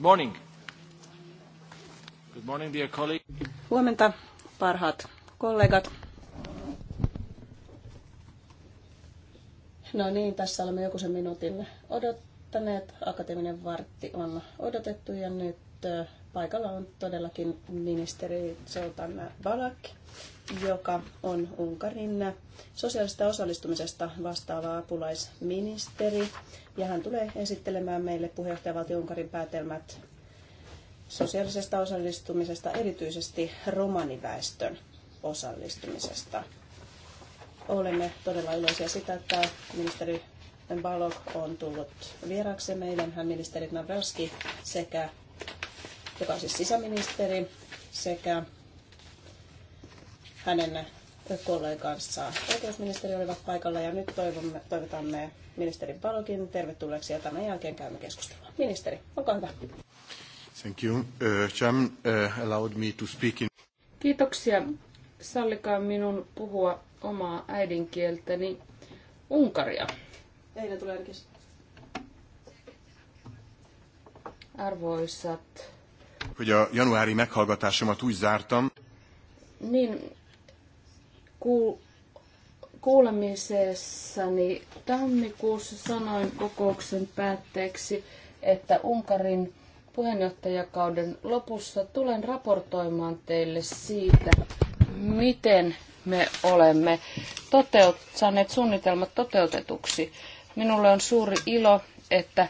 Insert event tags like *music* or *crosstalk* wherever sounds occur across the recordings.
morning. Good morning, dear colleague. Huomenta, parhaat kollegat. No niin, tässä olemme joku sen minuutin odottaneet. Akateeminen vartti on odotettu ja nyt Paikalla on todellakin ministeri Zoltan Balak, joka on Unkarin sosiaalista osallistumisesta vastaava apulaisministeri. Ja hän tulee esittelemään meille puheenjohtajavaltio Unkarin päätelmät sosiaalisesta osallistumisesta, erityisesti romaniväestön osallistumisesta. Olemme todella iloisia sitä, että ministeri Balog on tullut vieraksi meidän, hän ministeri Navralski sekä joka on siis sisäministeri, sekä hänen kollegansa oikeusministeri olivat paikalla ja nyt toivomme, toivotamme ministerin Palokin tervetulleeksi ja tämän jälkeen käymme keskustelua. Ministeri, olkaa hyvä. Thank you. Uh, Jam, uh, allowed me to speak in... Kiitoksia. Sallikaa minun puhua omaa äidinkieltäni Unkaria. Teille tulee ainakin. Arvoisat Hogy a januári meghallgatásomat úgy zártam. Niin, kuul, kuulemisessani tammikuussa sanoin kokouksen päätteeksi, että Unkarin puheenjohtajakauden lopussa tulen raportoimaan teille siitä, miten me olemme toteut- saaneet suunnitelmat toteutetuksi. Minulle on suuri ilo, että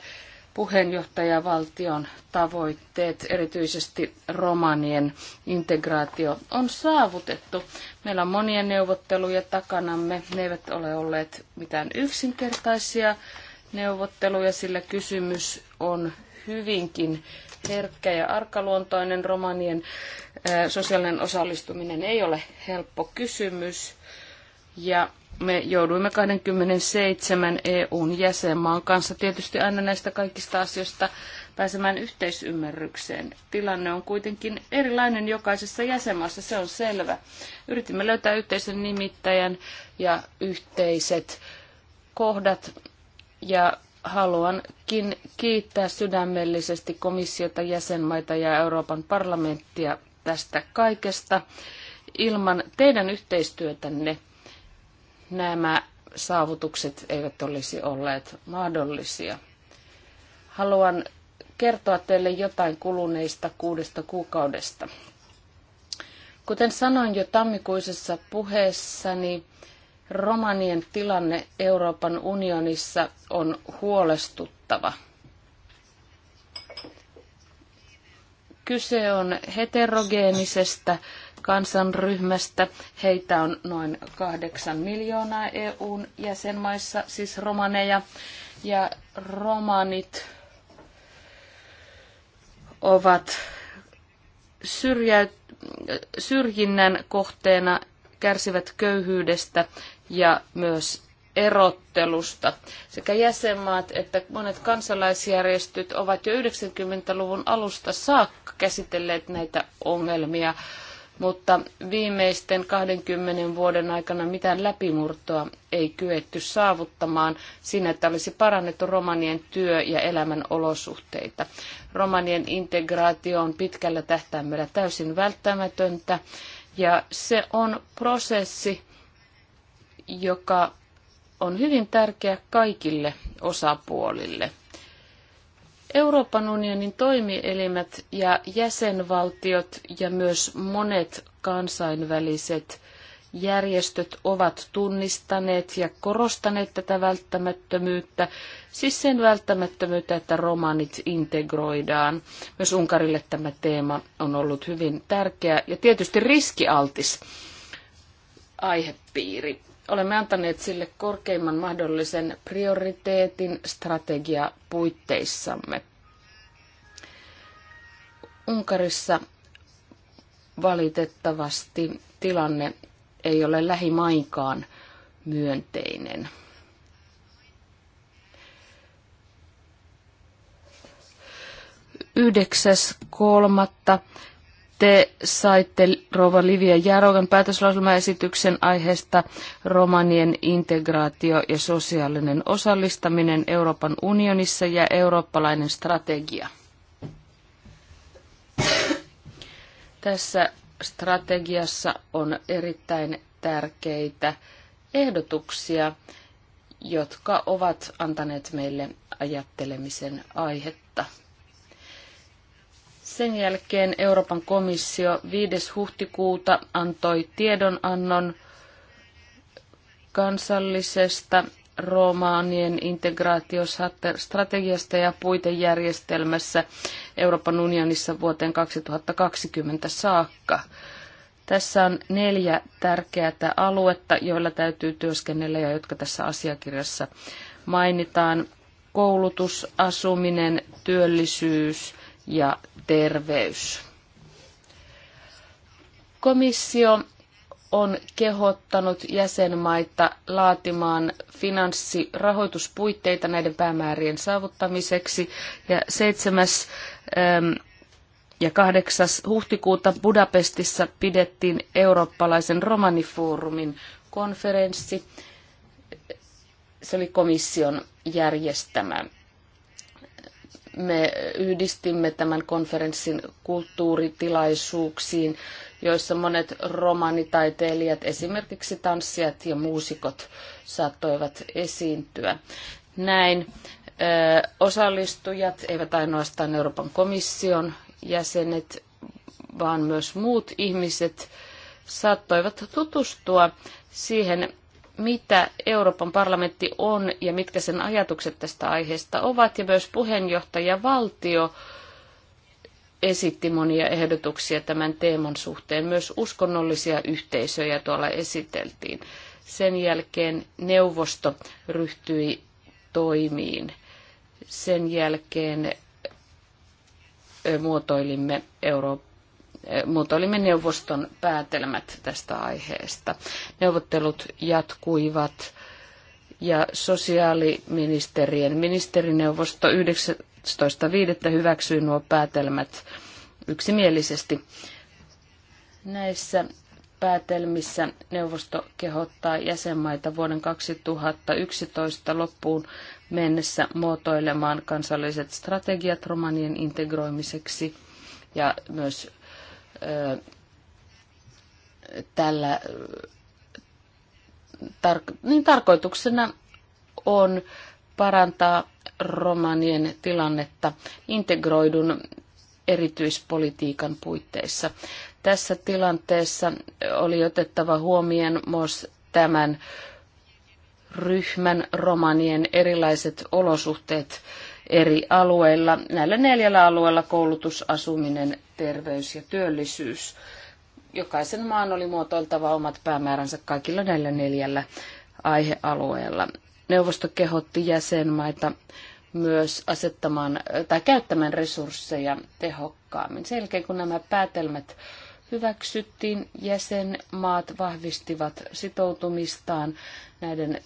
puheenjohtajavaltion tavoitteet, erityisesti romanien integraatio, on saavutettu. Meillä on monia neuvotteluja takanamme. Ne eivät ole olleet mitään yksinkertaisia neuvotteluja, sillä kysymys on hyvinkin herkkä ja arkaluontoinen. Romanien sosiaalinen osallistuminen ei ole helppo kysymys. Ja me jouduimme 27 EUn jäsenmaan kanssa tietysti aina näistä kaikista asioista pääsemään yhteisymmärrykseen. Tilanne on kuitenkin erilainen jokaisessa jäsenmaassa, se on selvä. Yritimme löytää yhteisen nimittäjän ja yhteiset kohdat ja haluankin kiittää sydämellisesti komissiota, jäsenmaita ja Euroopan parlamenttia tästä kaikesta. Ilman teidän yhteistyötänne nämä saavutukset eivät olisi olleet mahdollisia. Haluan kertoa teille jotain kuluneista kuudesta kuukaudesta. Kuten sanoin jo tammikuisessa puheessani, romanien tilanne Euroopan unionissa on huolestuttava. Kyse on heterogeenisestä kansanryhmästä. Heitä on noin kahdeksan miljoonaa EUn jäsenmaissa, siis romaneja. Ja romanit ovat syrjinnän kohteena, kärsivät köyhyydestä ja myös erottelusta. Sekä jäsenmaat että monet kansalaisjärjestöt ovat jo 90-luvun alusta saakka käsitelleet näitä ongelmia mutta viimeisten 20 vuoden aikana mitään läpimurtoa ei kyetty saavuttamaan siinä, että olisi parannettu romanien työ- ja elämän olosuhteita. Romanien integraatio on pitkällä tähtäimellä täysin välttämätöntä ja se on prosessi, joka on hyvin tärkeä kaikille osapuolille – Euroopan unionin toimielimet ja jäsenvaltiot ja myös monet kansainväliset järjestöt ovat tunnistaneet ja korostaneet tätä välttämättömyyttä, siis sen välttämättömyyttä, että romanit integroidaan. Myös Unkarille tämä teema on ollut hyvin tärkeä ja tietysti riskialtis aihepiiri. Olemme antaneet sille korkeimman mahdollisen prioriteetin strategiapuitteissamme. Unkarissa valitettavasti tilanne ei ole lähimainkaan myönteinen. Yhdeksäs kolmatta te saitte rouva Livia Jarogan päätöslauselmaesityksen aiheesta romanien integraatio ja sosiaalinen osallistaminen Euroopan unionissa ja eurooppalainen strategia. Tässä strategiassa on erittäin tärkeitä ehdotuksia, jotka ovat antaneet meille ajattelemisen aihetta. Sen jälkeen Euroopan komissio 5. huhtikuuta antoi tiedonannon kansallisesta romaanien integraatiostrategiasta ja puitejärjestelmässä Euroopan unionissa vuoteen 2020 saakka. Tässä on neljä tärkeää aluetta, joilla täytyy työskennellä ja jotka tässä asiakirjassa mainitaan. Koulutus, asuminen, työllisyys ja terveys. Komissio on kehottanut jäsenmaita laatimaan finanssirahoituspuitteita näiden päämäärien saavuttamiseksi. Ja 7. Ähm, ja 8. huhtikuuta Budapestissa pidettiin eurooppalaisen romanifoorumin konferenssi. Se oli komission järjestämä me yhdistimme tämän konferenssin kulttuuritilaisuuksiin, joissa monet romanitaiteilijat, esimerkiksi tanssijat ja muusikot, saattoivat esiintyä. Näin osallistujat, eivät ainoastaan Euroopan komission jäsenet, vaan myös muut ihmiset, saattoivat tutustua siihen, mitä Euroopan parlamentti on ja mitkä sen ajatukset tästä aiheesta ovat. Ja myös puheenjohtajavaltio valtio esitti monia ehdotuksia tämän teeman suhteen. Myös uskonnollisia yhteisöjä tuolla esiteltiin. Sen jälkeen neuvosto ryhtyi toimiin. Sen jälkeen muotoilimme, Euro- muotoilimme neuvoston päätelmät tästä aiheesta. Neuvottelut jatkuivat ja sosiaaliministerien ministerineuvosto 9. 11.5. hyväksyi nuo päätelmät yksimielisesti. Näissä päätelmissä neuvosto kehottaa jäsenmaita vuoden 2011 loppuun mennessä muotoilemaan kansalliset strategiat romanien integroimiseksi ja myös ö, tällä tar, niin tarkoituksena on parantaa romanien tilannetta integroidun erityispolitiikan puitteissa. Tässä tilanteessa oli otettava huomioon myös tämän ryhmän romanien erilaiset olosuhteet eri alueilla. Näillä neljällä alueella koulutus, asuminen, terveys ja työllisyys. Jokaisen maan oli muotoiltava omat päämääränsä kaikilla näillä neljällä aihealueella. Neuvosto kehotti jäsenmaita myös asettamaan tai käyttämään resursseja tehokkaammin. Sen jälkeen kun nämä päätelmät hyväksyttiin, jäsenmaat vahvistivat sitoutumistaan näiden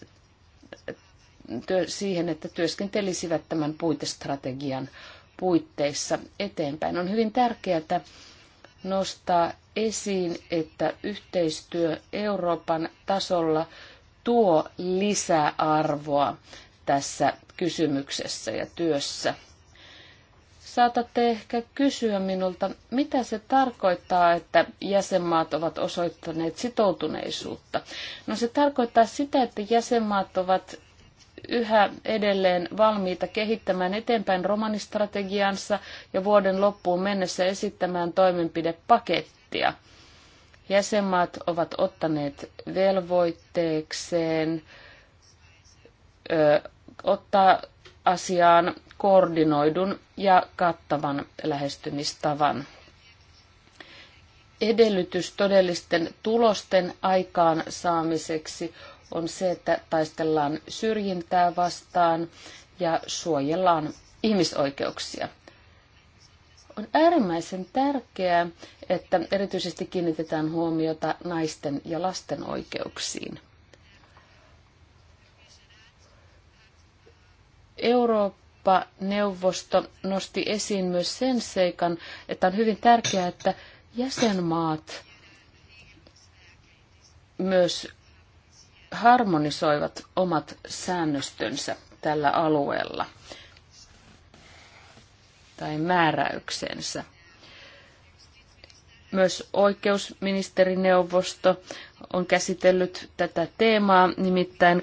työ, siihen, että työskentelisivät tämän puitestrategian puitteissa eteenpäin. On hyvin tärkeää nostaa esiin, että yhteistyö Euroopan tasolla tuo lisäarvoa tässä kysymyksessä ja työssä. Saatatte ehkä kysyä minulta, mitä se tarkoittaa, että jäsenmaat ovat osoittaneet sitoutuneisuutta. No se tarkoittaa sitä, että jäsenmaat ovat yhä edelleen valmiita kehittämään eteenpäin romanistrategiansa ja vuoden loppuun mennessä esittämään toimenpidepakettia. Jäsenmaat ovat ottaneet velvoitteekseen ottaa asiaan koordinoidun ja kattavan lähestymistavan. Edellytys todellisten tulosten aikaan saamiseksi on se, että taistellaan syrjintää vastaan ja suojellaan ihmisoikeuksia. On äärimmäisen tärkeää, että erityisesti kiinnitetään huomiota naisten ja lasten oikeuksiin. Eurooppa-neuvosto nosti esiin myös sen seikan, että on hyvin tärkeää, että jäsenmaat myös harmonisoivat omat säännöstönsä tällä alueella tai määräyksensä. Myös oikeusministerineuvosto on käsitellyt tätä teemaa, nimittäin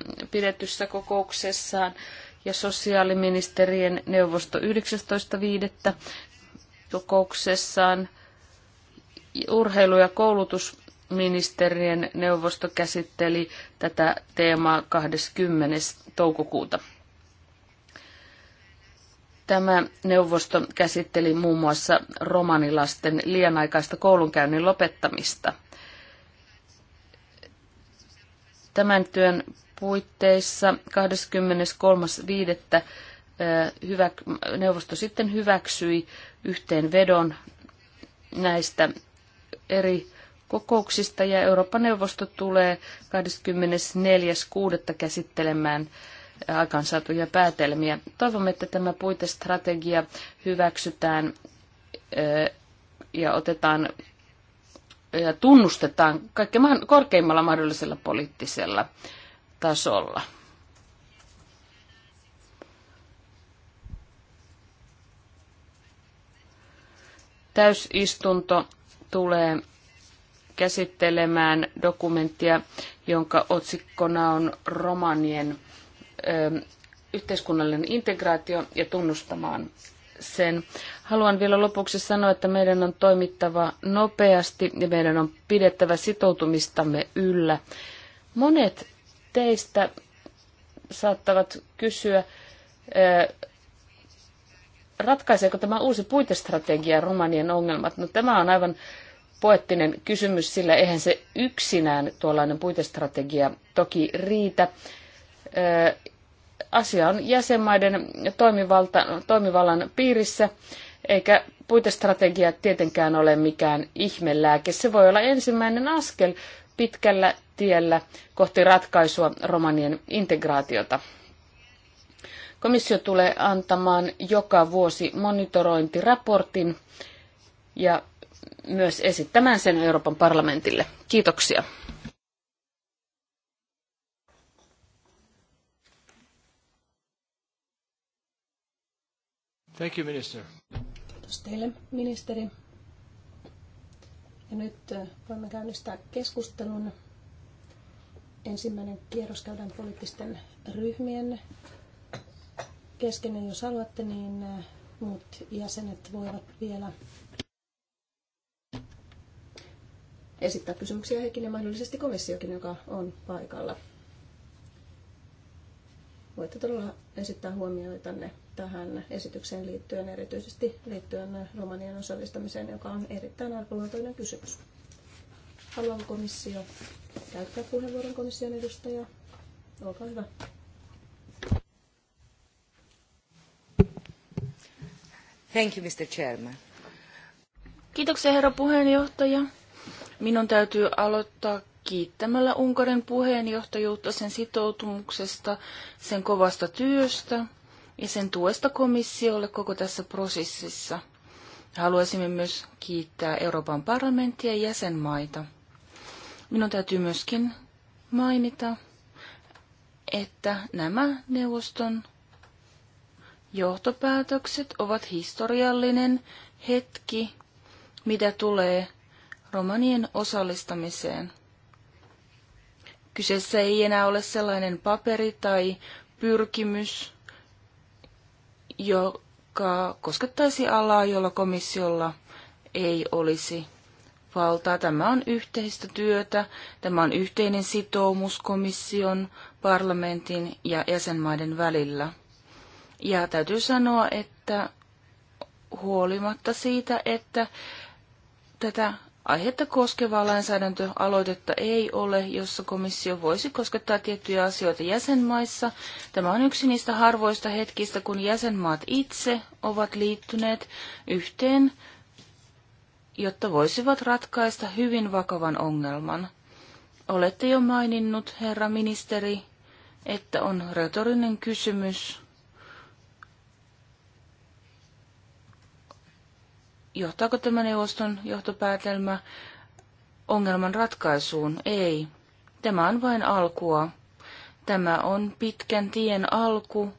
12.4. pidetyssä kokouksessaan ja sosiaaliministerien neuvosto 19.5. kokouksessaan. Urheilu- ja koulutusministerien neuvosto käsitteli tätä teemaa 20. toukokuuta. Tämä neuvosto käsitteli muun muassa romanilasten liian aikaista koulunkäynnin lopettamista – Tämän työn puitteissa 23.5. neuvosto sitten hyväksyi yhteenvedon näistä eri kokouksista ja Euroopan neuvosto tulee 24.6. käsittelemään aikaansaatuja päätelmiä. Toivomme, että tämä puitestrategia hyväksytään ja otetaan ja tunnustetaan kaikkein korkeimmalla mahdollisella poliittisella tasolla. Täysistunto tulee käsittelemään dokumenttia, jonka otsikkona on romanien ö, yhteiskunnallinen integraatio ja tunnustamaan sen. Haluan vielä lopuksi sanoa, että meidän on toimittava nopeasti ja meidän on pidettävä sitoutumistamme yllä. Monet teistä saattavat kysyä, eh, ratkaiseeko tämä uusi puitestrategia romanien ongelmat? No, tämä on aivan poettinen kysymys, sillä eihän se yksinään tuollainen puitestrategia toki riitä. Eh, asia on jäsenmaiden toimivalta, toimivallan piirissä, eikä puitestrategia tietenkään ole mikään ihmelääke. Se voi olla ensimmäinen askel pitkällä tiellä kohti ratkaisua romanien integraatiota. Komissio tulee antamaan joka vuosi monitorointiraportin ja myös esittämään sen Euroopan parlamentille. Kiitoksia. Thank you, minister. Kiitos teille, ministeri. Ja nyt äh, voimme käynnistää keskustelun. Ensimmäinen kierros käydään poliittisten ryhmien kesken. Ja jos haluatte, niin äh, muut jäsenet voivat vielä esittää kysymyksiä hekin ja mahdollisesti komissiokin, joka on paikalla. Voitte todella esittää huomioitanne tähän esitykseen liittyen, erityisesti liittyen Romanian osallistamiseen, joka on erittäin arkaluontoinen kysymys. Haluaako komissio käyttää puheenvuoron komission edustaja? Olkaa hyvä. Thank you, Mr. Chairman. Kiitoksia, herra puheenjohtaja. Minun täytyy aloittaa kiittämällä Unkarin puheenjohtajuutta sen sitoutumuksesta, sen kovasta työstä ja sen tuosta komissiolle koko tässä prosessissa. Haluaisimme myös kiittää Euroopan parlamenttia ja jäsenmaita. Minun täytyy myöskin mainita, että nämä neuvoston johtopäätökset ovat historiallinen hetki, mitä tulee romanien osallistamiseen. Kyseessä ei enää ole sellainen paperi tai pyrkimys, joka koskettaisi alaa, jolla komissiolla ei olisi valtaa. Tämä on yhteistä työtä, tämä on yhteinen sitoumus komission, parlamentin ja jäsenmaiden välillä. Ja täytyy sanoa, että huolimatta siitä, että tätä aihetta koskevaa lainsäädäntöaloitetta ei ole, jossa komissio voisi koskettaa tiettyjä asioita jäsenmaissa. Tämä on yksi niistä harvoista hetkistä, kun jäsenmaat itse ovat liittyneet yhteen, jotta voisivat ratkaista hyvin vakavan ongelman. Olette jo maininnut, herra ministeri, että on retorinen kysymys, Johtaako tämä neuvoston johtopäätelmä ongelman ratkaisuun? Ei. Tämä on vain alkua. Tämä on pitkän tien alku,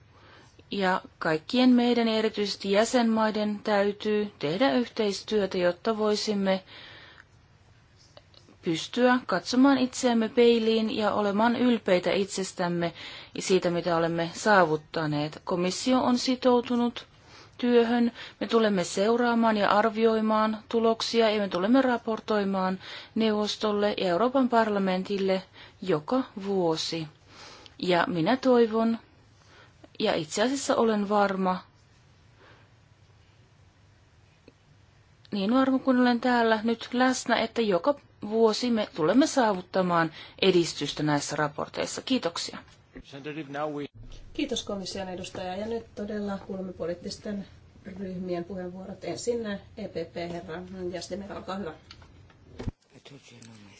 ja kaikkien meidän erityisesti jäsenmaiden täytyy tehdä yhteistyötä, jotta voisimme pystyä katsomaan itseämme peiliin ja olemaan ylpeitä itsestämme ja siitä, mitä olemme saavuttaneet. Komissio on sitoutunut työhön. Me tulemme seuraamaan ja arvioimaan tuloksia ja me tulemme raportoimaan neuvostolle ja Euroopan parlamentille joka vuosi. Ja minä toivon, ja itse asiassa olen varma, niin varma kuin olen täällä nyt läsnä, että joka vuosi me tulemme saavuttamaan edistystä näissä raporteissa. Kiitoksia. Kiitos komission edustaja. Ja nyt todella kuulemme poliittisten ryhmien puheenvuorot. Ensin EPP, herra Jastimer, olkaa hyvä.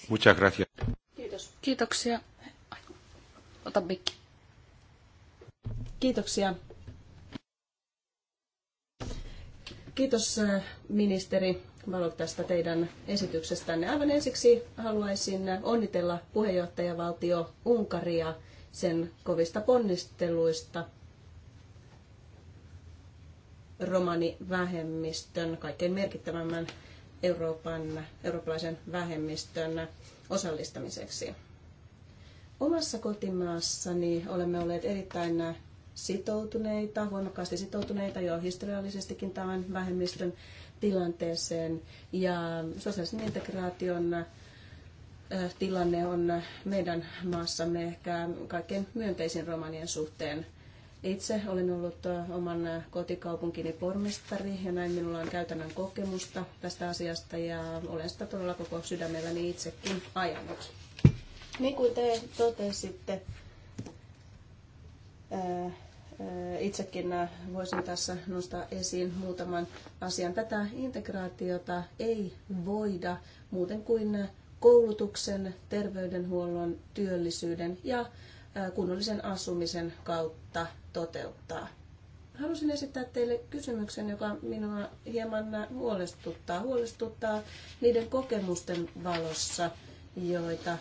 Muchas gracias. Kiitos. Kiitoksia. Ota mikki. Kiitoksia. Kiitos äh, ministeri Valot tästä teidän esityksestänne. Aivan ensiksi haluaisin onnitella puheenjohtajavaltio Unkaria – sen kovista ponnisteluista romanivähemmistön, kaikkein merkittävämmän Euroopan, eurooppalaisen vähemmistön osallistamiseksi. Omassa kotimaassani olemme olleet erittäin sitoutuneita, voimakkaasti sitoutuneita jo historiallisestikin tämän vähemmistön tilanteeseen ja sosiaalisen integraation tilanne on meidän maassamme ehkä kaikkein myönteisin romanien suhteen. Itse olen ollut oman kotikaupunkini pormestari ja näin minulla on käytännön kokemusta tästä asiasta ja olen sitä todella koko sydämelläni itsekin ajanut. Niin kuin te totesitte, itsekin voisin tässä nostaa esiin muutaman asian. Tätä integraatiota ei voida muuten kuin koulutuksen, terveydenhuollon, työllisyyden ja kunnollisen asumisen kautta toteuttaa. Halusin esittää teille kysymyksen, joka minua hieman huolestuttaa. Huolestuttaa niiden kokemusten valossa, joita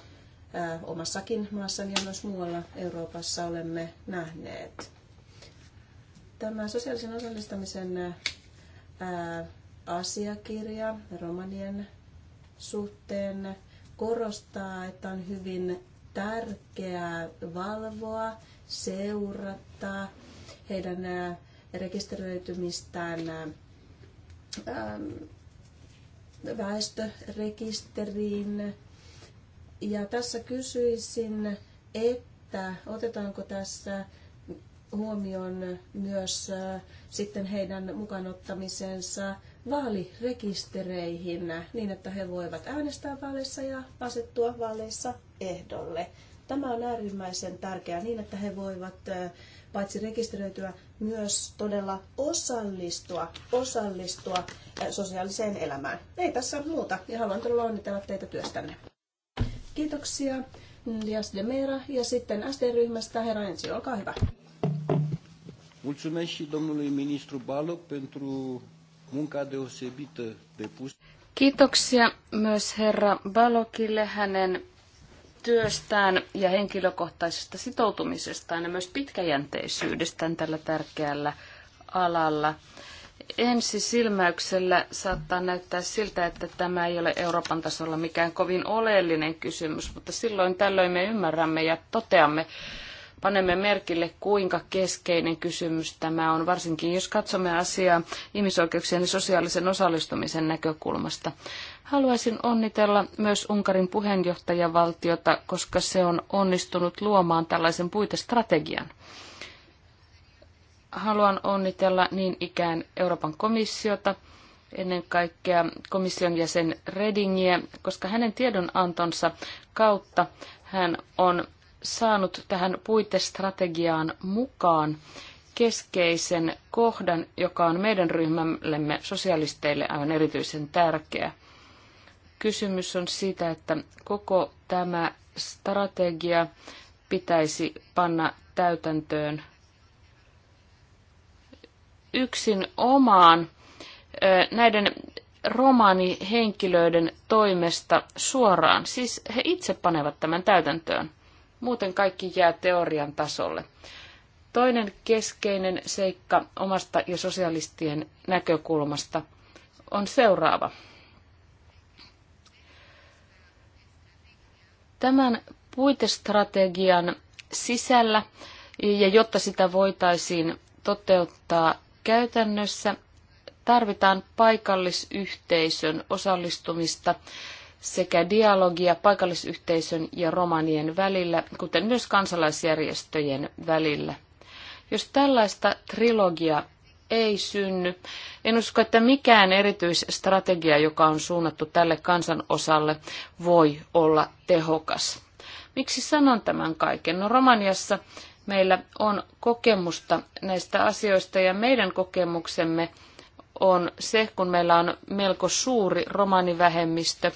omassakin maassani ja myös muualla Euroopassa olemme nähneet. Tämä sosiaalisen osallistamisen asiakirja romanien suhteen korostaa, että on hyvin tärkeää valvoa, seurata heidän rekisteröitymistään väestörekisteriin. Ja tässä kysyisin, että otetaanko tässä huomioon myös sitten heidän ottamisensa vaalirekistereihin niin, että he voivat äänestää vaaleissa ja asettua vaaleissa ehdolle. Tämä on äärimmäisen tärkeää niin, että he voivat paitsi rekisteröityä, myös todella osallistua, osallistua sosiaaliseen elämään. Ei tässä muuta ja haluan todella onnitella teitä työstänne. Kiitoksia. Dias de Mera ja sitten SD-ryhmästä herra Ensi, olkaa hyvä. Mulțumesc și domnului ministru Balog pentru munca deosebită Kiitoksia myös herra Balokille hänen työstään ja henkilökohtaisesta sitoutumisestaan ja myös pitkäjänteisyydestään tällä tärkeällä alalla. Ensi silmäyksellä saattaa näyttää siltä, että tämä ei ole Euroopan tasolla mikään kovin oleellinen kysymys, mutta silloin tällöin me ymmärrämme ja toteamme, panemme merkille, kuinka keskeinen kysymys tämä on, varsinkin jos katsomme asiaa ihmisoikeuksien ja sosiaalisen osallistumisen näkökulmasta. Haluaisin onnitella myös Unkarin puheenjohtajavaltiota, koska se on onnistunut luomaan tällaisen puitestrategian. Haluan onnitella niin ikään Euroopan komissiota, ennen kaikkea komission jäsen Redingiä, koska hänen tiedonantonsa kautta hän on saanut tähän puitestrategiaan mukaan keskeisen kohdan, joka on meidän ryhmällemme sosialisteille aivan erityisen tärkeä. Kysymys on siitä, että koko tämä strategia pitäisi panna täytäntöön yksin omaan näiden romaanihenkilöiden toimesta suoraan. Siis he itse panevat tämän täytäntöön. Muuten kaikki jää teorian tasolle. Toinen keskeinen seikka omasta ja sosialistien näkökulmasta on seuraava. Tämän puitestrategian sisällä, ja jotta sitä voitaisiin toteuttaa käytännössä, tarvitaan paikallisyhteisön osallistumista sekä dialogia paikallisyhteisön ja romanien välillä, kuten myös kansalaisjärjestöjen välillä. Jos tällaista trilogia ei synny, en usko, että mikään erityisstrategia, joka on suunnattu tälle kansanosalle, voi olla tehokas. Miksi sanon tämän kaiken? No Romaniassa meillä on kokemusta näistä asioista ja meidän kokemuksemme on se, kun meillä on melko suuri romanivähemmistö,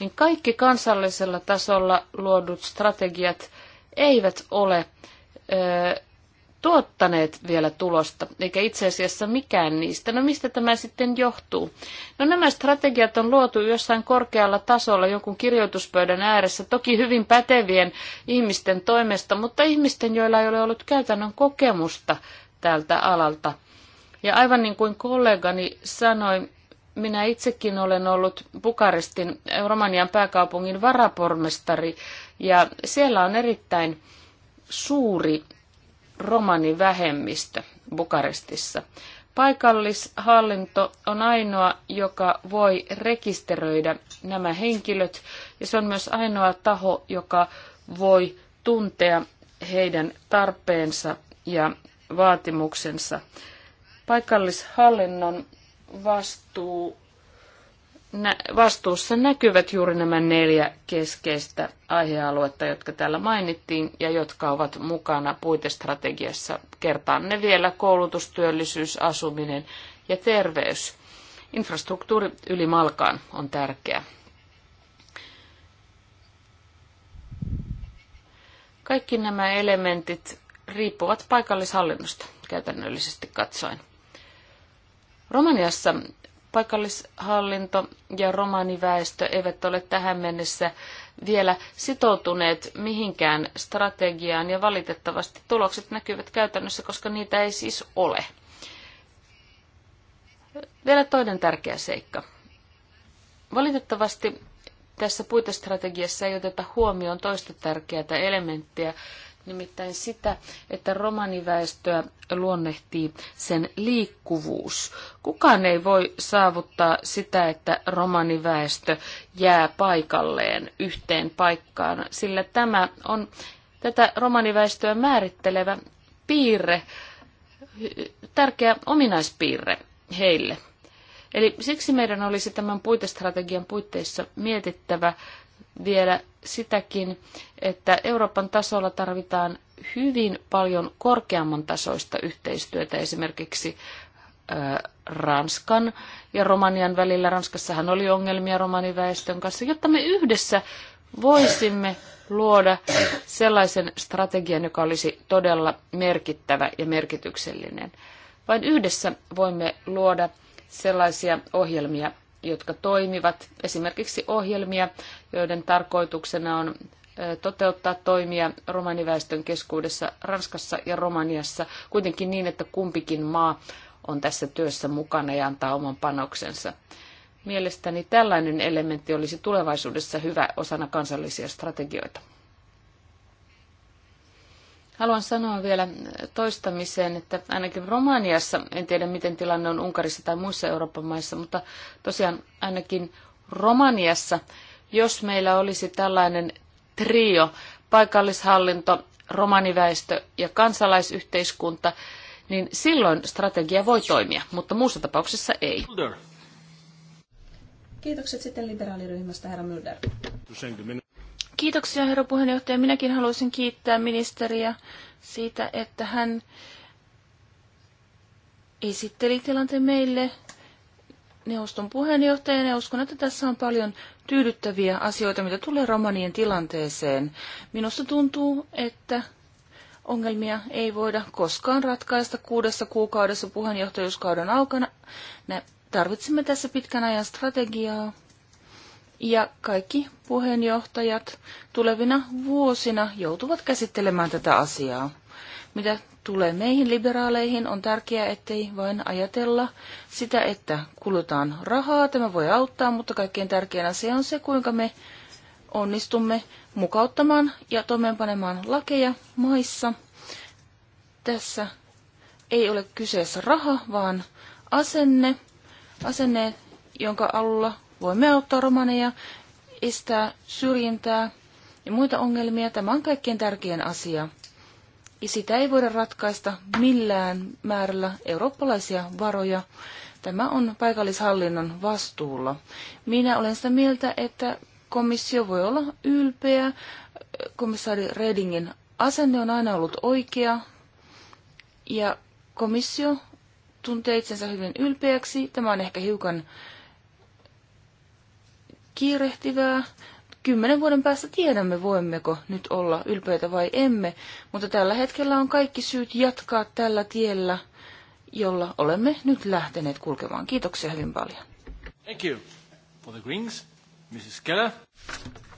niin kaikki kansallisella tasolla luodut strategiat eivät ole ö, tuottaneet vielä tulosta, eikä itse asiassa mikään niistä. No mistä tämä sitten johtuu? No nämä strategiat on luotu jossain korkealla tasolla jonkun kirjoituspöydän ääressä, toki hyvin pätevien ihmisten toimesta, mutta ihmisten, joilla ei ole ollut käytännön kokemusta tältä alalta. Ja aivan niin kuin kollegani sanoi, minä itsekin olen ollut Bukarestin, Romanian pääkaupungin varapormestari, ja siellä on erittäin suuri romanivähemmistö Bukarestissa. Paikallishallinto on ainoa, joka voi rekisteröidä nämä henkilöt, ja se on myös ainoa taho, joka voi tuntea heidän tarpeensa ja vaatimuksensa Paikallishallinnon vastuu, nä, vastuussa näkyvät juuri nämä neljä keskeistä aihealuetta, jotka täällä mainittiin ja jotka ovat mukana puitestrategiassa. Kertaan ne vielä koulutus, työllisyys, asuminen ja terveys. Infrastruktuuri yli Malkaan on tärkeä. Kaikki nämä elementit riippuvat paikallishallinnosta käytännöllisesti katsoen. Romaniassa paikallishallinto ja romaniväestö eivät ole tähän mennessä vielä sitoutuneet mihinkään strategiaan ja valitettavasti tulokset näkyvät käytännössä, koska niitä ei siis ole. Vielä toinen tärkeä seikka. Valitettavasti tässä puitestrategiassa ei oteta huomioon toista tärkeää elementtiä, nimittäin sitä, että romaniväestöä luonnehtii sen liikkuvuus. Kukaan ei voi saavuttaa sitä, että romaniväestö jää paikalleen yhteen paikkaan, sillä tämä on tätä romaniväestöä määrittelevä piirre, tärkeä ominaispiirre heille. Eli siksi meidän olisi tämän puitestrategian puitteissa mietittävä vielä sitäkin, että Euroopan tasolla tarvitaan hyvin paljon korkeamman tasoista yhteistyötä esimerkiksi Ranskan ja Romanian välillä. Ranskassahan oli ongelmia romaniväestön kanssa, jotta me yhdessä voisimme luoda sellaisen strategian, joka olisi todella merkittävä ja merkityksellinen. Vain yhdessä voimme luoda sellaisia ohjelmia, jotka toimivat, esimerkiksi ohjelmia, joiden tarkoituksena on toteuttaa toimia romaniväestön keskuudessa Ranskassa ja Romaniassa, kuitenkin niin, että kumpikin maa on tässä työssä mukana ja antaa oman panoksensa. Mielestäni tällainen elementti olisi tulevaisuudessa hyvä osana kansallisia strategioita. Haluan sanoa vielä toistamiseen, että ainakin Romaniassa, en tiedä miten tilanne on Unkarissa tai muissa Euroopan maissa, mutta tosiaan ainakin Romaniassa, jos meillä olisi tällainen trio, paikallishallinto, romaniväestö ja kansalaisyhteiskunta, niin silloin strategia voi toimia, mutta muussa tapauksessa ei. Kiitokset sitten liberaaliryhmästä, herra Mulder. Kiitoksia, herra puheenjohtaja. Minäkin haluaisin kiittää ministeriä siitä, että hän esitteli tilanteen meille neuvoston puheenjohtajana ja uskon, että tässä on paljon tyydyttäviä asioita, mitä tulee romanien tilanteeseen. Minusta tuntuu, että ongelmia ei voida koskaan ratkaista kuudessa kuukaudessa puheenjohtajuuskauden aikana. Me tarvitsemme tässä pitkän ajan strategiaa, ja kaikki puheenjohtajat tulevina vuosina joutuvat käsittelemään tätä asiaa. Mitä tulee meihin liberaaleihin, on tärkeää, ettei vain ajatella sitä, että kulutaan rahaa, tämä voi auttaa, mutta kaikkein tärkein asia on se, kuinka me onnistumme mukauttamaan ja toimeenpanemaan lakeja maissa. Tässä ei ole kyseessä raha, vaan asenne, asenne, jonka alulla Voimme auttaa romaneja, estää syrjintää ja muita ongelmia. Tämä on kaikkein tärkein asia. Ja sitä ei voida ratkaista millään määrällä eurooppalaisia varoja. Tämä on paikallishallinnon vastuulla. Minä olen sitä mieltä, että komissio voi olla ylpeä. Komissaari Redingin asenne on aina ollut oikea. Ja komissio tuntee itsensä hyvin ylpeäksi. Tämä on ehkä hiukan kiirehtivää. Kymmenen vuoden päästä tiedämme, voimmeko nyt olla ylpeitä vai emme, mutta tällä hetkellä on kaikki syyt jatkaa tällä tiellä, jolla olemme nyt lähteneet kulkemaan. Kiitoksia hyvin paljon. Thank you for the greens, Mrs. Keller.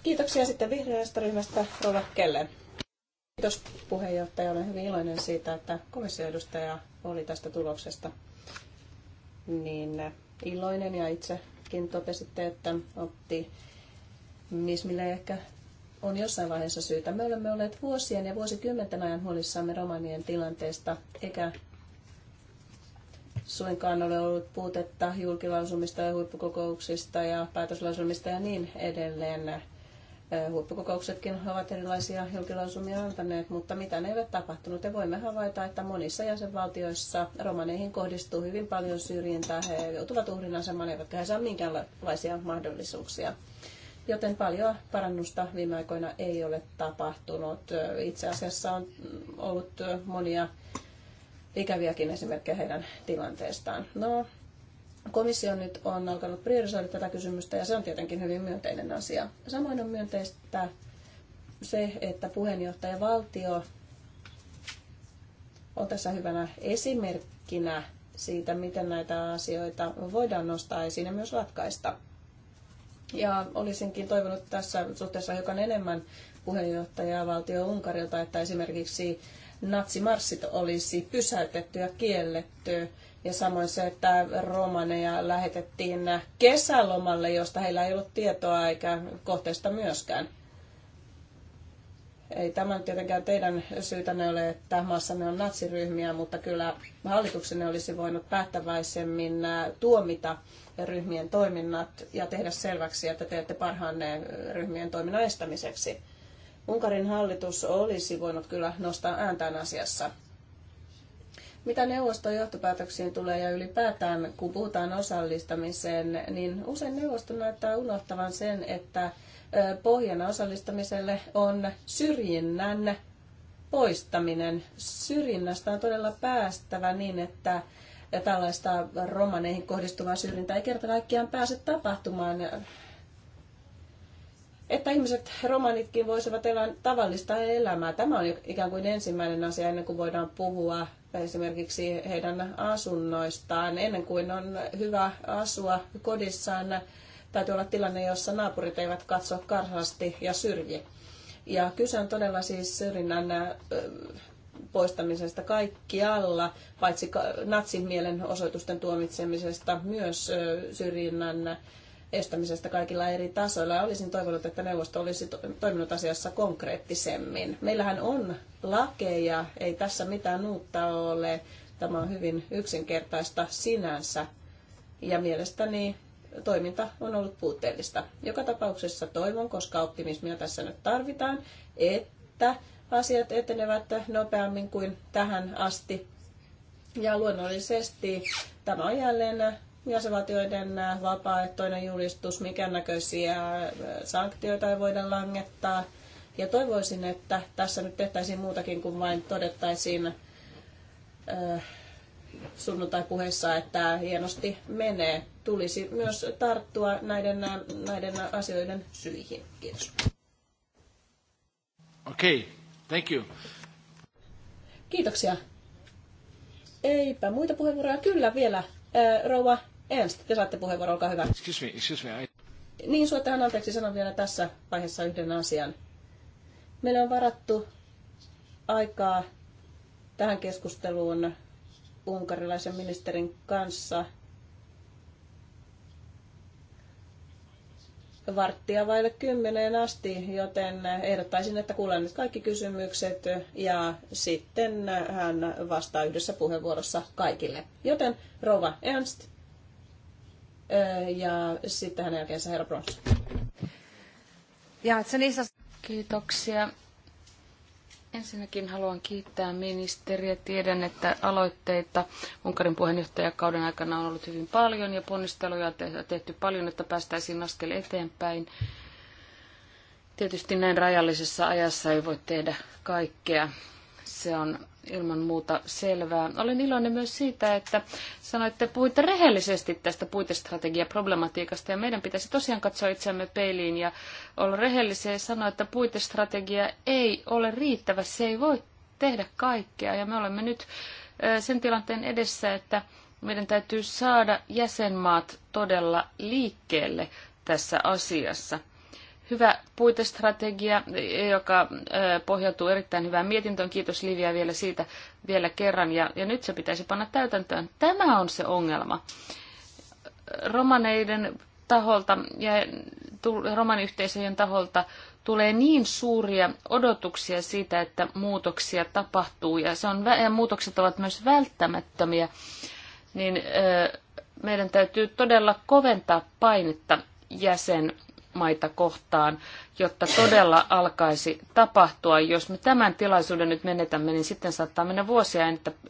Kiitoksia sitten vihreästä ryhmästä Rova Keller. Kiitos puheenjohtaja. Olen hyvin iloinen siitä, että komissioedustaja oli tästä tuloksesta niin iloinen ja itse Tekin totesitte, että optimismille ehkä on jossain vaiheessa syytä. Me olemme olleet vuosien ja vuosikymmenten ajan huolissamme romanien tilanteesta, eikä suinkaan ole ollut puutetta julkilausumista ja huippukokouksista ja päätöslausumista ja niin edelleen. Huippukokouksetkin ovat erilaisia julkilausumia antaneet, mutta mitä ne eivät tapahtunut. Ja voimme havaita, että monissa jäsenvaltioissa romaneihin kohdistuu hyvin paljon syrjintää. He joutuvat uhrin asemaan, eivätkä he saa minkäänlaisia mahdollisuuksia. Joten paljon parannusta viime aikoina ei ole tapahtunut. Itse asiassa on ollut monia ikäviäkin esimerkkejä heidän tilanteestaan. No, komissio nyt on alkanut priorisoida tätä kysymystä ja se on tietenkin hyvin myönteinen asia. Samoin on myönteistä se, että puheenjohtajavaltio on tässä hyvänä esimerkkinä siitä, miten näitä asioita voidaan nostaa esiin ja myös ratkaista. Ja olisinkin toivonut tässä suhteessa hiukan enemmän puheenjohtajaa valtio Unkarilta, että esimerkiksi natsimarssit olisi pysäytetty ja kielletty ja samoin se, että romaneja lähetettiin kesälomalle, josta heillä ei ollut tietoa eikä kohteesta myöskään. Ei tämä tietenkään teidän syytänne ole, että maassanne on natsiryhmiä, mutta kyllä hallituksenne olisi voinut päättäväisemmin äh, tuomita ryhmien toiminnat ja tehdä selväksi, että teette parhaanne ryhmien toiminnan estämiseksi. Unkarin hallitus olisi voinut kyllä nostaa ääntään asiassa. Mitä neuvoston johtopäätöksiin tulee ja ylipäätään, kun puhutaan osallistamiseen, niin usein neuvosto näyttää unohtavan sen, että pohjana osallistamiselle on syrjinnän poistaminen. Syrjinnästä on todella päästävä niin, että tällaista romaneihin kohdistuvaa syrjintää ei kerta kaikkiaan pääse tapahtumaan. Että ihmiset, romanitkin voisivat elää tavallista elämää. Tämä on ikään kuin ensimmäinen asia ennen kuin voidaan puhua esimerkiksi heidän asunnoistaan. Ennen kuin on hyvä asua kodissaan, täytyy olla tilanne, jossa naapurit eivät katso karhasti ja syrji. Ja kyse on todella siis syrjinnän poistamisesta kaikkialla, paitsi natsin mielenosoitusten tuomitsemisesta, myös syrjinnän estämisestä kaikilla eri tasoilla. Olisin toivonut, että neuvosto olisi toiminut asiassa konkreettisemmin. Meillähän on lakeja, ei tässä mitään uutta ole. Tämä on hyvin yksinkertaista sinänsä. Ja mielestäni toiminta on ollut puutteellista. Joka tapauksessa toivon, koska optimismia tässä nyt tarvitaan, että asiat etenevät nopeammin kuin tähän asti. Ja luonnollisesti tämä on jälleen jäsenvaltioiden äh, vapaaehtoinen julistus, mikä näköisiä äh, sanktioita ei voida langettaa. Ja toivoisin, että tässä nyt tehtäisiin muutakin kuin vain todettaisiin äh, sunnuntai-puheessa, että hienosti menee. Tulisi myös tarttua näiden, näiden asioiden syihin. Kiitos. Okei, okay. thank you. Kiitoksia. Eipä muita puheenvuoroja. Kyllä vielä. Rouva Ernst, te saatte puheenvuoron, olkaa hyvä. Excuse me, excuse me. I... Niin, suottahan anteeksi, sanon vielä tässä vaiheessa yhden asian. Meillä on varattu aikaa tähän keskusteluun unkarilaisen ministerin kanssa varttia vaille kymmeneen asti, joten ehdottaisin, että kuulen nyt kaikki kysymykset ja sitten hän vastaa yhdessä puheenvuorossa kaikille. Joten Rova Ernst, ja sitten hänen jälkeensä herra Brons. Ja Tsenisa, kiitoksia. Ensinnäkin haluan kiittää ministeriä. Tiedän, että aloitteita Unkarin puheenjohtajakauden aikana on ollut hyvin paljon ja ponnisteluja on tehty paljon, että päästäisiin askel eteenpäin. Tietysti näin rajallisessa ajassa ei voi tehdä kaikkea. Se on ilman muuta selvää. Olen iloinen myös siitä, että sanoitte, puhuitte rehellisesti tästä puitestrategiaproblematiikasta ja meidän pitäisi tosiaan katsoa itseämme peiliin ja olla rehellisiä ja sanoa, että puitestrategia ei ole riittävä, se ei voi tehdä kaikkea ja me olemme nyt sen tilanteen edessä, että meidän täytyy saada jäsenmaat todella liikkeelle tässä asiassa hyvä puitestrategia, joka pohjautuu erittäin hyvään mietintöön. Kiitos Livia vielä siitä vielä kerran. Ja, ja nyt se pitäisi panna täytäntöön. Tämä on se ongelma. Romaneiden taholta ja romaniyhteisöjen taholta tulee niin suuria odotuksia siitä, että muutoksia tapahtuu ja, se on, ja muutokset ovat myös välttämättömiä, niin ö, meidän täytyy todella koventaa painetta jäsen maita kohtaan, jotta todella alkaisi tapahtua. Jos me tämän tilaisuuden nyt menetämme, niin sitten saattaa mennä vuosia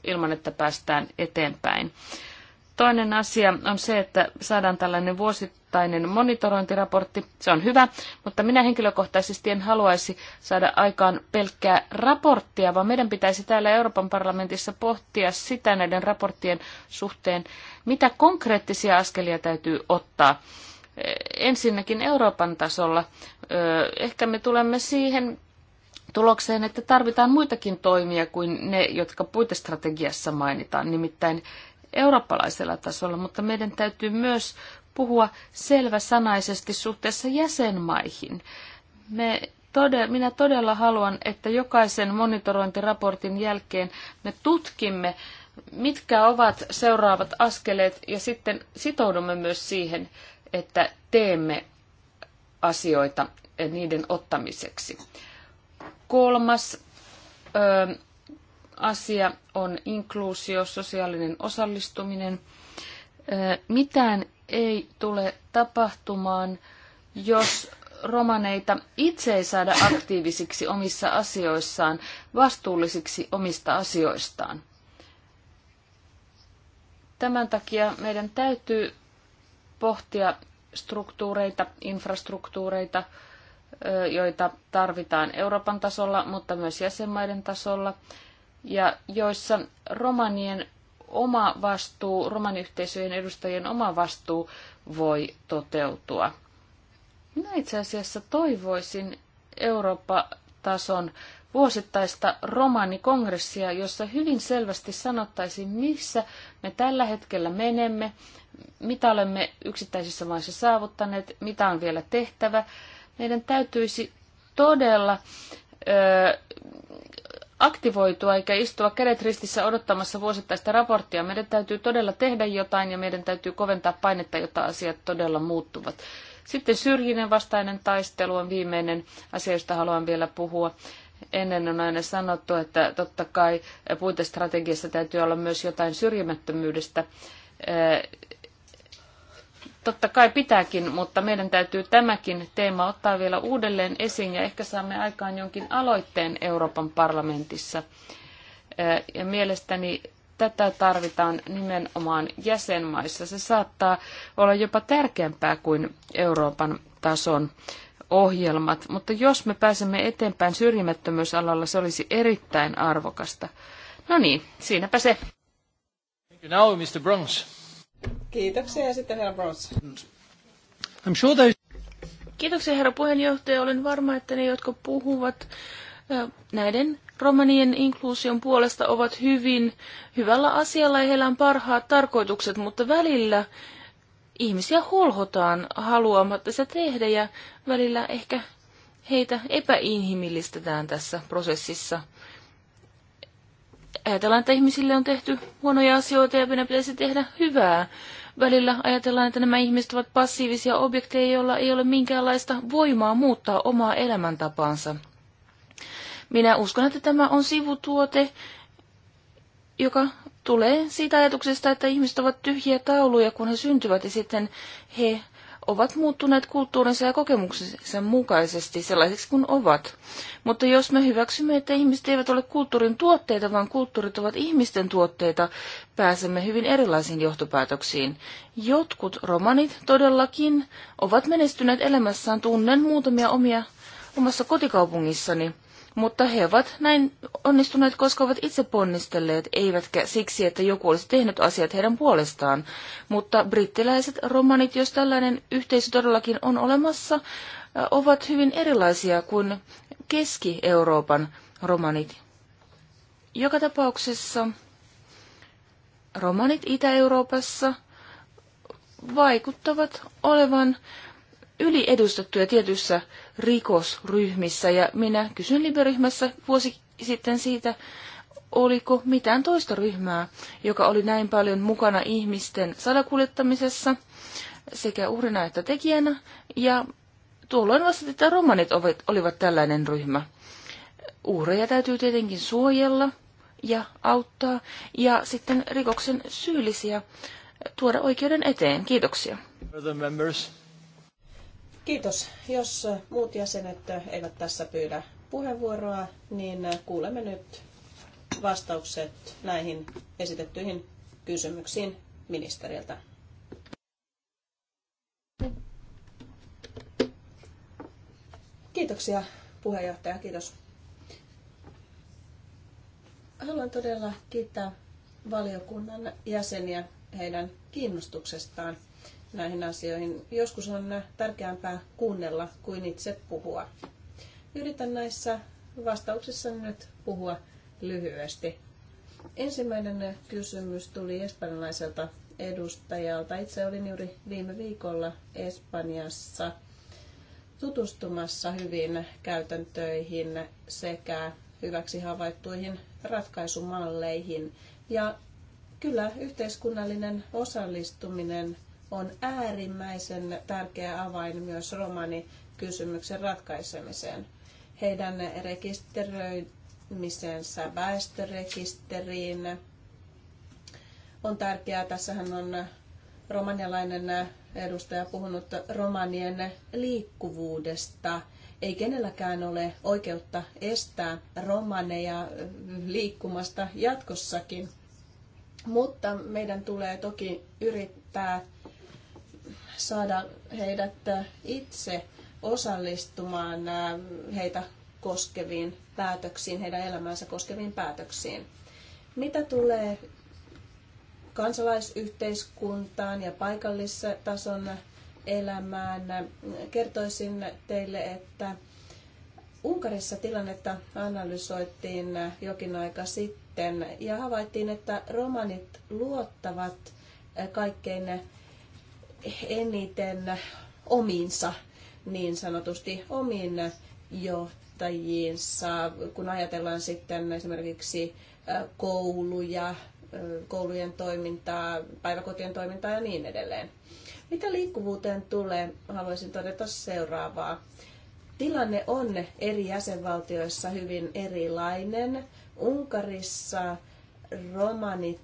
ilman, että päästään eteenpäin. Toinen asia on se, että saadaan tällainen vuosittainen monitorointiraportti. Se on hyvä, mutta minä henkilökohtaisesti en haluaisi saada aikaan pelkkää raporttia, vaan meidän pitäisi täällä Euroopan parlamentissa pohtia sitä näiden raporttien suhteen, mitä konkreettisia askelia täytyy ottaa ensinnäkin Euroopan tasolla. Ehkä me tulemme siihen tulokseen, että tarvitaan muitakin toimia kuin ne, jotka puitestrategiassa mainitaan, nimittäin eurooppalaisella tasolla, mutta meidän täytyy myös puhua selväsanaisesti suhteessa jäsenmaihin. Me todella, minä todella haluan, että jokaisen monitorointiraportin jälkeen me tutkimme, mitkä ovat seuraavat askeleet ja sitten sitoudumme myös siihen että teemme asioita niiden ottamiseksi. Kolmas ö, asia on inkluusio, sosiaalinen osallistuminen. Ö, mitään ei tule tapahtumaan, jos romaneita itse ei saada aktiivisiksi omissa asioissaan, vastuullisiksi omista asioistaan. Tämän takia meidän täytyy pohtia struktuureita, infrastruktuureita, joita tarvitaan Euroopan tasolla, mutta myös jäsenmaiden tasolla, ja joissa romanien oma vastuu, romaniyhteisöjen edustajien oma vastuu voi toteutua. Minä itse asiassa toivoisin Eurooppa-tason vuosittaista romanikongressia, jossa hyvin selvästi sanottaisiin, missä me tällä hetkellä menemme mitä olemme yksittäisissä maissa saavuttaneet, mitä on vielä tehtävä. Meidän täytyisi todella ö, aktivoitua eikä istua kädet ristissä odottamassa vuosittaista raporttia. Meidän täytyy todella tehdä jotain ja meidän täytyy koventaa painetta, jotta asiat todella muuttuvat. Sitten syrjinen vastainen taistelu on viimeinen asia, josta haluan vielä puhua. Ennen on aina sanottu, että totta kai puitestrategiassa täytyy olla myös jotain syrjimättömyydestä Totta kai pitääkin, mutta meidän täytyy tämäkin teema ottaa vielä uudelleen esiin ja ehkä saamme aikaan jonkin aloitteen Euroopan parlamentissa. Ja mielestäni tätä tarvitaan nimenomaan jäsenmaissa. Se saattaa olla jopa tärkeämpää kuin Euroopan tason ohjelmat, mutta jos me pääsemme eteenpäin syrjimättömyysalalla, se olisi erittäin arvokasta. No niin, siinäpä se. Now, Mr. Kiitoksia ja sitten herra Bros. I'm sure those... Kiitoksia herra puheenjohtaja. Olen varma, että ne, jotka puhuvat näiden romanien inkluusion puolesta ovat hyvin hyvällä asialla ja heillä on parhaat tarkoitukset, mutta välillä ihmisiä holhotaan haluamatta sitä tehdä ja välillä ehkä heitä epäinhimillistetään tässä prosessissa. Ajatellaan, että ihmisille on tehty huonoja asioita ja meidän pitäisi tehdä hyvää. Välillä ajatellaan, että nämä ihmiset ovat passiivisia objekteja, joilla ei ole minkäänlaista voimaa muuttaa omaa elämäntapaansa. Minä uskon, että tämä on sivutuote, joka tulee siitä ajatuksesta, että ihmiset ovat tyhjiä tauluja, kun he syntyvät ja sitten he ovat muuttuneet kulttuurinsa ja kokemuksensa mukaisesti sellaisiksi kuin ovat. Mutta jos me hyväksymme, että ihmiset eivät ole kulttuurin tuotteita, vaan kulttuurit ovat ihmisten tuotteita, pääsemme hyvin erilaisiin johtopäätöksiin. Jotkut romanit todellakin ovat menestyneet elämässään tunnen muutamia omia omassa kotikaupungissani. Mutta he ovat näin onnistuneet, koska ovat itse ponnistelleet, eivätkä siksi, että joku olisi tehnyt asiat heidän puolestaan. Mutta brittiläiset romanit, jos tällainen yhteisö todellakin on olemassa, ovat hyvin erilaisia kuin Keski-Euroopan romanit. Joka tapauksessa romanit Itä-Euroopassa vaikuttavat olevan yliedustettuja tietyissä rikosryhmissä. Ja minä kysyn Liberyhmässä vuosi sitten siitä, oliko mitään toista ryhmää, joka oli näin paljon mukana ihmisten salakuljettamisessa sekä uhrina että tekijänä. Ja tuolloin vasta, että romanit olivat tällainen ryhmä. Uhreja täytyy tietenkin suojella ja auttaa ja sitten rikoksen syyllisiä tuoda oikeuden eteen. Kiitoksia. Kiitos. Jos muut jäsenet eivät tässä pyydä puheenvuoroa, niin kuulemme nyt vastaukset näihin esitettyihin kysymyksiin ministeriltä. Kiitoksia puheenjohtaja, kiitos. Haluan todella kiittää valiokunnan jäseniä heidän kiinnostuksestaan näihin asioihin. Joskus on tärkeämpää kuunnella kuin itse puhua. Yritän näissä vastauksissa nyt puhua lyhyesti. Ensimmäinen kysymys tuli espanjalaiselta edustajalta. Itse olin juuri viime viikolla Espanjassa tutustumassa hyvin käytäntöihin sekä hyväksi havaittuihin ratkaisumalleihin. Ja kyllä yhteiskunnallinen osallistuminen – on äärimmäisen tärkeä avain myös romani kysymyksen ratkaisemiseen. Heidän rekisteröimisensä väestörekisteriin on tärkeää. Tässähän on romanialainen edustaja puhunut romanien liikkuvuudesta. Ei kenelläkään ole oikeutta estää romaneja liikkumasta jatkossakin. Mutta meidän tulee toki yrittää saada heidät äh, itse osallistumaan äh, heitä koskeviin päätöksiin, heidän elämäänsä koskeviin päätöksiin. Mitä tulee kansalaisyhteiskuntaan ja paikallistason elämään, kertoisin teille, että Unkarissa tilannetta analysoitiin jokin aika sitten ja havaittiin, että romanit luottavat kaikkein eniten omiinsa, niin sanotusti omiin johtajiinsa, kun ajatellaan sitten esimerkiksi kouluja, koulujen toimintaa, päiväkotien toimintaa ja niin edelleen. Mitä liikkuvuuteen tulee, haluaisin todeta seuraavaa. Tilanne on eri jäsenvaltioissa hyvin erilainen. Unkarissa romanit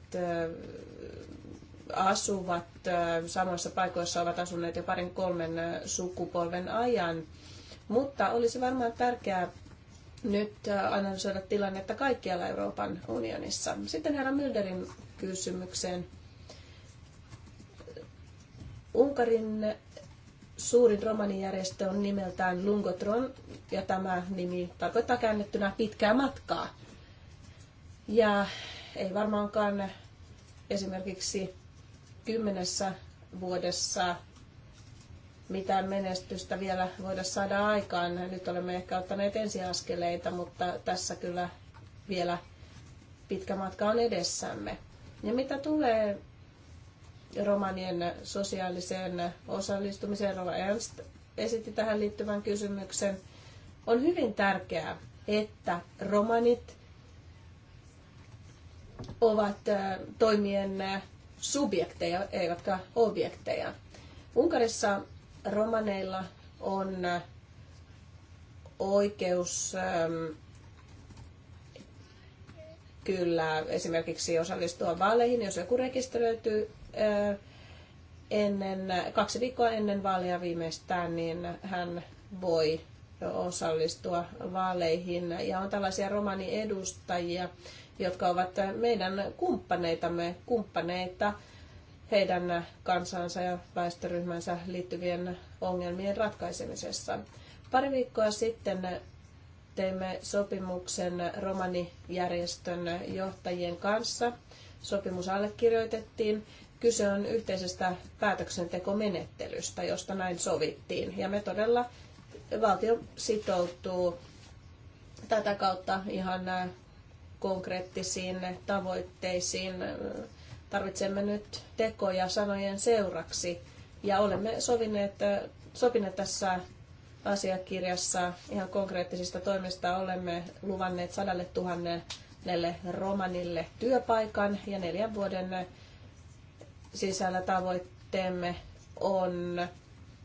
asuvat samoissa paikoissa, ovat asuneet jo parin kolmen sukupolven ajan. Mutta olisi varmaan tärkeää nyt analysoida tilannetta kaikkialla Euroopan unionissa. Sitten herra Mylderin kysymykseen. Unkarin suurin romanijärjestö on nimeltään Lungotron, ja tämä nimi tarkoittaa käännettynä pitkää matkaa. Ja ei varmaankaan esimerkiksi kymmenessä vuodessa mitään menestystä vielä voida saada aikaan. Nyt olemme ehkä ottaneet ensiaskeleita, mutta tässä kyllä vielä pitkä matka on edessämme. Ja mitä tulee romanien sosiaaliseen osallistumiseen, Rova Ernst esitti tähän liittyvän kysymyksen. On hyvin tärkeää, että romanit ovat toimien subjekteja eivätkä objekteja. Unkarissa romaneilla on äh, oikeus ähm, kyllä esimerkiksi osallistua vaaleihin, jos joku rekisteröityy äh, ennen, kaksi viikkoa ennen vaalia viimeistään, niin hän voi osallistua vaaleihin. Ja on tällaisia romaniedustajia, jotka ovat meidän kumppaneitamme, kumppaneita heidän kansansa ja väestöryhmänsä liittyvien ongelmien ratkaisemisessa. Pari viikkoa sitten teimme sopimuksen romanijärjestön johtajien kanssa. Sopimus allekirjoitettiin. Kyse on yhteisestä päätöksentekomenettelystä, josta näin sovittiin. Ja me todella, valtio sitoutuu tätä kautta ihan konkreettisiin tavoitteisiin. Tarvitsemme nyt tekoja sanojen seuraksi. Ja olemme sovineet, sopineet tässä asiakirjassa ihan konkreettisista toimista. Olemme luvanneet sadalle tuhannelle romanille työpaikan ja neljän vuoden sisällä tavoitteemme on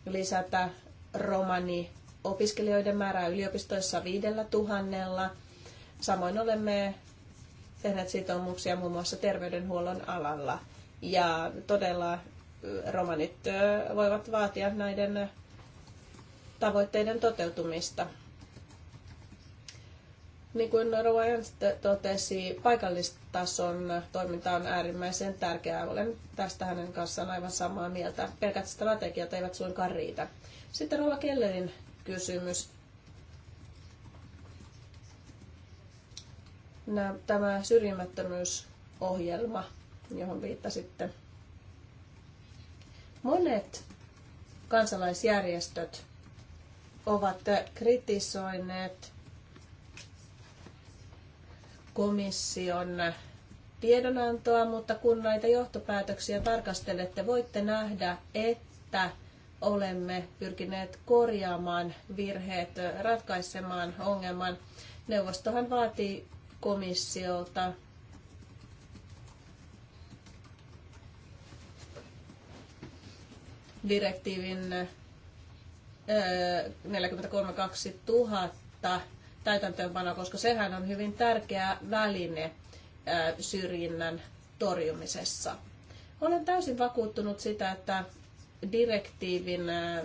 lisätä romani opiskelijoiden määrää yliopistoissa viidellä tuhannella. Samoin olemme tehneet sitoumuksia muun muassa terveydenhuollon alalla. Ja todella romanit voivat vaatia näiden tavoitteiden toteutumista. Niin kuin Rova totesi, paikallistason toiminta on äärimmäisen tärkeää. Olen tästä hänen kanssaan aivan samaa mieltä. Pelkät strategiat eivät suinkaan riitä. Sitten Rova Kellerin kysymys. tämä syrjimättömyysohjelma, johon viittasitte. Monet kansalaisjärjestöt ovat kritisoineet komission tiedonantoa, mutta kun näitä johtopäätöksiä tarkastelette, voitte nähdä, että olemme pyrkineet korjaamaan virheet, ratkaisemaan ongelman. Neuvostohan vaatii komissiolta direktiivin 43.2000 äh, 000 täytäntöönpanoa, koska sehän on hyvin tärkeä väline äh, syrjinnän torjumisessa. Olen täysin vakuuttunut sitä, että direktiivin äh,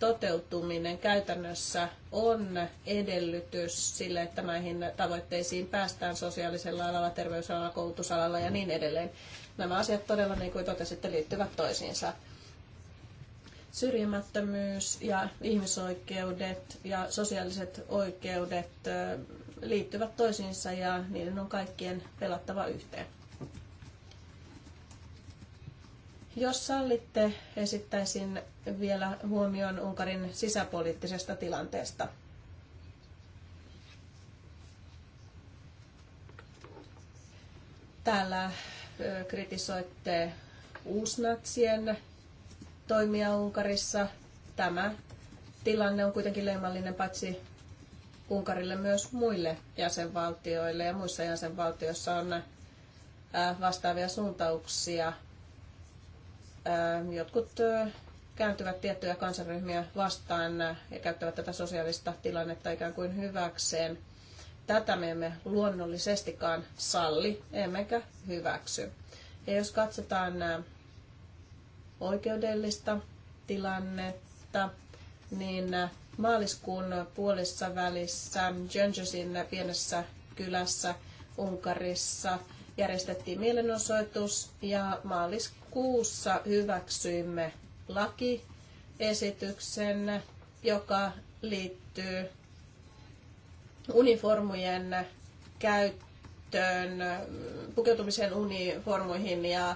toteutuminen käytännössä on edellytys sille, että näihin tavoitteisiin päästään sosiaalisella alalla, terveysalalla, koulutusalalla ja niin edelleen. Nämä asiat todella, niin kuin totesitte, liittyvät toisiinsa. Syrjimättömyys ja ihmisoikeudet ja sosiaaliset oikeudet liittyvät toisiinsa ja niiden on kaikkien pelattava yhteen. Jos sallitte, esittäisin vielä huomion Unkarin sisäpoliittisesta tilanteesta. Täällä kritisoitte uusnatsien toimia Unkarissa. Tämä tilanne on kuitenkin leimallinen paitsi Unkarille myös muille jäsenvaltioille ja muissa jäsenvaltioissa on vastaavia suuntauksia Ähm, jotkut kääntyvät tiettyjä kansanryhmiä vastaan ja käyttävät tätä sosiaalista tilannetta ikään kuin hyväkseen. Tätä me emme luonnollisestikaan salli, emmekä hyväksy. Ja jos katsotaan oikeudellista tilannetta, niin maaliskuun puolessa välissä Jönjösin pienessä kylässä Unkarissa järjestettiin mielenosoitus ja maaliskuun kuussa hyväksyimme lakiesityksen, joka liittyy uniformujen käyttöön, pukeutumisen uniformuihin ja,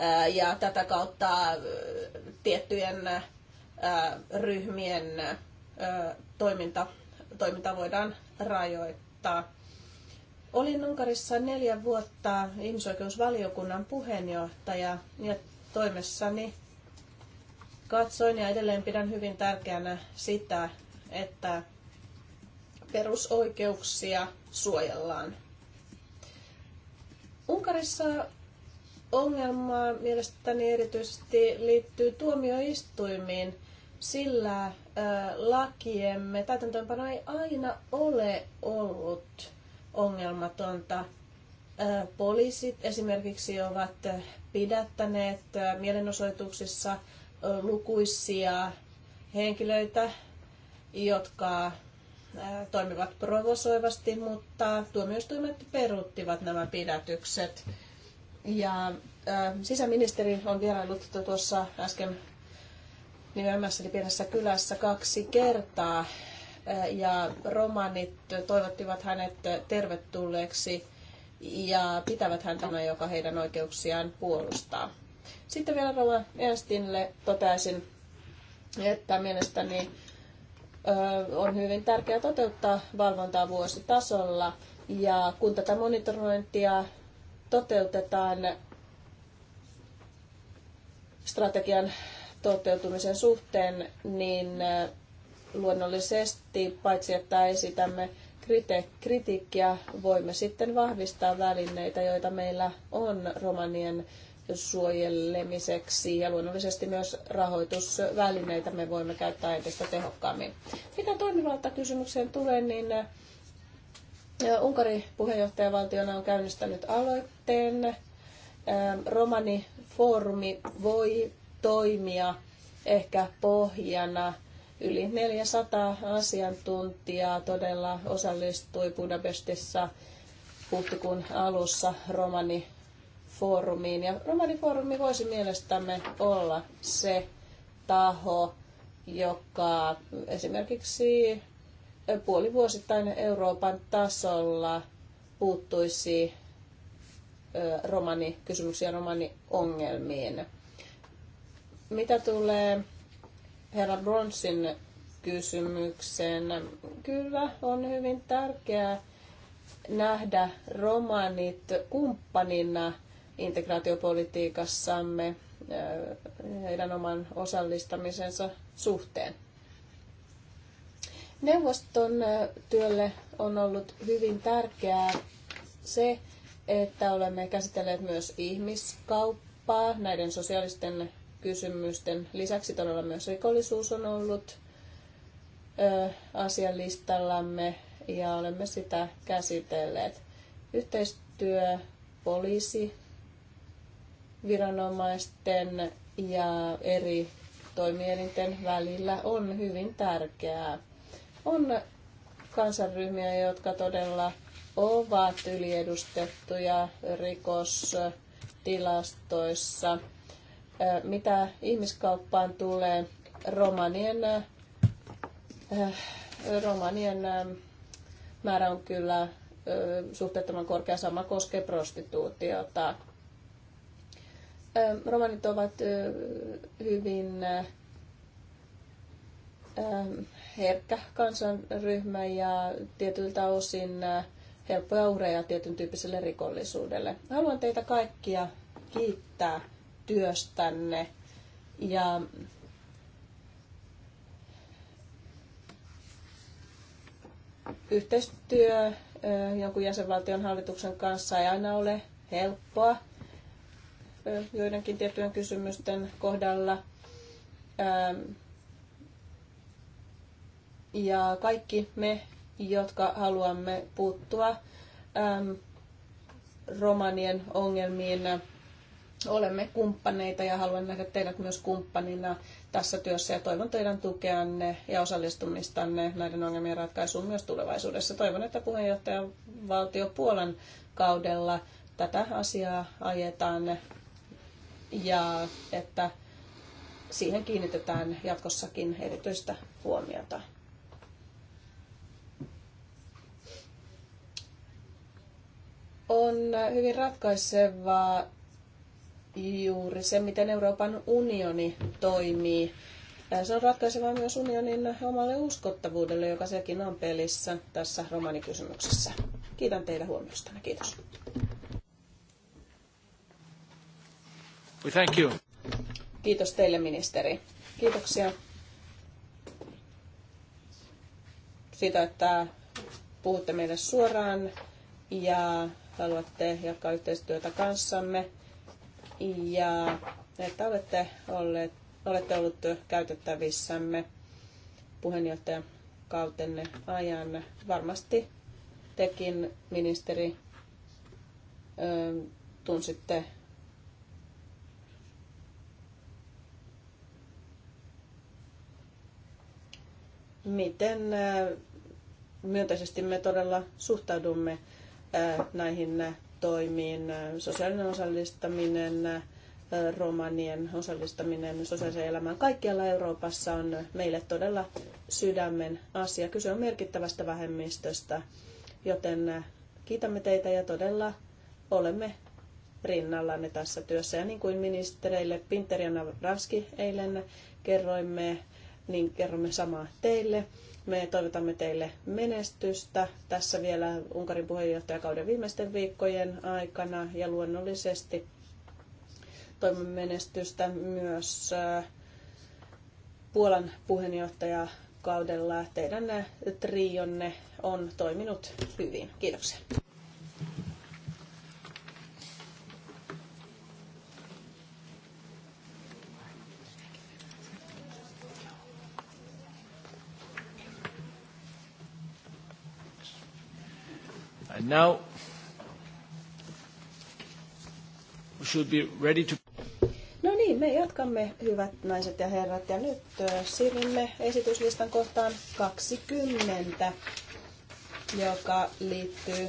äh, ja tätä kautta äh, tiettyjen äh, ryhmien toiminta, toiminta voidaan rajoittaa. Olin Unkarissa neljä vuotta ihmisoikeusvaliokunnan puheenjohtaja ja toimessani katsoin ja edelleen pidän hyvin tärkeänä sitä, että perusoikeuksia suojellaan. Unkarissa ongelmaa mielestäni erityisesti liittyy tuomioistuimiin, sillä lakiemme täytäntöönpano ei aina ole ollut ongelmatonta. Poliisit esimerkiksi ovat pidättäneet mielenosoituksissa lukuisia henkilöitä, jotka toimivat provosoivasti, mutta tuomioistuimet peruuttivat nämä pidätykset. Ja sisäministeri on vieraillut tuossa äsken nimeämässäni pienessä kylässä kaksi kertaa ja romanit toivottivat hänet tervetulleeksi ja pitävät häntä, joka heidän oikeuksiaan puolustaa. Sitten vielä Rova Enstinille totesin, että mielestäni on hyvin tärkeää toteuttaa valvontaa vuositasolla. Ja kun tätä monitorointia toteutetaan strategian toteutumisen suhteen, niin luonnollisesti, paitsi että esitämme kritiikkiä, voimme sitten vahvistaa välineitä, joita meillä on romanien suojelemiseksi ja luonnollisesti myös rahoitusvälineitä me voimme käyttää entistä tehokkaammin. Mitä toimivalta kysymykseen tulee, niin Unkari puheenjohtajavaltiona on käynnistänyt aloitteen. Romani foorumi voi toimia ehkä pohjana Yli 400 asiantuntijaa todella osallistui Budapestissa huhtikuun alussa romani foorumiin. Ja romanifoorumi voisi mielestämme olla se taho, joka esimerkiksi puolivuosittain Euroopan tasolla puuttuisi romani kysymyksiä romani ongelmiin. Mitä tulee herra Bronsin kysymykseen. Kyllä on hyvin tärkeää nähdä romanit kumppanina integraatiopolitiikassamme äh, heidän oman osallistamisensa suhteen. Neuvoston äh, työlle on ollut hyvin tärkeää se, että olemme käsitelleet myös ihmiskauppaa, näiden sosiaalisten kysymysten lisäksi todella myös rikollisuus on ollut listallamme ja olemme sitä käsitelleet. Yhteistyö poliisi, viranomaisten ja eri toimielinten välillä on hyvin tärkeää. On kansanryhmiä, jotka todella ovat yliedustettuja rikostilastoissa mitä ihmiskauppaan tulee, romanien, romanien määrä on kyllä suhteettoman korkea, sama koskee prostituutiota. Romanit ovat hyvin herkkä kansanryhmä ja tietyltä osin helppoja uhreja tietyn tyyppiselle rikollisuudelle. Haluan teitä kaikkia kiittää työstänne. Ja yhteistyö jonkun jäsenvaltion hallituksen kanssa ei aina ole helppoa joidenkin tiettyjen kysymysten kohdalla. Ja kaikki me, jotka haluamme puuttua romanien ongelmiin, olemme kumppaneita ja haluan nähdä teidät myös kumppanina tässä työssä ja toivon teidän tukeanne ja osallistumistanne näiden ongelmien ratkaisuun myös tulevaisuudessa. Toivon, että puheenjohtajan valtio Puolan kaudella tätä asiaa ajetaan ja että siihen kiinnitetään jatkossakin erityistä huomiota. On hyvin ratkaisevaa juuri se, miten Euroopan unioni toimii. Äh, se on ratkaiseva myös unionin omalle uskottavuudelle, joka sekin on pelissä tässä romanikysymyksessä. Kiitän teidän huomiostanne. Kiitos. We thank you. Kiitos teille, ministeri. Kiitoksia siitä, että puhutte meille suoraan ja haluatte jatkaa yhteistyötä kanssamme ja että olette, olleet, olette ollut käytettävissämme puheenjohtajan kautenne ajan. Varmasti tekin, ministeri, tunsitte miten myönteisesti me todella suhtaudumme näihin toimiin, sosiaalinen osallistaminen, romanien osallistaminen sosiaaliseen elämään kaikkialla Euroopassa on meille todella sydämen asia. Kyse on merkittävästä vähemmistöstä, joten kiitämme teitä ja todella olemme rinnallanne tässä työssä. Ja niin kuin ministereille Pinter ja eilen kerroimme, niin kerromme samaa teille. Me toivotamme teille menestystä tässä vielä Unkarin puheenjohtajakauden viimeisten viikkojen aikana ja luonnollisesti toivomme menestystä myös äh, Puolan puheenjohtajakaudella. Teidän äh, trionne on toiminut hyvin. Kiitoksia. And now we should be ready to... No niin, me jatkamme, hyvät naiset ja herrat. Ja nyt siirrymme esityslistan kohtaan 20, joka liittyy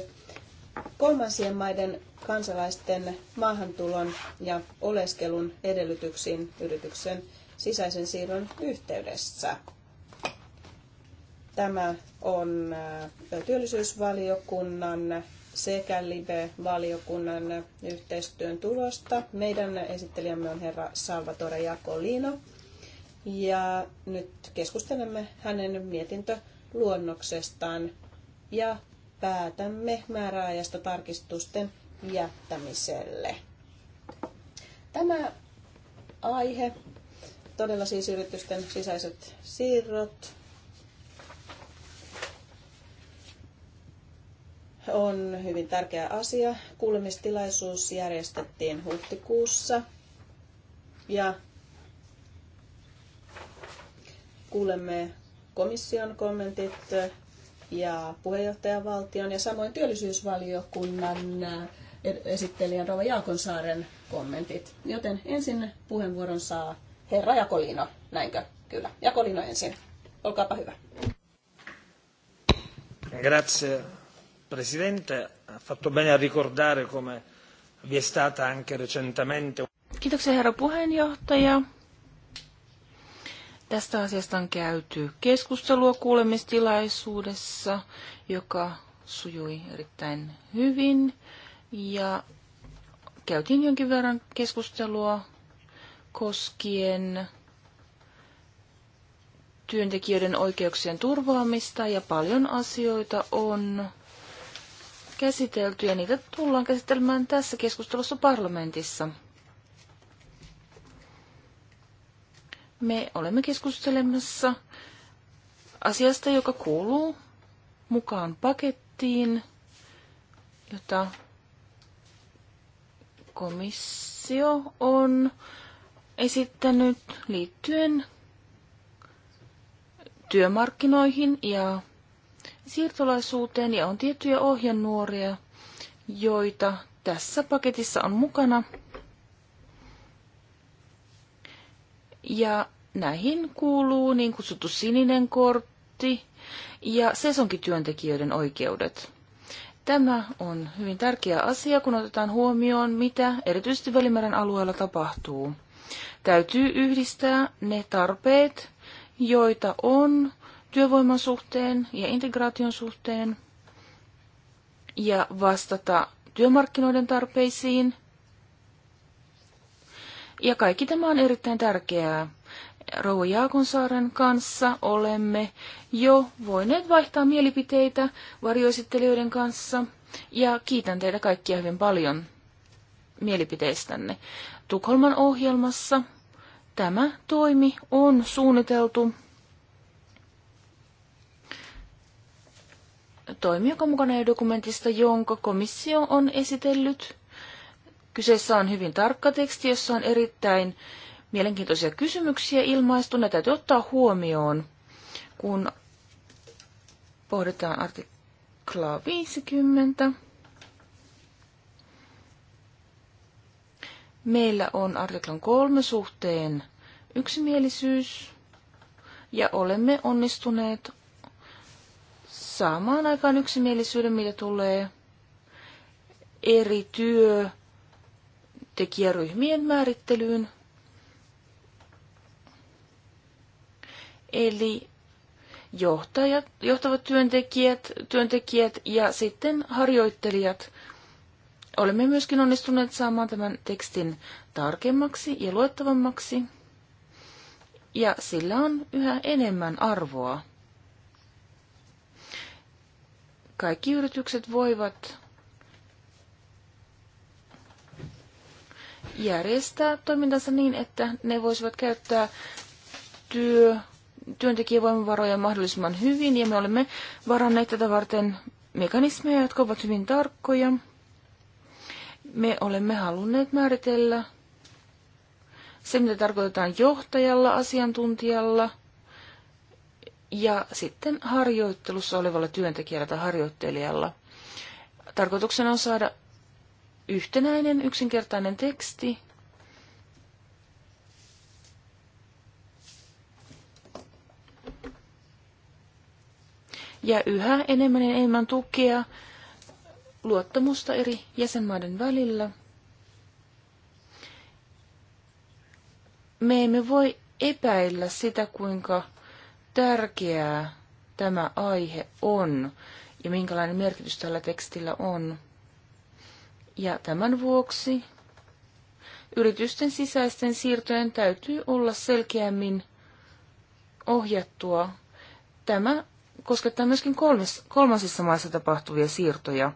kolmansien maiden kansalaisten maahantulon ja oleskelun edellytyksiin yrityksen sisäisen siirron yhteydessä. Tämä on äh, työllisyysvaliokunnan sekä LIBE-valiokunnan yhteistyön tulosta. Meidän esittelijämme on herra Salvatore Jakolino. Ja nyt keskustelemme hänen mietintöluonnoksestaan ja päätämme määräajasta tarkistusten jättämiselle. Tämä aihe, todella siis yritysten sisäiset siirrot, on hyvin tärkeä asia. Kuulemistilaisuus järjestettiin huhtikuussa ja kuulemme komission kommentit ja puheenjohtajavaltion ja samoin työllisyysvaliokunnan esittelijän Rova Jaakonsaaren kommentit. Joten ensin puheenvuoron saa herra Jakolino, näinkö? Kyllä, Jakolino ensin. Olkaapa hyvä. Grazie. Presidente ha fatto bene a ricordare come vi è stata anche recentemente. Kiitoksia herra puheenjohtaja. Tästä asiasta on käyty keskustelua kuulemistilaisuudessa, joka sujui erittäin hyvin. Ja käytiin jonkin verran keskustelua koskien työntekijöiden oikeuksien turvaamista ja paljon asioita on käsitelty ja niitä tullaan käsittelemään tässä keskustelussa parlamentissa. Me olemme keskustelemassa asiasta, joka kuuluu mukaan pakettiin, jota komissio on esittänyt liittyen työmarkkinoihin ja siirtolaisuuteen ja on tiettyjä ohjenuoria, joita tässä paketissa on mukana. Ja näihin kuuluu niin kutsuttu sininen kortti ja sesonkityöntekijöiden oikeudet. Tämä on hyvin tärkeä asia, kun otetaan huomioon, mitä erityisesti Välimeren alueella tapahtuu. Täytyy yhdistää ne tarpeet, joita on työvoiman suhteen ja integraation suhteen ja vastata työmarkkinoiden tarpeisiin. Ja kaikki tämä on erittäin tärkeää. Rouva Jaakonsaaren kanssa olemme jo voineet vaihtaa mielipiteitä varjoesittelijöiden kanssa ja kiitän teitä kaikkia hyvin paljon mielipiteistänne. Tukholman ohjelmassa tämä toimi on suunniteltu toimi, joka on mukana dokumentista, jonka komissio on esitellyt. Kyseessä on hyvin tarkka teksti, jossa on erittäin mielenkiintoisia kysymyksiä ilmaistu. Ne täytyy ottaa huomioon, kun pohditaan artiklaa 50. Meillä on artiklan kolme suhteen yksimielisyys ja olemme onnistuneet saamaan aikaan yksimielisyyden, mitä tulee eri työtekijäryhmien määrittelyyn. Eli johtajat, johtavat työntekijät, työntekijät ja sitten harjoittelijat. Olemme myöskin onnistuneet saamaan tämän tekstin tarkemmaksi ja luettavammaksi, ja sillä on yhä enemmän arvoa kaikki yritykset voivat järjestää toimintansa niin, että ne voisivat käyttää työ, työntekijävoimavaroja mahdollisimman hyvin, ja me olemme varanneet tätä varten mekanismeja, jotka ovat hyvin tarkkoja. Me olemme halunneet määritellä se, mitä tarkoitetaan johtajalla, asiantuntijalla – ja sitten harjoittelussa olevalla työntekijällä tai harjoittelijalla. Tarkoituksena on saada yhtenäinen, yksinkertainen teksti, ja yhä enemmän ja enemmän tukea luottamusta eri jäsenmaiden välillä. Me emme voi epäillä sitä, kuinka tärkeää tämä aihe on ja minkälainen merkitys tällä tekstillä on. Ja tämän vuoksi yritysten sisäisten siirtojen täytyy olla selkeämmin ohjattua. Tämä koskettaa myöskin kolmes, kolmansissa maissa tapahtuvia siirtoja.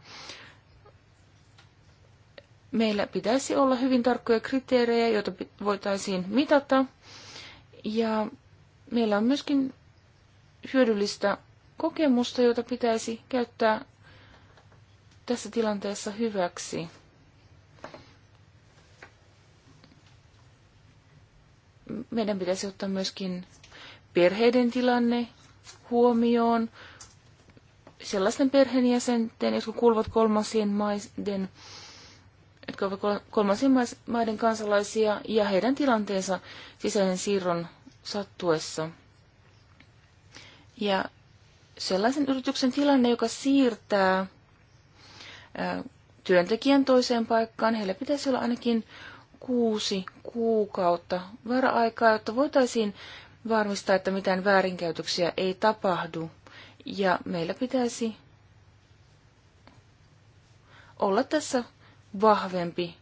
Meillä pitäisi olla hyvin tarkkoja kriteerejä, joita voitaisiin mitata. Ja meillä on myöskin hyödyllistä kokemusta, jota pitäisi käyttää tässä tilanteessa hyväksi. Meidän pitäisi ottaa myöskin perheiden tilanne huomioon, sellaisten perheenjäsenten, jotka kuuluvat kolmansien maiden, jotka ovat kolmansien maiden kansalaisia ja heidän tilanteensa sisäisen siirron sattuessa. Ja sellaisen yrityksen tilanne, joka siirtää työntekijän toiseen paikkaan, heillä pitäisi olla ainakin kuusi kuukautta vara-aikaa, jotta voitaisiin varmistaa, että mitään väärinkäytöksiä ei tapahdu. Ja meillä pitäisi olla tässä vahvempi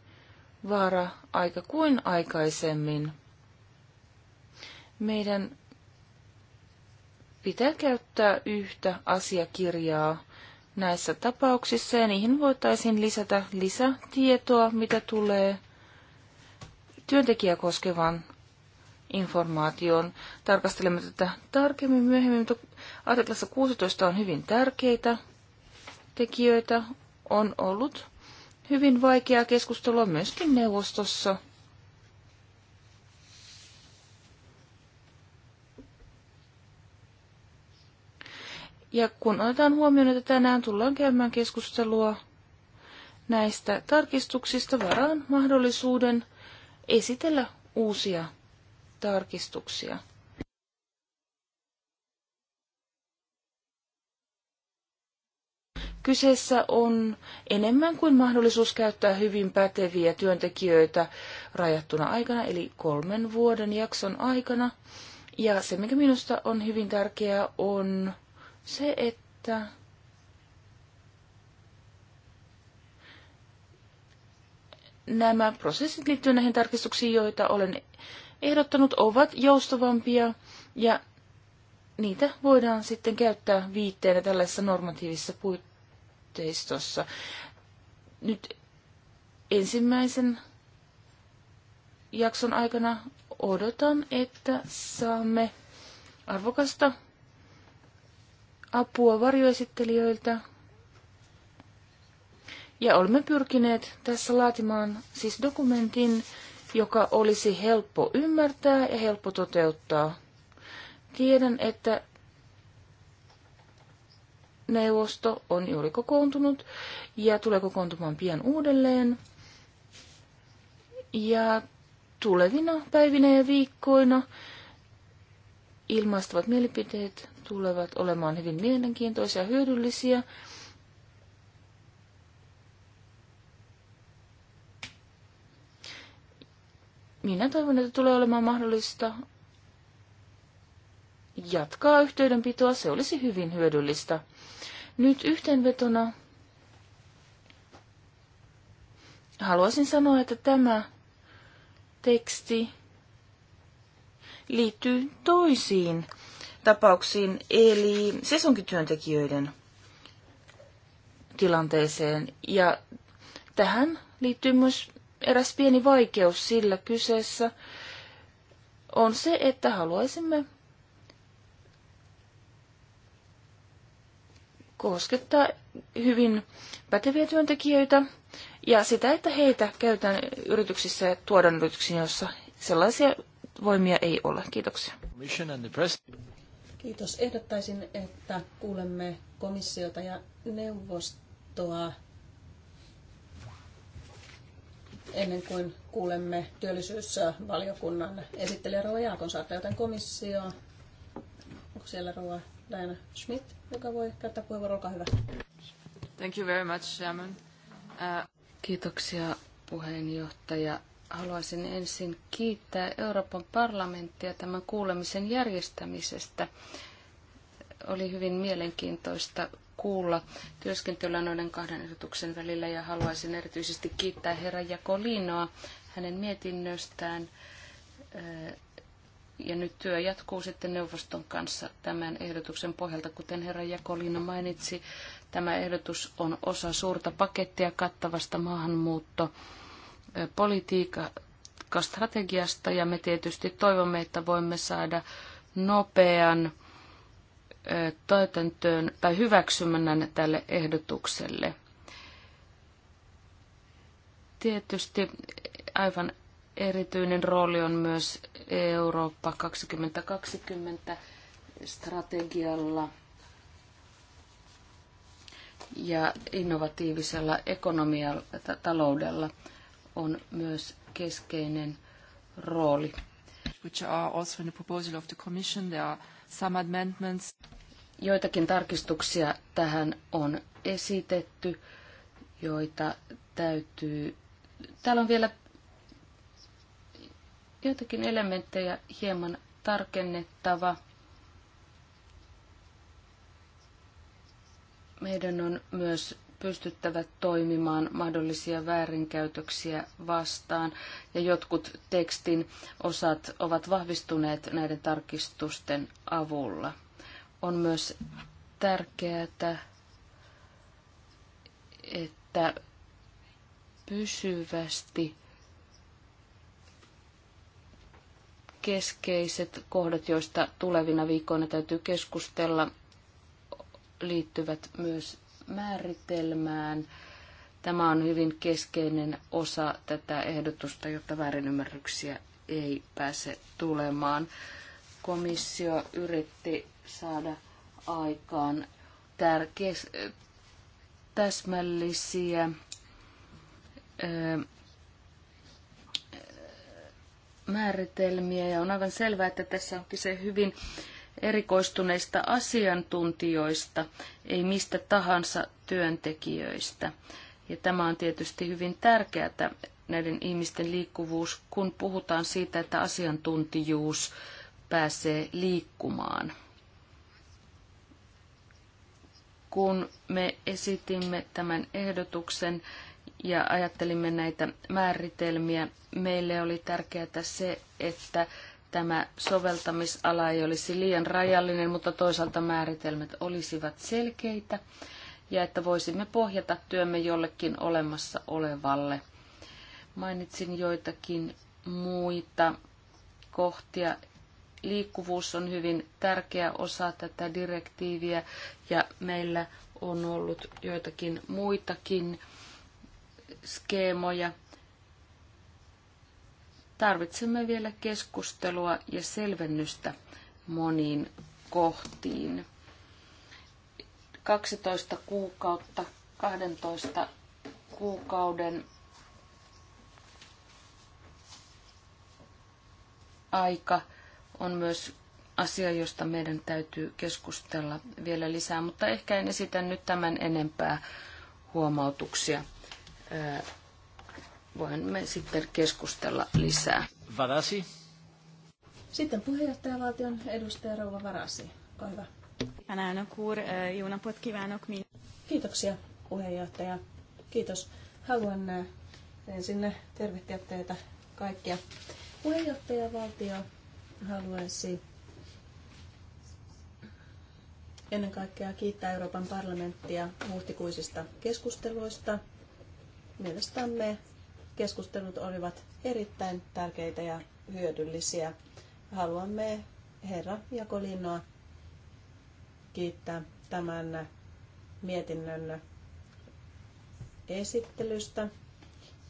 vara-aika kuin aikaisemmin. Meidän pitää käyttää yhtä asiakirjaa näissä tapauksissa ja niihin voitaisiin lisätä lisätietoa, mitä tulee työntekijää koskevan informaation Tarkastelemme tätä tarkemmin myöhemmin, mutta artiklassa 16 on hyvin tärkeitä tekijöitä. On ollut hyvin vaikeaa keskustelua myöskin neuvostossa Ja kun otetaan huomioon, että tänään tullaan käymään keskustelua näistä tarkistuksista, varaan mahdollisuuden esitellä uusia tarkistuksia. Kyseessä on enemmän kuin mahdollisuus käyttää hyvin päteviä työntekijöitä rajattuna aikana, eli kolmen vuoden jakson aikana. Ja se, mikä minusta on hyvin tärkeää, on se, että nämä prosessit liittyen näihin tarkistuksiin, joita olen ehdottanut, ovat joustavampia ja niitä voidaan sitten käyttää viitteenä tällaisessa normatiivisessa puitteistossa. Nyt ensimmäisen jakson aikana odotan, että saamme arvokasta apua varjoesittelijöiltä. Ja olemme pyrkineet tässä laatimaan siis dokumentin, joka olisi helppo ymmärtää ja helppo toteuttaa. Tiedän, että neuvosto on juuri kokoontunut ja tulee kokoontumaan pian uudelleen. Ja tulevina päivinä ja viikkoina ilmaistavat mielipiteet tulevat olemaan hyvin mielenkiintoisia ja hyödyllisiä. Minä toivon, että tulee olemaan mahdollista jatkaa yhteydenpitoa. Se olisi hyvin hyödyllistä. Nyt yhteenvetona haluaisin sanoa, että tämä teksti liittyy toisiin tapauksiin, eli sesonkityöntekijöiden tilanteeseen. Ja tähän liittyy myös eräs pieni vaikeus, sillä kyseessä on se, että haluaisimme koskettaa hyvin päteviä työntekijöitä ja sitä, että heitä käytetään yrityksissä ja tuodaan yrityksiin, jossa sellaisia voimia ei ole. Kiitoksia. Kiitos. Ehdottaisin, että kuulemme komissiota ja neuvostoa ennen kuin kuulemme työllisyysvaliokunnan esittelijä Rova Jaakonsaarta, joten komissio, onko siellä Rova Diana Schmidt, joka voi käyttää puheenvuoron, olkaa hyvä. Thank you very much, Chairman. Uh... Kiitoksia puheenjohtaja haluaisin ensin kiittää Euroopan parlamenttia tämän kuulemisen järjestämisestä. Oli hyvin mielenkiintoista kuulla työskentelyä noiden kahden ehdotuksen välillä ja haluaisin erityisesti kiittää herra Jakolinoa hänen mietinnöstään. Eh, ja nyt työ jatkuu sitten neuvoston kanssa tämän ehdotuksen pohjalta. Kuten herra Jakolino mainitsi, tämä ehdotus on osa suurta pakettia kattavasta maahanmuutto- politiikkastrategiasta ja me tietysti toivomme, että voimme saada nopean täytäntöön tai hyväksymännän tälle ehdotukselle. Tietysti aivan erityinen rooli on myös Eurooppa 2020 strategialla ja innovatiivisella ekonomialla taloudella on myös keskeinen rooli. Which are also in the proposal of the commission. There are some amendments. Joitakin tarkistuksia tähän on esitetty, joita täytyy... Täällä on vielä joitakin elementtejä hieman tarkennettava. Meidän on myös pystyttävä toimimaan mahdollisia väärinkäytöksiä vastaan, ja jotkut tekstin osat ovat vahvistuneet näiden tarkistusten avulla. On myös tärkeää, että pysyvästi keskeiset kohdat, joista tulevina viikkoina täytyy keskustella, liittyvät myös määritelmään. Tämä on hyvin keskeinen osa tätä ehdotusta, jotta väärinymmärryksiä ei pääse tulemaan. Komissio yritti saada aikaan tärkeä, täsmällisiä määritelmiä ja on aivan selvää, että tässä on kyse hyvin erikoistuneista asiantuntijoista, ei mistä tahansa työntekijöistä. Ja tämä on tietysti hyvin tärkeää, näiden ihmisten liikkuvuus, kun puhutaan siitä, että asiantuntijuus pääsee liikkumaan. Kun me esitimme tämän ehdotuksen ja ajattelimme näitä määritelmiä, meille oli tärkeää se, että tämä soveltamisala ei olisi liian rajallinen, mutta toisaalta määritelmät olisivat selkeitä ja että voisimme pohjata työmme jollekin olemassa olevalle. Mainitsin joitakin muita kohtia. Liikkuvuus on hyvin tärkeä osa tätä direktiiviä ja meillä on ollut joitakin muitakin skeemoja – Tarvitsemme vielä keskustelua ja selvennystä moniin kohtiin. 12 kuukautta, 12 kuukauden aika on myös asia, josta meidän täytyy keskustella vielä lisää, mutta ehkä en esitä nyt tämän enempää huomautuksia voimme sitten keskustella lisää. Varasi. Sitten puheenjohtajavaltion edustaja Rouva Varasi. Olkaa hyvä. Elnök úr, eh, Kiitoksia puheenjohtaja. Kiitos. Haluan eh, ensin tervehtiä teitä kaikkia. Puheenjohtajavaltio haluaisi ennen kaikkea kiittää Euroopan parlamenttia huhtikuisista keskusteluista. Mielestämme Keskustelut olivat erittäin tärkeitä ja hyödyllisiä. Haluamme herra Jakolinnoa kiittää tämän mietinnön esittelystä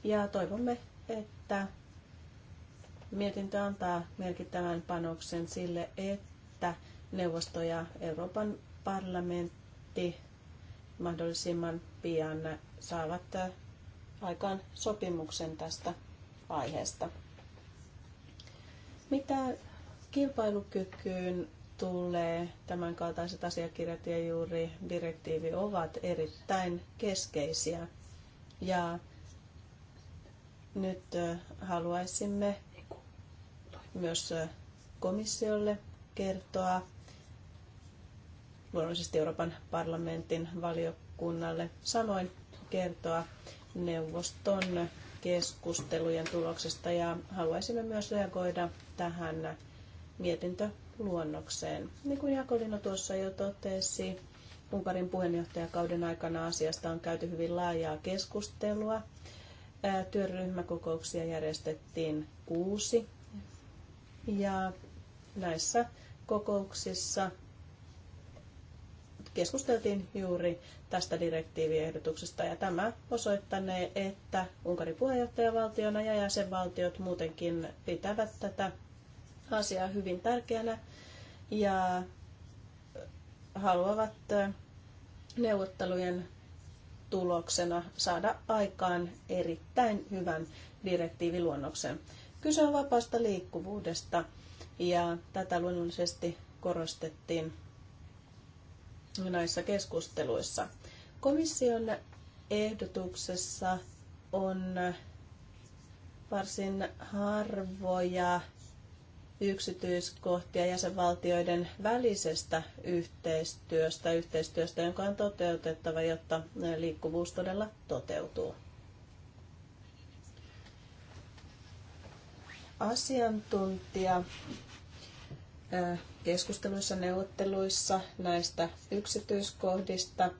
ja toivomme, että mietintö antaa merkittävän panoksen sille, että neuvosto ja Euroopan parlamentti mahdollisimman pian saavat aikaan sopimuksen tästä aiheesta. Mitä kilpailukykyyn tulee, tämän kaltaiset asiakirjat ja juuri direktiivi ovat erittäin keskeisiä. Ja nyt haluaisimme myös komissiolle kertoa, luonnollisesti Euroopan parlamentin valiokunnalle samoin kertoa neuvoston keskustelujen tuloksesta ja haluaisimme myös reagoida tähän mietintöluonnokseen. Niin kuin Jakolino tuossa jo totesi, Unkarin puheenjohtajakauden aikana asiasta on käyty hyvin laajaa keskustelua. Työryhmäkokouksia järjestettiin kuusi ja näissä kokouksissa keskusteltiin juuri tästä direktiiviehdotuksesta ja tämä osoittanee, että Unkarin puheenjohtajavaltiona ja jäsenvaltiot muutenkin pitävät tätä asiaa hyvin tärkeänä ja haluavat neuvottelujen tuloksena saada aikaan erittäin hyvän direktiiviluonnoksen. Kyse on vapaasta liikkuvuudesta ja tätä luonnollisesti korostettiin näissä keskusteluissa. Komission ehdotuksessa on varsin harvoja yksityiskohtia jäsenvaltioiden välisestä yhteistyöstä, yhteistyöstä, jonka on toteutettava, jotta liikkuvuus todella toteutuu. Asiantuntija keskusteluissa, neuvotteluissa näistä yksityiskohdista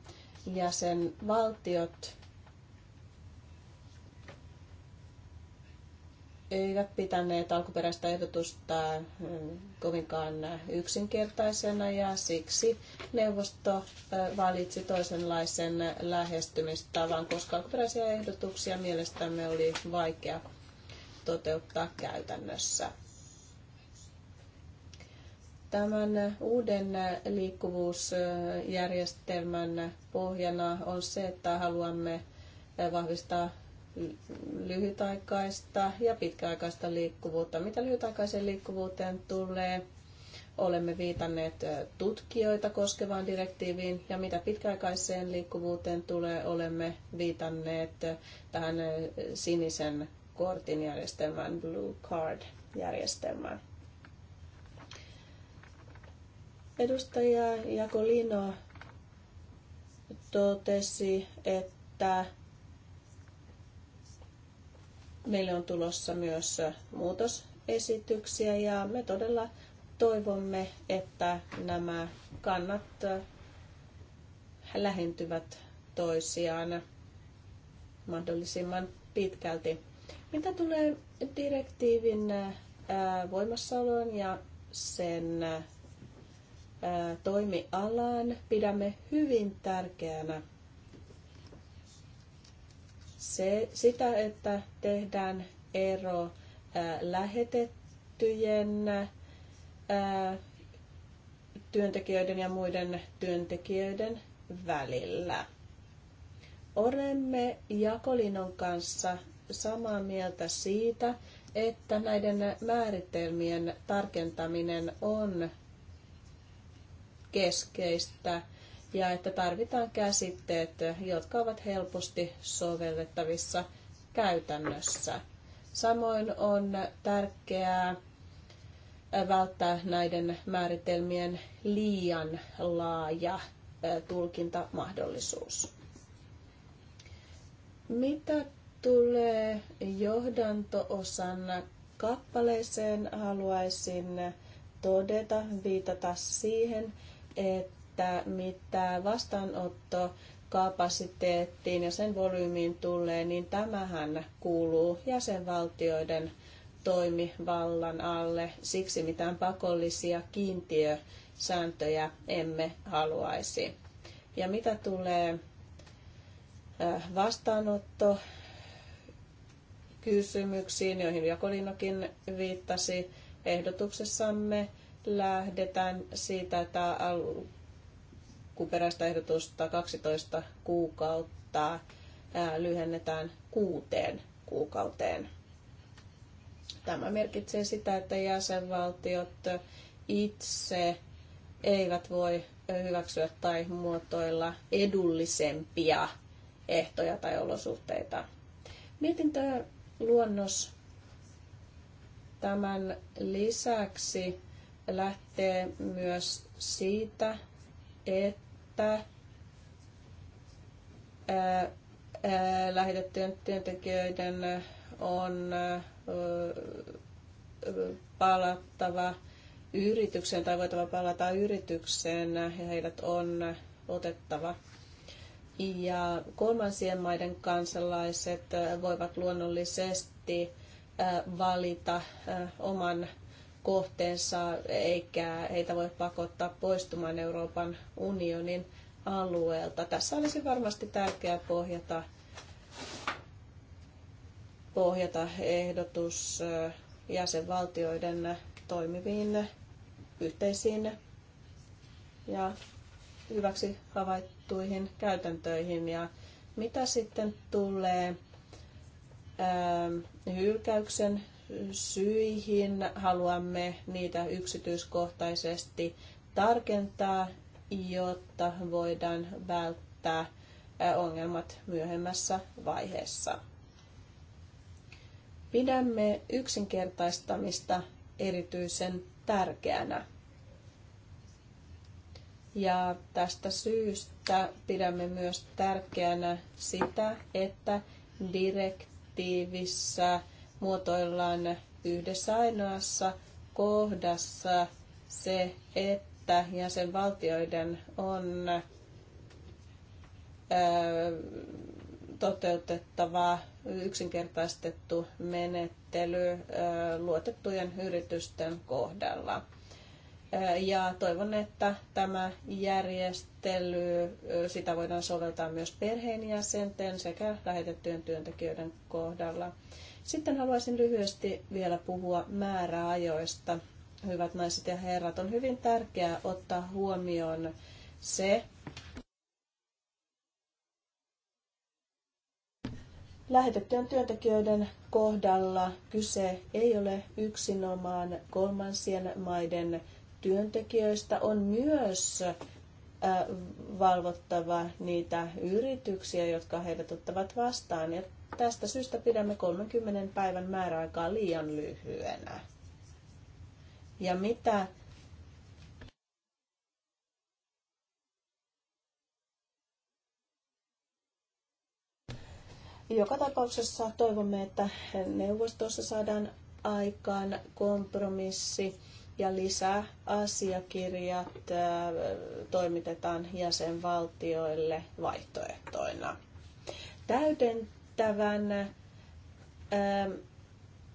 ja sen valtiot eivät pitäneet alkuperäistä ehdotusta kovinkaan yksinkertaisena ja siksi neuvosto valitsi toisenlaisen lähestymistavan, koska alkuperäisiä ehdotuksia mielestämme oli vaikea toteuttaa käytännössä. Tämän uuden liikkuvuusjärjestelmän pohjana on se, että haluamme vahvistaa lyhytaikaista ja pitkäaikaista liikkuvuutta. Mitä lyhytaikaiseen liikkuvuuteen tulee, olemme viitanneet tutkijoita koskevaan direktiiviin ja mitä pitkäaikaiseen liikkuvuuteen tulee, olemme viitanneet tähän sinisen kortin järjestelmään, Blue Card järjestelmään. Edustaja Jakolino totesi, että meille on tulossa myös muutosesityksiä ja me todella toivomme, että nämä kannat lähentyvät toisiaan mahdollisimman pitkälti. Mitä tulee direktiivin voimassaoloon ja sen toimialaan pidämme hyvin tärkeänä se, sitä, että tehdään ero lähetettyjen työntekijöiden ja muiden työntekijöiden välillä. Olemme Jakolinon kanssa samaa mieltä siitä, että näiden määritelmien tarkentaminen on keskeistä ja että tarvitaan käsitteet, jotka ovat helposti sovellettavissa käytännössä. Samoin on tärkeää välttää näiden määritelmien liian laaja tulkintamahdollisuus. Mitä tulee johdantoosan kappaleeseen, haluaisin todeta, viitata siihen, että mitä vastaanotto kapasiteettiin ja sen volyymiin tulee, niin tämähän kuuluu jäsenvaltioiden toimivallan alle. Siksi mitään pakollisia kiintiösääntöjä emme haluaisi. Ja mitä tulee vastaanotto kysymyksiin, joihin Jakolinokin viittasi ehdotuksessamme, lähdetään siitä, että alkuperäistä ehdotusta 12 kuukautta lyhennetään kuuteen kuukauteen. Tämä merkitsee sitä, että jäsenvaltiot itse eivät voi hyväksyä tai muotoilla edullisempia ehtoja tai olosuhteita. Mietintö luonnos tämän lisäksi lähtee myös siitä, että lähetettyjen työntekijöiden on palattava yritykseen tai voitava palata yritykseen ja heidät on otettava. Ja kolmansien maiden kansalaiset voivat luonnollisesti valita oman kohteensa, eikä heitä voi pakottaa poistumaan Euroopan unionin alueelta. Tässä olisi varmasti tärkeää pohjata, pohjata ehdotus jäsenvaltioiden toimiviin yhteisiin ja hyväksi havaittuihin käytäntöihin. Ja mitä sitten tulee hylkäyksen syihin. Haluamme niitä yksityiskohtaisesti tarkentaa, jotta voidaan välttää ongelmat myöhemmässä vaiheessa. Pidämme yksinkertaistamista erityisen tärkeänä. Ja tästä syystä pidämme myös tärkeänä sitä, että direktiivissä muotoillaan yhdessä ainoassa kohdassa se, että jäsenvaltioiden on toteutettava yksinkertaistettu menettely luotettujen yritysten kohdalla. Ja toivon, että tämä järjestely, sitä voidaan soveltaa myös perheenjäsenten sekä lähetettyjen työntekijöiden kohdalla. Sitten haluaisin lyhyesti vielä puhua määräajoista. Hyvät naiset ja herrat, on hyvin tärkeää ottaa huomioon se, Lähetettyjen työntekijöiden kohdalla kyse ei ole yksinomaan kolmansien maiden työntekijöistä, on myös äh, valvottava niitä yrityksiä, jotka heidät ottavat vastaan. Ja Tästä syystä pidämme 30 päivän määräaikaa liian lyhyenä. Ja mitä Joka tapauksessa toivomme, että neuvostossa saadaan aikaan kompromissi ja lisää asiakirjat toimitetaan jäsenvaltioille vaihtoehtoina. Täyden täydentävän ähm,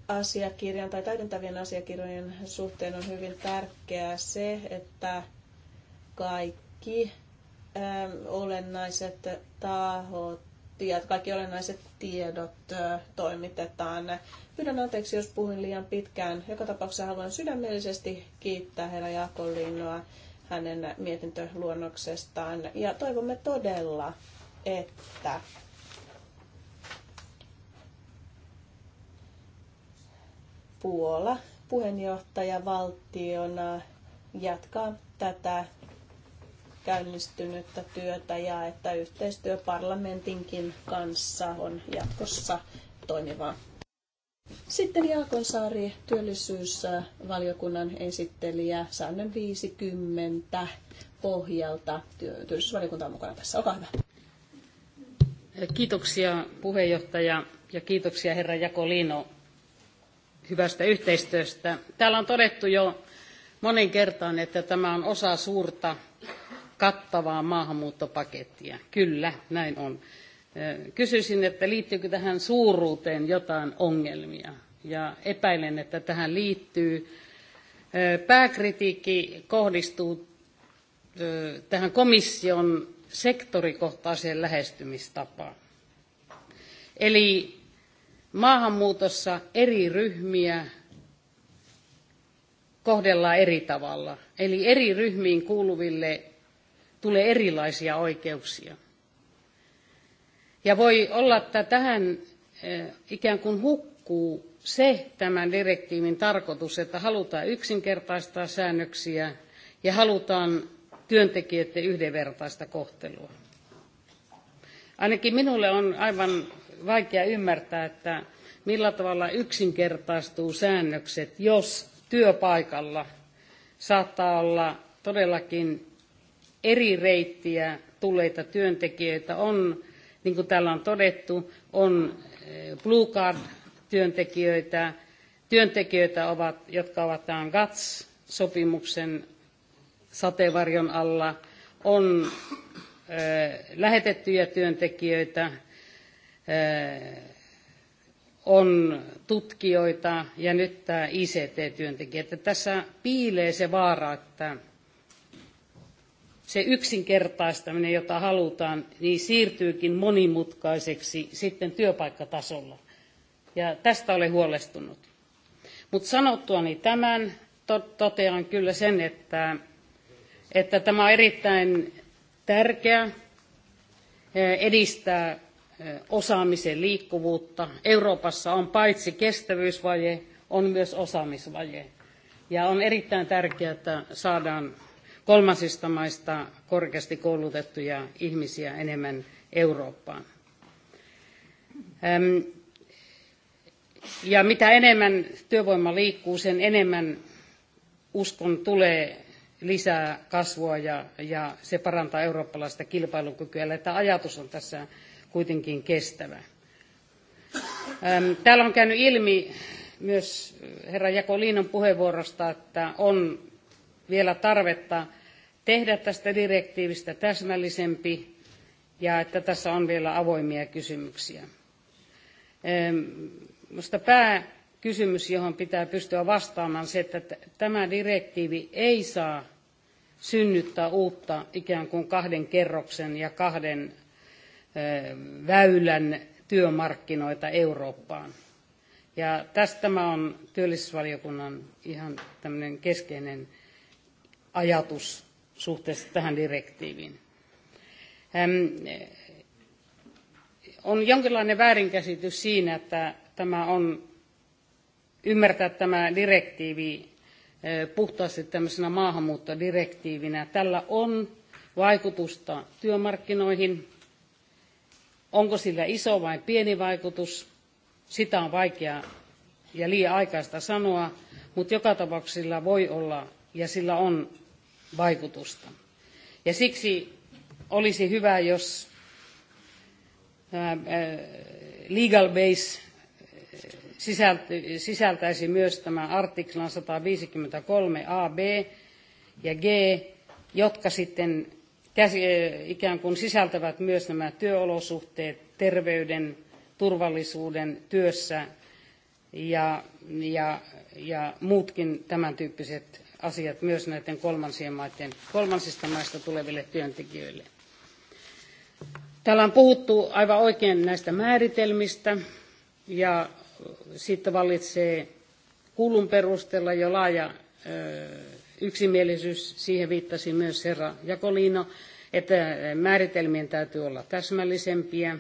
asiakirjan tai täydentävien asiakirjojen suhteen on hyvin tärkeää se, että kaikki ähm, olennaiset tahot ja kaikki olennaiset tiedot äh, toimitetaan. Pyydän anteeksi, jos puhuin liian pitkään. Joka tapauksessa haluan sydämellisesti kiittää herra Jakolinoa hänen mietintöluonnoksestaan ja toivomme todella, että Puola puheenjohtajavaltiona jatkaa tätä käynnistynyttä työtä ja että yhteistyö parlamentinkin kanssa on jatkossa toimivaa. Sitten Saari, työllisyysvaliokunnan esittelijä, säännön 50 pohjalta. Työllisyysvaliokunta on mukana tässä. Olkaa hyvä. Kiitoksia puheenjohtaja ja kiitoksia herra Jakolino hyvästä yhteistyöstä. Täällä on todettu jo monen kertaan, että tämä on osa suurta kattavaa maahanmuuttopakettia. Kyllä, näin on. Kysyisin, että liittyykö tähän suuruuteen jotain ongelmia. Ja epäilen, että tähän liittyy. Pääkritiikki kohdistuu tähän komission sektorikohtaiseen lähestymistapaan. Eli maahanmuutossa eri ryhmiä kohdellaan eri tavalla. Eli eri ryhmiin kuuluville tulee erilaisia oikeuksia. Ja voi olla, että tähän eh, ikään kuin hukkuu se tämän direktiivin tarkoitus, että halutaan yksinkertaistaa säännöksiä ja halutaan työntekijöiden yhdenvertaista kohtelua. Ainakin minulle on aivan vaikea ymmärtää, että millä tavalla yksinkertaistuu säännökset, jos työpaikalla saattaa olla todellakin eri reittiä tulleita työntekijöitä. On, niin kuin täällä on todettu, on eh, Blue Card-työntekijöitä, työntekijöitä, ovat, jotka ovat tämän GATS-sopimuksen sateenvarjon alla, on ö, eh, lähetettyjä työntekijöitä, on tutkijoita ja nyt tämä ICT-työntekijä. Että tässä piilee se vaara, että se yksinkertaistaminen, jota halutaan, niin siirtyykin monimutkaiseksi sitten työpaikkatasolla. Ja tästä olen huolestunut. Mutta sanottuani tämän totean kyllä sen, että, että tämä on erittäin tärkeä edistää osaamisen liikkuvuutta. Euroopassa on paitsi kestävyysvaje, on myös osaamisvaje. Ja on erittäin tärkeää, että saadaan kolmansista maista korkeasti koulutettuja ihmisiä enemmän Eurooppaan. Ja mitä enemmän työvoima liikkuu, sen enemmän uskon tulee lisää kasvua ja, ja se parantaa eurooppalaista kilpailukykyä. Eli tämä ajatus on tässä kuitenkin kestävä. Täällä on käynyt ilmi myös herra Jakoliinon puheenvuorosta, että on vielä tarvetta tehdä tästä direktiivistä täsmällisempi ja että tässä on vielä avoimia kysymyksiä. Minusta pääkysymys, johon pitää pystyä vastaamaan, on se, että tämä direktiivi ei saa synnyttää uutta ikään kuin kahden kerroksen ja kahden väylän työmarkkinoita Eurooppaan. Ja tästä tämä on työllisyysvaliokunnan ihan tämmöinen keskeinen ajatus suhteessa tähän direktiiviin. On jonkinlainen väärinkäsitys siinä, että tämä on ymmärtää tämä direktiivi puhtaasti tämmöisenä maahanmuuttodirektiivinä. Tällä on vaikutusta työmarkkinoihin, Onko sillä iso vai pieni vaikutus? Sitä on vaikea ja liian aikaista sanoa, mutta joka tapauksessa sillä voi olla ja sillä on vaikutusta. Ja siksi olisi hyvä, jos legal base sisältäisi myös tämän artiklan 153 AB ja G, jotka sitten Eh, ikään kuin sisältävät myös nämä työolosuhteet, terveyden, turvallisuuden työssä ja, ja, ja muutkin tämän tyyppiset asiat myös näiden kolmansien maiden, kolmansista maista tuleville työntekijöille. Täällä on puhuttu aivan oikein näistä määritelmistä ja siitä vallitsee kulun perusteella jo laaja yksimielisyys, siihen viittasi myös herra Jakolino, että eh, määritelmien täytyy olla täsmällisempiä,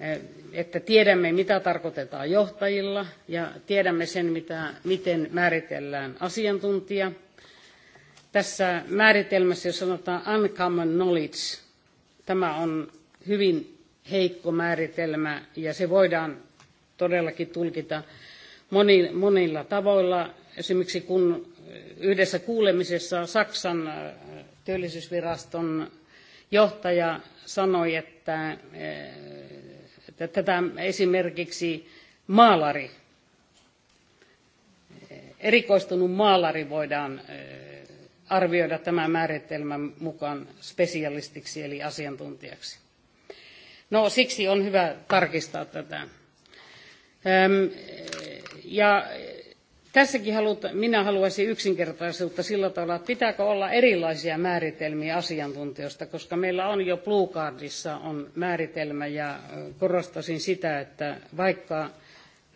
eh, että tiedämme, mitä tarkoitetaan johtajilla ja tiedämme sen, mitä, miten määritellään asiantuntija. Tässä määritelmässä, jos sanotaan uncommon knowledge, tämä on hyvin heikko määritelmä ja se voidaan todellakin tulkita monilla tavoilla. Esimerkiksi kun yhdessä kuulemisessa Saksan äh, työllisyysviraston johtaja sanoi, että, äh, että tätä esimerkiksi maalari, äh, erikoistunut maalari voidaan arvioida tämän määritelmän mukaan spesialistiksi eli asiantuntijaksi. No siksi on hyvä tarkistaa tätä. Ja Tässäkin haluta, minä haluaisin yksinkertaisuutta sillä tavalla, että pitääkö olla erilaisia määritelmiä asiantuntijoista, koska meillä on jo Blue Cardissa on määritelmä ja korostasin sitä, että vaikka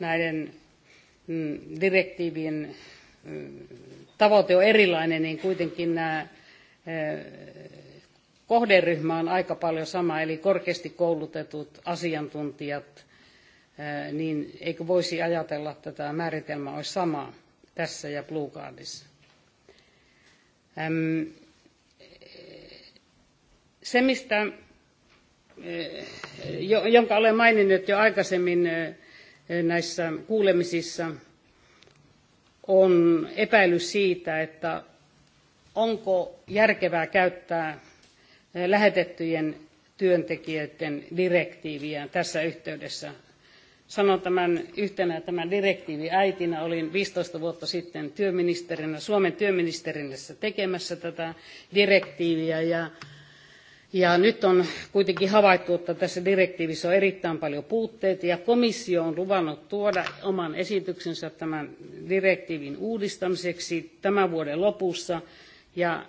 näiden mm, direktiivien tavoite on erilainen, niin kuitenkin nämä kohderyhmä on aika paljon sama, eli korkeasti koulutetut asiantuntijat – niin eikö voisi ajatella, että tämä määritelmä olisi sama tässä ja Blue Cardissa? Se, mistä, jonka olen maininnut jo aikaisemmin näissä kuulemisissa, on epäilys siitä, että onko järkevää käyttää lähetettyjen työntekijöiden direktiiviä tässä yhteydessä sanon tämän yhtenä tämän direktiivin äitinä. Olin 15 vuotta sitten työministerinä, Suomen työministerinässä tekemässä tätä direktiiviä ja ja nyt on kuitenkin havaittu, että tässä direktiivissä on erittäin paljon puutteita ja komissio on luvannut tuoda oman esityksensä tämän direktiivin uudistamiseksi tämän vuoden lopussa. Ja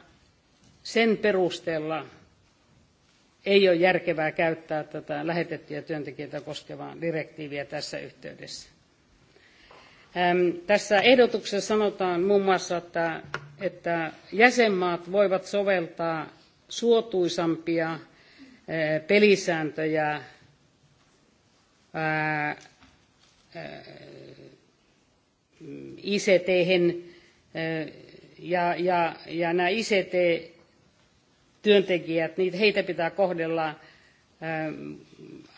sen perusteella ei ole järkevää käyttää tätä lähetettyjä työntekijöitä koskevaa direktiiviä tässä yhteydessä. Tässä ehdotuksessa sanotaan muun muassa, että, että jäsenmaat voivat soveltaa suotuisampia pelisääntöjä ICT-hen ja, ja, ja nämä ICT työntekijät, niitä, heitä pitää kohdella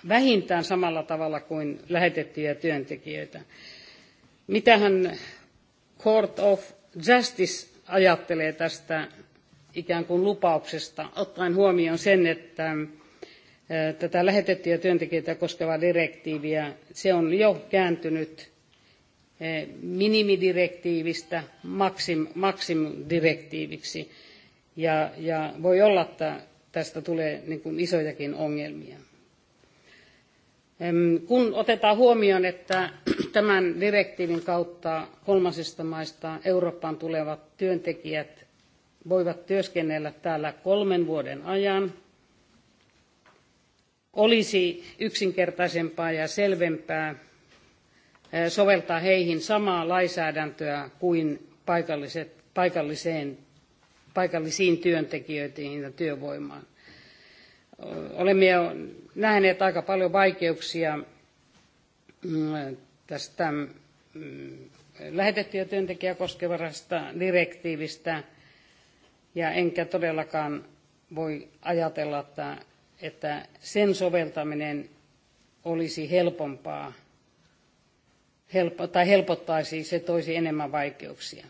vähintään samalla tavalla kuin lähetettyjä työntekijöitä. Mitähän Court of Justice ajattelee tästä ikään kuin lupauksesta, ottaen huomioon sen, että tätä lähetettyjä työntekijöitä koskevaa direktiiviä, se on jo kääntynyt minimidirektiivistä maksim, ja, ja voi olla, että tästä tulee niin kuin isojakin ongelmia. Kun otetaan huomioon, että *clears throat* tämän direktiivin kautta kolmasista maista Eurooppaan tulevat työntekijät voivat työskennellä täällä kolmen vuoden ajan, olisi yksinkertaisempaa ja selvempää eh, soveltaa heihin samaa lainsäädäntöä kuin paikalliset, paikalliseen paikallisiin työntekijöihin ja työvoimaan. Olemme jo nähneet aika paljon vaikeuksia mm, tästä mm, lähetettyjä työntekijää koskevasta direktiivistä, ja enkä todellakaan voi ajatella, että, että sen soveltaminen olisi helpompaa helpo, tai helpottaisi, se toisi enemmän vaikeuksia.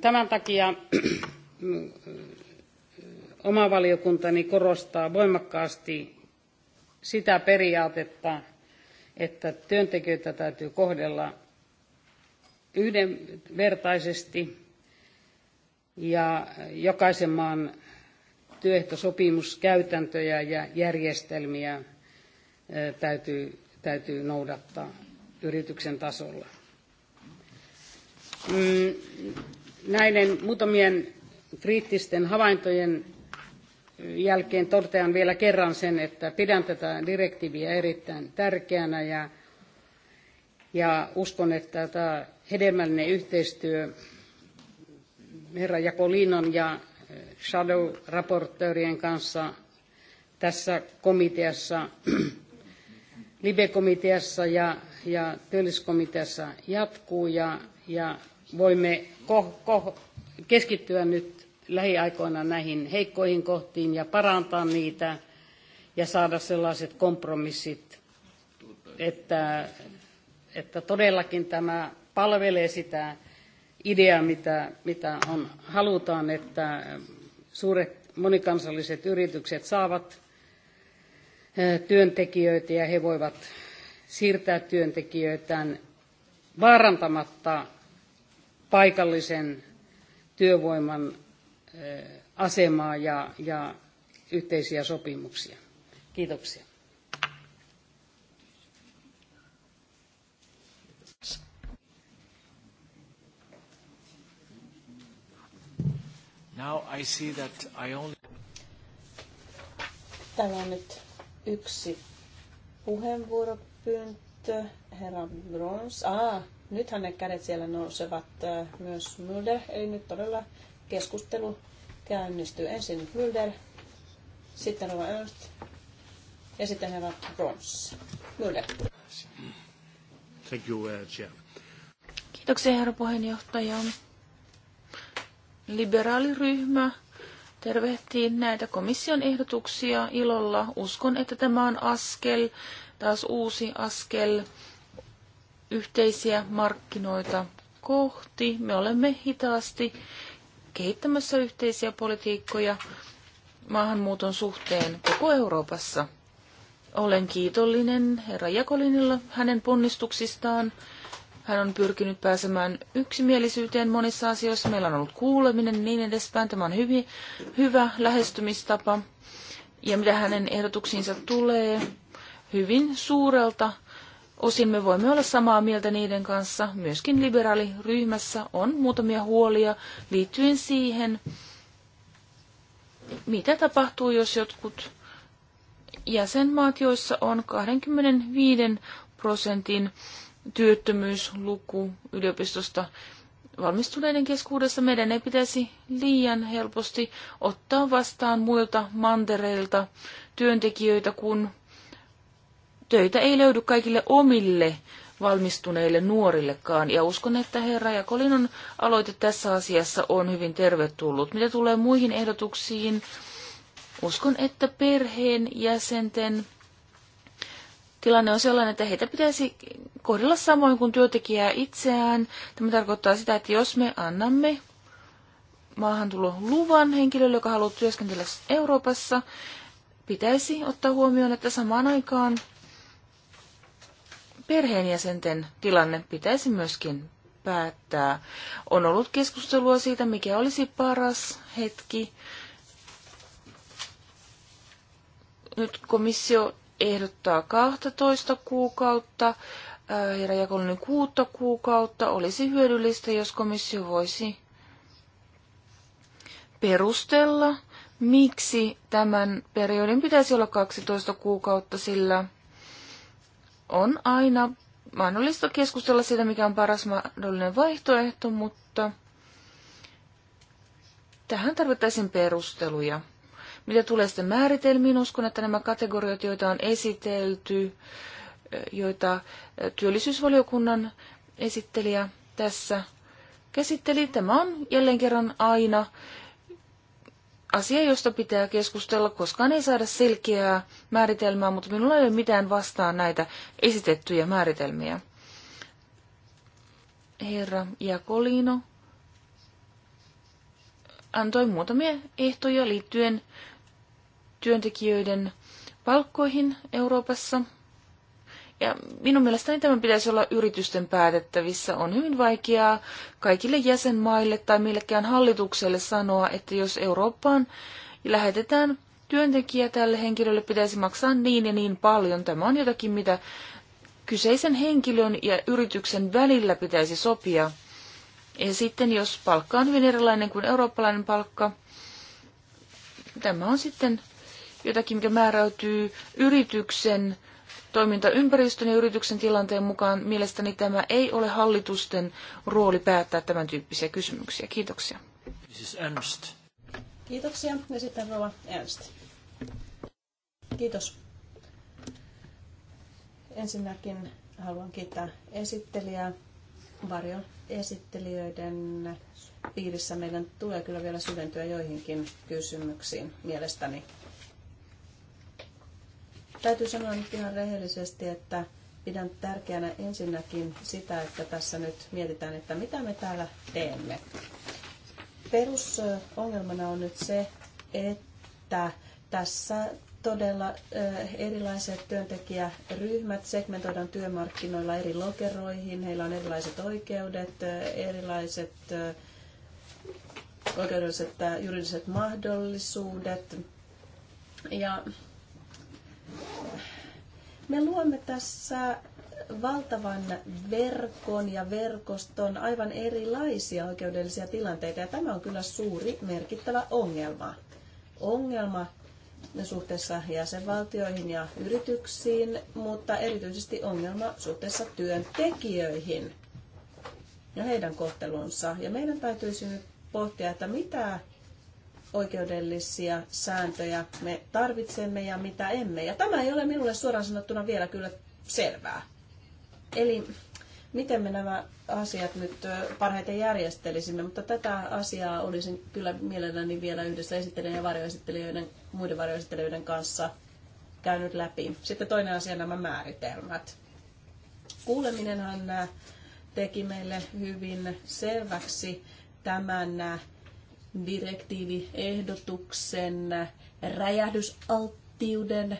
Tämän takia äh, oma valiokuntani korostaa voimakkaasti sitä periaatetta, että työntekijöitä täytyy kohdella yhdenvertaisesti ja jokaisen maan työehtosopimuskäytäntöjä ja järjestelmiä äh, täytyy, täytyy noudattaa yrityksen tasolla. Mm, näiden muutamien kriittisten havaintojen jälkeen totean vielä kerran sen, että pidän tätä direktiiviä erittäin tärkeänä ja, ja uskon, että tämä hedelmällinen yhteistyö herra Jakolinon ja shadow-raportöörien kanssa tässä komiteassa, *clears throat* LIBE-komiteassa ja, ja työllisyyskomiteassa jatkuu ja ja voimme ko- ko- keskittyä nyt lähiaikoina näihin heikkoihin kohtiin ja parantaa niitä ja saada sellaiset kompromissit, että, että todellakin tämä palvelee sitä ideaa, mitä, mitä on, halutaan, että suuret monikansalliset yritykset saavat työntekijöitä ja he voivat siirtää työntekijöitään vaarantamatta paikallisen työvoiman asemaa ja, ja yhteisiä sopimuksia. Kiitoksia. Now I see that I only... Täällä on nyt yksi puheenvuoropyyntö. Herra Brons. Ah, Nythän ne kädet siellä nousevat myös Mulder, eli nyt todella keskustelu käynnistyy. Ensin Mulder, sitten Rova Ernst ja sitten herra Brons. Mulder. Thank you, uh, Chair. Kiitoksia, herra puheenjohtaja. Liberaaliryhmä tervehtii näitä komission ehdotuksia ilolla. Uskon, että tämä on askel, taas uusi askel yhteisiä markkinoita kohti. Me olemme hitaasti kehittämässä yhteisiä politiikkoja maahanmuuton suhteen koko Euroopassa. Olen kiitollinen herra Jakolinilla hänen ponnistuksistaan. Hän on pyrkinyt pääsemään yksimielisyyteen monissa asioissa. Meillä on ollut kuuleminen niin edespäin. Tämä on hyvin, hyvä lähestymistapa. Ja mitä hänen ehdotuksiinsa tulee, hyvin suurelta osin me voimme olla samaa mieltä niiden kanssa. Myöskin liberaaliryhmässä on muutamia huolia liittyen siihen, mitä tapahtuu, jos jotkut jäsenmaat, joissa on 25 prosentin työttömyysluku yliopistosta valmistuneiden keskuudessa, meidän ei pitäisi liian helposti ottaa vastaan muilta mantereilta työntekijöitä, kun töitä ei löydy kaikille omille valmistuneille nuorillekaan. Ja uskon, että herra Kolinon aloite tässä asiassa on hyvin tervetullut. Mitä tulee muihin ehdotuksiin, uskon, että perheen jäsenten tilanne on sellainen, että heitä pitäisi kohdella samoin kuin työntekijää itseään. Tämä tarkoittaa sitä, että jos me annamme luvan henkilölle, joka haluaa työskennellä Euroopassa, pitäisi ottaa huomioon, että samaan aikaan perheenjäsenten tilanne pitäisi myöskin päättää. On ollut keskustelua siitä, mikä olisi paras hetki. Nyt komissio ehdottaa 12 kuukautta ja äh, Jakolinen kuutta kuukautta. Olisi hyödyllistä, jos komissio voisi perustella, miksi tämän periodin pitäisi olla 12 kuukautta, sillä – on aina mahdollista keskustella siitä, mikä on paras mahdollinen vaihtoehto, mutta tähän tarvittaisiin perusteluja. Mitä tulee sitten määritelmiin, uskon, että nämä kategoriat, joita on esitelty, joita työllisyysvaliokunnan esittelijä tässä käsitteli, tämä on jälleen kerran aina asia, josta pitää keskustella. Koskaan ei saada selkeää määritelmää, mutta minulla ei ole mitään vastaan näitä esitettyjä määritelmiä. Herra Jakolino antoi muutamia ehtoja liittyen työntekijöiden palkkoihin Euroopassa – ja minun mielestäni tämä pitäisi olla yritysten päätettävissä. On hyvin vaikeaa kaikille jäsenmaille tai millekään hallitukselle sanoa, että jos Eurooppaan lähetetään työntekijä tälle henkilölle pitäisi maksaa niin ja niin paljon. Tämä on jotakin, mitä kyseisen henkilön ja yrityksen välillä pitäisi sopia. Ja sitten jos palkka on hyvin erilainen kuin eurooppalainen palkka, tämä on sitten jotakin, mikä määräytyy yrityksen toimintaympäristön ja yrityksen tilanteen mukaan. Mielestäni tämä ei ole hallitusten rooli päättää tämän tyyppisiä kysymyksiä. Kiitoksia. Ernst. Kiitoksia. Ja sitten Ernst. Kiitos. Ensinnäkin haluan kiittää esittelijää varjon esittelijöiden piirissä meidän tulee kyllä vielä syventyä joihinkin kysymyksiin mielestäni. Täytyy sanoa nyt ihan rehellisesti, että pidän tärkeänä ensinnäkin sitä, että tässä nyt mietitään, että mitä me täällä teemme. Perusongelmana on nyt se, että tässä todella erilaiset työntekijäryhmät segmentoidaan työmarkkinoilla eri lokeroihin. Heillä on erilaiset oikeudet, erilaiset oikeudelliset juridiset mahdollisuudet. Ja me luomme tässä valtavan verkon ja verkoston aivan erilaisia oikeudellisia tilanteita, ja tämä on kyllä suuri merkittävä ongelma. Ongelma suhteessa jäsenvaltioihin ja yrityksiin, mutta erityisesti ongelma suhteessa työntekijöihin ja heidän kohtelunsa. Ja meidän täytyisi nyt pohtia, että mitä oikeudellisia sääntöjä me tarvitsemme ja mitä emme. Ja tämä ei ole minulle suoraan sanottuna vielä kyllä selvää. Eli miten me nämä asiat nyt parhaiten järjestelisimme, mutta tätä asiaa olisin kyllä mielelläni vielä yhdessä esittelijän ja varjoesittelijöiden, muiden varjoesittelijöiden kanssa käynyt läpi. Sitten toinen asia nämä määritelmät. Kuuleminenhan teki meille hyvin selväksi tämän direktiiviehdotuksen räjähdysalttiuden.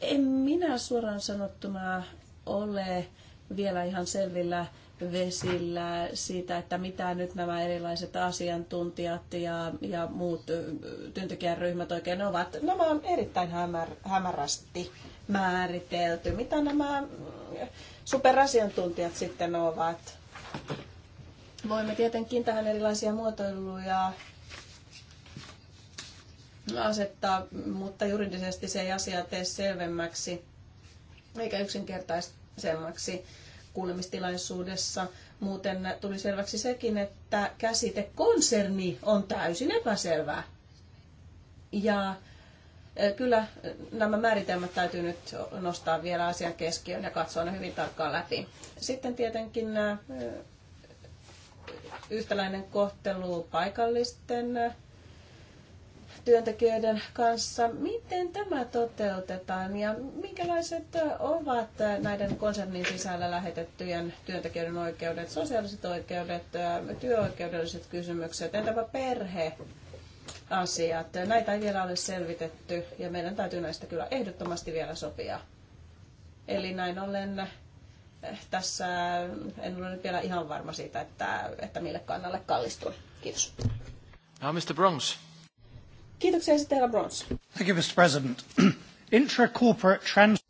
En minä suoraan sanottuna ole vielä ihan selvillä vesillä siitä, että mitä nyt nämä erilaiset asiantuntijat ja, ja muut työntekijäryhmät oikein ovat. Nämä on erittäin hämär, hämärästi määritelty. Mitä nämä mm, superasiantuntijat sitten ovat? Voimme tietenkin tähän erilaisia muotoiluja asettaa, mutta juridisesti se ei asia tee selvemmäksi eikä yksinkertaisemmaksi kuulemistilaisuudessa. Muuten tuli selväksi sekin, että käsite konserni on täysin epäselvää. Ja e, kyllä nämä määritelmät täytyy nyt nostaa vielä asian keskiöön ja katsoa ne hyvin tarkkaan läpi. Sitten tietenkin e, yhtäläinen kohtelu paikallisten työntekijöiden kanssa. Miten tämä toteutetaan ja minkälaiset ovat näiden konsernin sisällä lähetettyjen työntekijöiden oikeudet, sosiaaliset oikeudet, työoikeudelliset kysymykset, entäpä perhe? asiat. Näitä ei vielä ole selvitetty ja meidän täytyy näistä kyllä ehdottomasti vielä sopia. Eli näin ollen Eh, tässä en ole nyt vielä ihan varma siitä, että, että mille kannalle kallistuin. Kiitos. Now Mr. Bronze. Kiitoksia esittäjällä Bronze. Thank you, Mr. President. *clears throat* Intracorporate trans...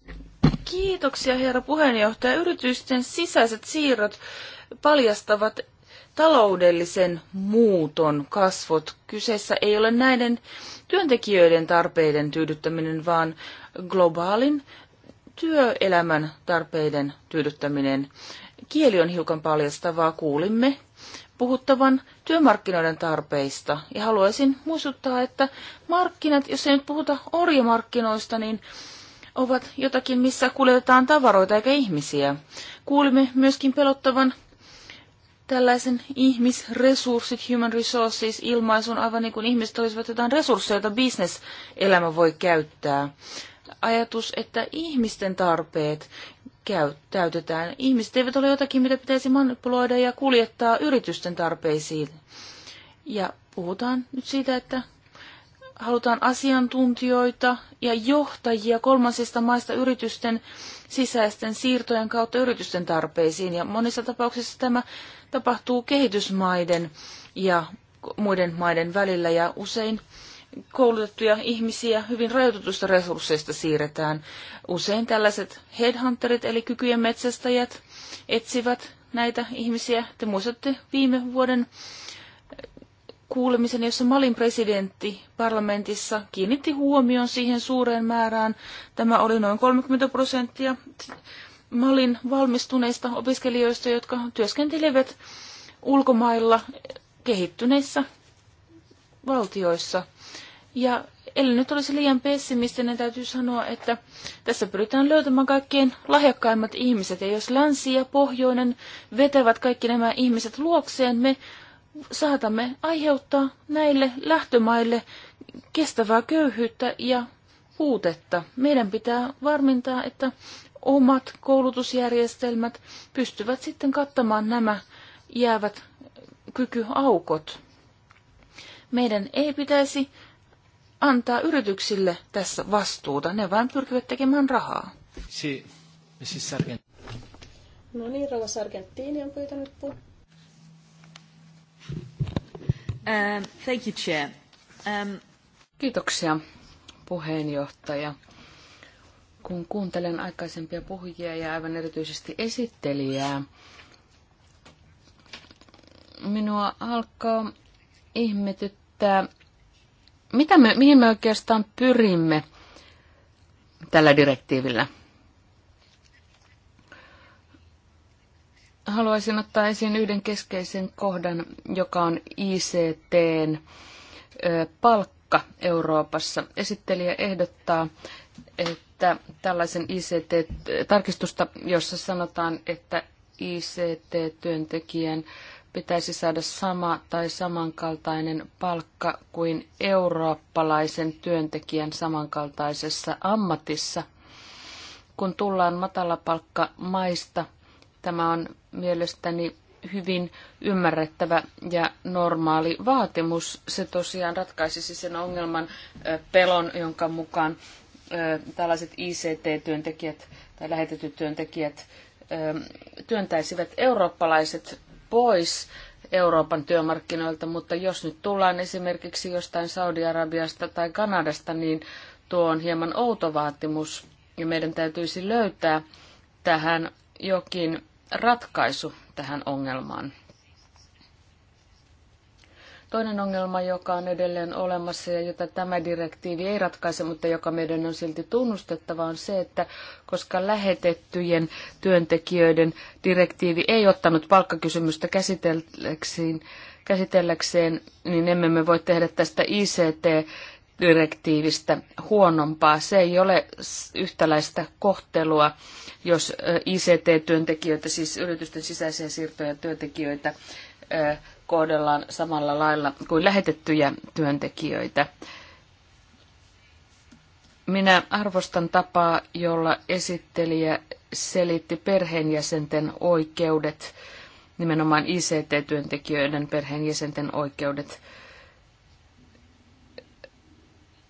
Kiitoksia, herra puheenjohtaja. Yritysten sisäiset siirrot paljastavat taloudellisen muuton kasvot. Kyseessä ei ole näiden työntekijöiden tarpeiden tyydyttäminen, vaan globaalin työelämän tarpeiden tyydyttäminen. Kieli on hiukan paljastavaa, kuulimme puhuttavan työmarkkinoiden tarpeista. Ja haluaisin muistuttaa, että markkinat, jos ei nyt puhuta orjamarkkinoista, niin ovat jotakin, missä kuljetetaan tavaroita eikä ihmisiä. Kuulimme myöskin pelottavan tällaisen ihmisresurssit, human resources, ilmaisun, aivan niin kuin ihmiset olisivat jotain resursseja, joita bisneselämä voi käyttää ajatus, että ihmisten tarpeet käy, täytetään. Ihmiset eivät ole jotakin, mitä pitäisi manipuloida ja kuljettaa yritysten tarpeisiin. Ja puhutaan nyt siitä, että halutaan asiantuntijoita ja johtajia kolmansista maista yritysten sisäisten siirtojen kautta yritysten tarpeisiin. Ja monissa tapauksissa tämä tapahtuu kehitysmaiden ja muiden maiden välillä ja usein koulutettuja ihmisiä hyvin rajoitetuista resursseista siirretään. Usein tällaiset headhunterit, eli kykyjen metsästäjät, etsivät näitä ihmisiä. Te muistatte viime vuoden kuulemisen, jossa Malin presidentti parlamentissa kiinnitti huomion siihen suureen määrään. Tämä oli noin 30 prosenttia Malin valmistuneista opiskelijoista, jotka työskentelevät ulkomailla kehittyneissä valtioissa. Ja eli nyt olisi liian pessimistinen, niin täytyy sanoa, että tässä pyritään löytämään kaikkien lahjakkaimmat ihmiset. Ja jos länsi ja pohjoinen vetävät kaikki nämä ihmiset luokseen, me saatamme aiheuttaa näille lähtömaille kestävää köyhyyttä ja puutetta. Meidän pitää varmintaa, että omat koulutusjärjestelmät pystyvät sitten kattamaan nämä jäävät kykyaukot. Meidän ei pitäisi antaa yrityksille tässä vastuuta. Ne vain pyrkivät tekemään rahaa. Si, siis Sargent. No niin, Rova Sargentini on pyytänyt puu. Uh, um, thank you, Chair. Um... Kiitoksia, puheenjohtaja. Kun kuuntelen aikaisempia puhujia ja aivan erityisesti esittelijää, minua alkaa ihmetyttää mitä me, mihin me oikeastaan pyrimme tällä direktiivillä? Haluaisin ottaa esiin yhden keskeisen kohdan, joka on ICTn palkka Euroopassa. Esittelijä ehdottaa, että tällaisen ICT-tarkistusta, jossa sanotaan, että ICT-työntekijän pitäisi saada sama tai samankaltainen palkka kuin eurooppalaisen työntekijän samankaltaisessa ammatissa. Kun tullaan matalapalkkamaista, tämä on mielestäni hyvin ymmärrettävä ja normaali vaatimus. Se tosiaan ratkaisisi sen ongelman pelon, jonka mukaan tällaiset ICT-työntekijät tai lähetetyt työntekijät työntäisivät eurooppalaiset pois Euroopan työmarkkinoilta, mutta jos nyt tullaan esimerkiksi jostain Saudi-Arabiasta tai Kanadasta, niin tuo on hieman outo vaatimus ja meidän täytyisi löytää tähän jokin ratkaisu tähän ongelmaan. Toinen ongelma, joka on edelleen olemassa ja jota tämä direktiivi ei ratkaise, mutta joka meidän on silti tunnustettava, on se, että koska lähetettyjen työntekijöiden direktiivi ei ottanut palkkakysymystä käsitelläkseen, niin emme me voi tehdä tästä ICT direktiivistä huonompaa. Se ei ole yhtäläistä kohtelua, jos ICT-työntekijöitä, siis yritysten sisäisiä siirtoja työntekijöitä kohdellaan samalla lailla kuin lähetettyjä työntekijöitä. Minä arvostan tapaa, jolla esittelijä selitti perheenjäsenten oikeudet, nimenomaan ICT-työntekijöiden perheenjäsenten oikeudet.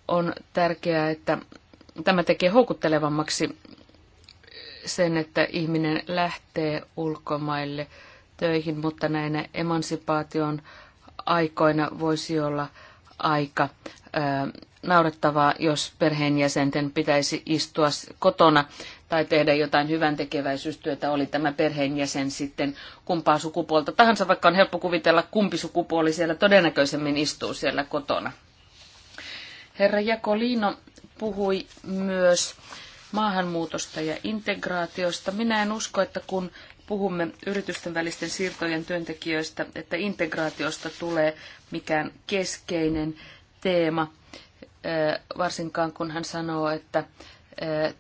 On tärkeää, että tämä tekee houkuttelevammaksi sen, että ihminen lähtee ulkomaille – töihin, mutta näinä emansipaation aikoina voisi olla aika naurettavaa, jos perheenjäsenten pitäisi istua kotona tai tehdä jotain hyvän tekeväisyystyötä, oli tämä perheenjäsen sitten kumpaa sukupuolta tahansa, vaikka on helppo kuvitella, kumpi sukupuoli siellä todennäköisemmin istuu siellä kotona. Herra Jakoliino puhui myös maahanmuutosta ja integraatiosta. Minä en usko, että kun puhumme yritysten välisten siirtojen työntekijöistä, että integraatiosta tulee mikään keskeinen teema, varsinkaan kun hän sanoo, että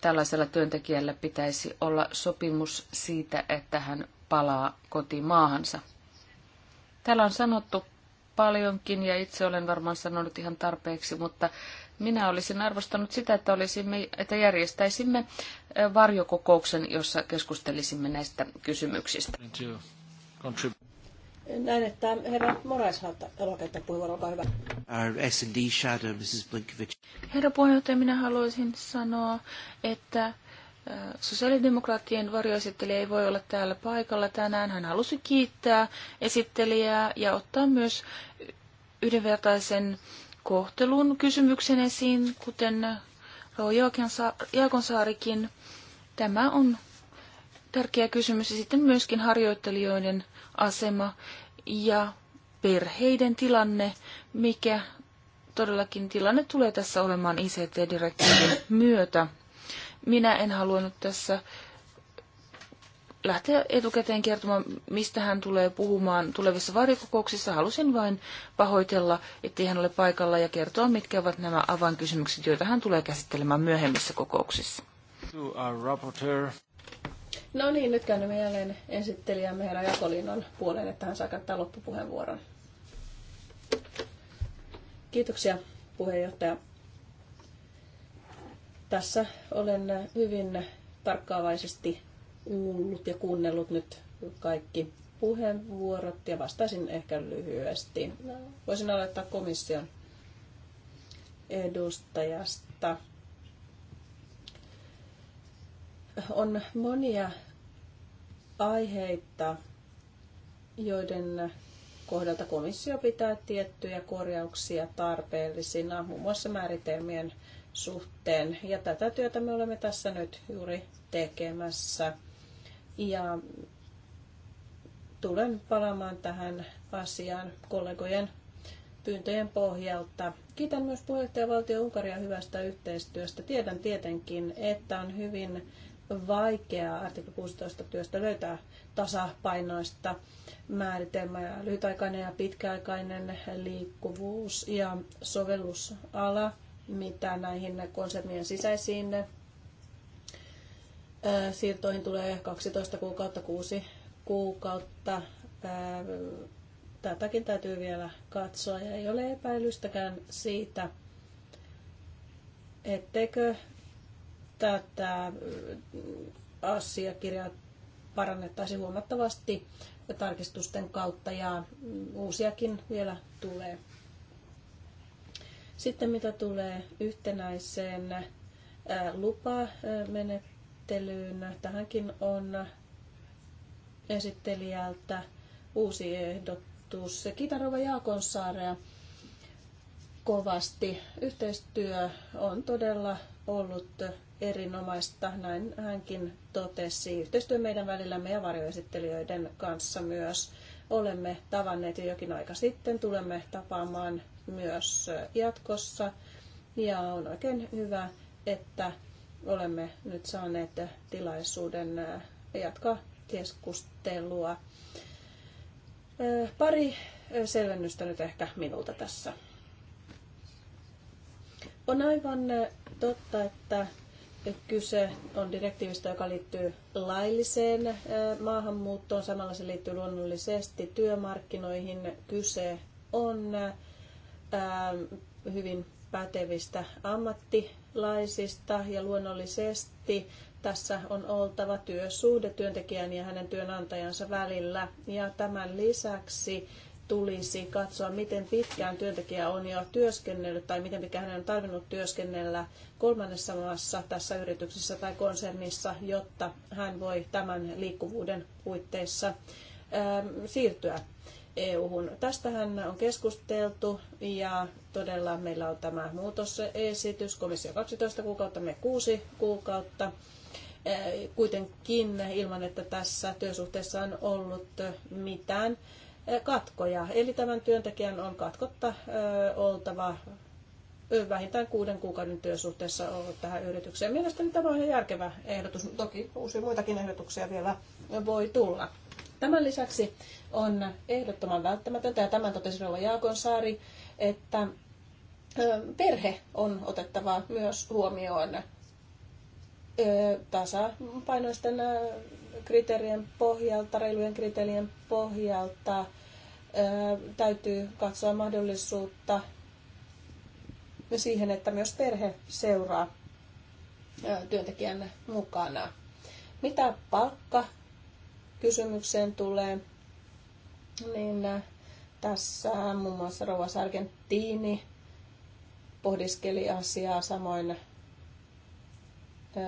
tällaisella työntekijällä pitäisi olla sopimus siitä, että hän palaa kotimaahansa. Täällä on sanottu paljonkin ja itse olen varmaan sanonut ihan tarpeeksi, mutta minä olisin arvostanut sitä, että, olisimme, että järjestäisimme varjokokouksen, jossa keskustelisimme näistä kysymyksistä. Näin, että herra Morais aloitetta puheenvuoro, olkaa hyvä. shadow, Mrs. Herra puheenjohtaja, minä haluaisin sanoa, että Sosiaalidemokraattien varjoesittelijä ei voi olla täällä paikalla tänään. Hän halusi kiittää esittelijää ja ottaa myös yhdenvertaisen kohtelun kysymyksen esiin, kuten Roo Jaakonsaarikin. Tämä on tärkeä kysymys ja sitten myöskin harjoittelijoiden asema ja perheiden tilanne, mikä todellakin tilanne tulee tässä olemaan ICT-direktiivin myötä. Minä en halunnut tässä lähteä etukäteen kertomaan, mistä hän tulee puhumaan tulevissa varjokokouksissa. Halusin vain pahoitella, ettei hän ole paikalla ja kertoa, mitkä ovat nämä avainkysymykset, joita hän tulee käsittelemään myöhemmissä kokouksissa. No niin, nyt käännymme jälleen esittelijämme herra Jakolinon puoleen, että hän saa käyttää loppupuheenvuoron. Kiitoksia puheenjohtaja. Tässä olen hyvin tarkkaavaisesti kuullut ja kuunnellut nyt kaikki puheenvuorot ja vastaisin ehkä lyhyesti. Voisin aloittaa komission edustajasta. On monia aiheita, joiden kohdalta komissio pitää tiettyjä korjauksia tarpeellisina, muun muassa määritelmien suhteen. Ja tätä työtä me olemme tässä nyt juuri tekemässä. Ja tulen palaamaan tähän asiaan kollegojen pyyntöjen pohjalta. Kiitän myös puheenjohtajavaltio Unkaria hyvästä yhteistyöstä. Tiedän tietenkin, että on hyvin vaikeaa artikla 16 työstä löytää tasapainoista määritelmää, lyhytaikainen ja pitkäaikainen liikkuvuus ja sovellusala, mitä näihin konsernien sisäisiin siirtoihin tulee 12 kuukautta, 6 kuukautta. Tätäkin täytyy vielä katsoa ja ei ole epäilystäkään siitä, etteikö tätä asiakirjaa parannettaisi huomattavasti tarkistusten kautta ja mm, uusiakin vielä tulee. Sitten mitä tulee yhtenäiseen lupamenettelyyn, esittelyyn. Tähänkin on esittelijältä uusi ehdotus. Kitarova Jaakonsaarea kovasti. Yhteistyö on todella ollut erinomaista, näin hänkin totesi. Yhteistyö meidän välillämme ja varjoesittelijöiden kanssa myös. Olemme tavanneet jo jokin aika sitten, tulemme tapaamaan myös jatkossa. Ja on oikein hyvä, että olemme nyt saaneet tilaisuuden äh, jatkaa keskustelua. Äh, pari äh, selvennystä nyt ehkä minulta tässä. On aivan totta, että kyse on direktiivistä, joka liittyy lailliseen maahanmuuttoon. Samalla se liittyy luonnollisesti työmarkkinoihin. Kyse on hyvin pätevistä ammattilaisista ja luonnollisesti tässä on oltava työsuhde työntekijän ja hänen työnantajansa välillä. Ja tämän lisäksi tulisi katsoa, miten pitkään työntekijä on jo työskennellyt tai miten pitkään hänen on tarvinnut työskennellä kolmannessa maassa tässä yrityksessä tai konsernissa, jotta hän voi tämän liikkuvuuden puitteissa ähm, siirtyä EU-hun. Tästähän on keskusteltu ja todella meillä on tämä muutosesitys, komissio 12 kuukautta, me 6 kuukautta. Kuitenkin ilman, että tässä työsuhteessa on ollut mitään katkoja. Eli tämän työntekijän on katkotta oltava vähintään kuuden kuukauden työsuhteessa ollut tähän yritykseen. Mielestäni tämä on ihan järkevä ehdotus. Toki uusia muitakin ehdotuksia vielä voi tulla. Tämän lisäksi on ehdottoman välttämätöntä, ja tämän totesi Rova saari, että perhe on otettava myös huomioon tasapainoisten kriteerien pohjalta, reilujen kriteerien pohjalta. Täytyy katsoa mahdollisuutta siihen, että myös perhe seuraa työntekijän mukana. Mitä palkka kysymykseen tulee, niin äh, tässä muun muassa Rova Sargentini pohdiskeli asiaa, samoin äh,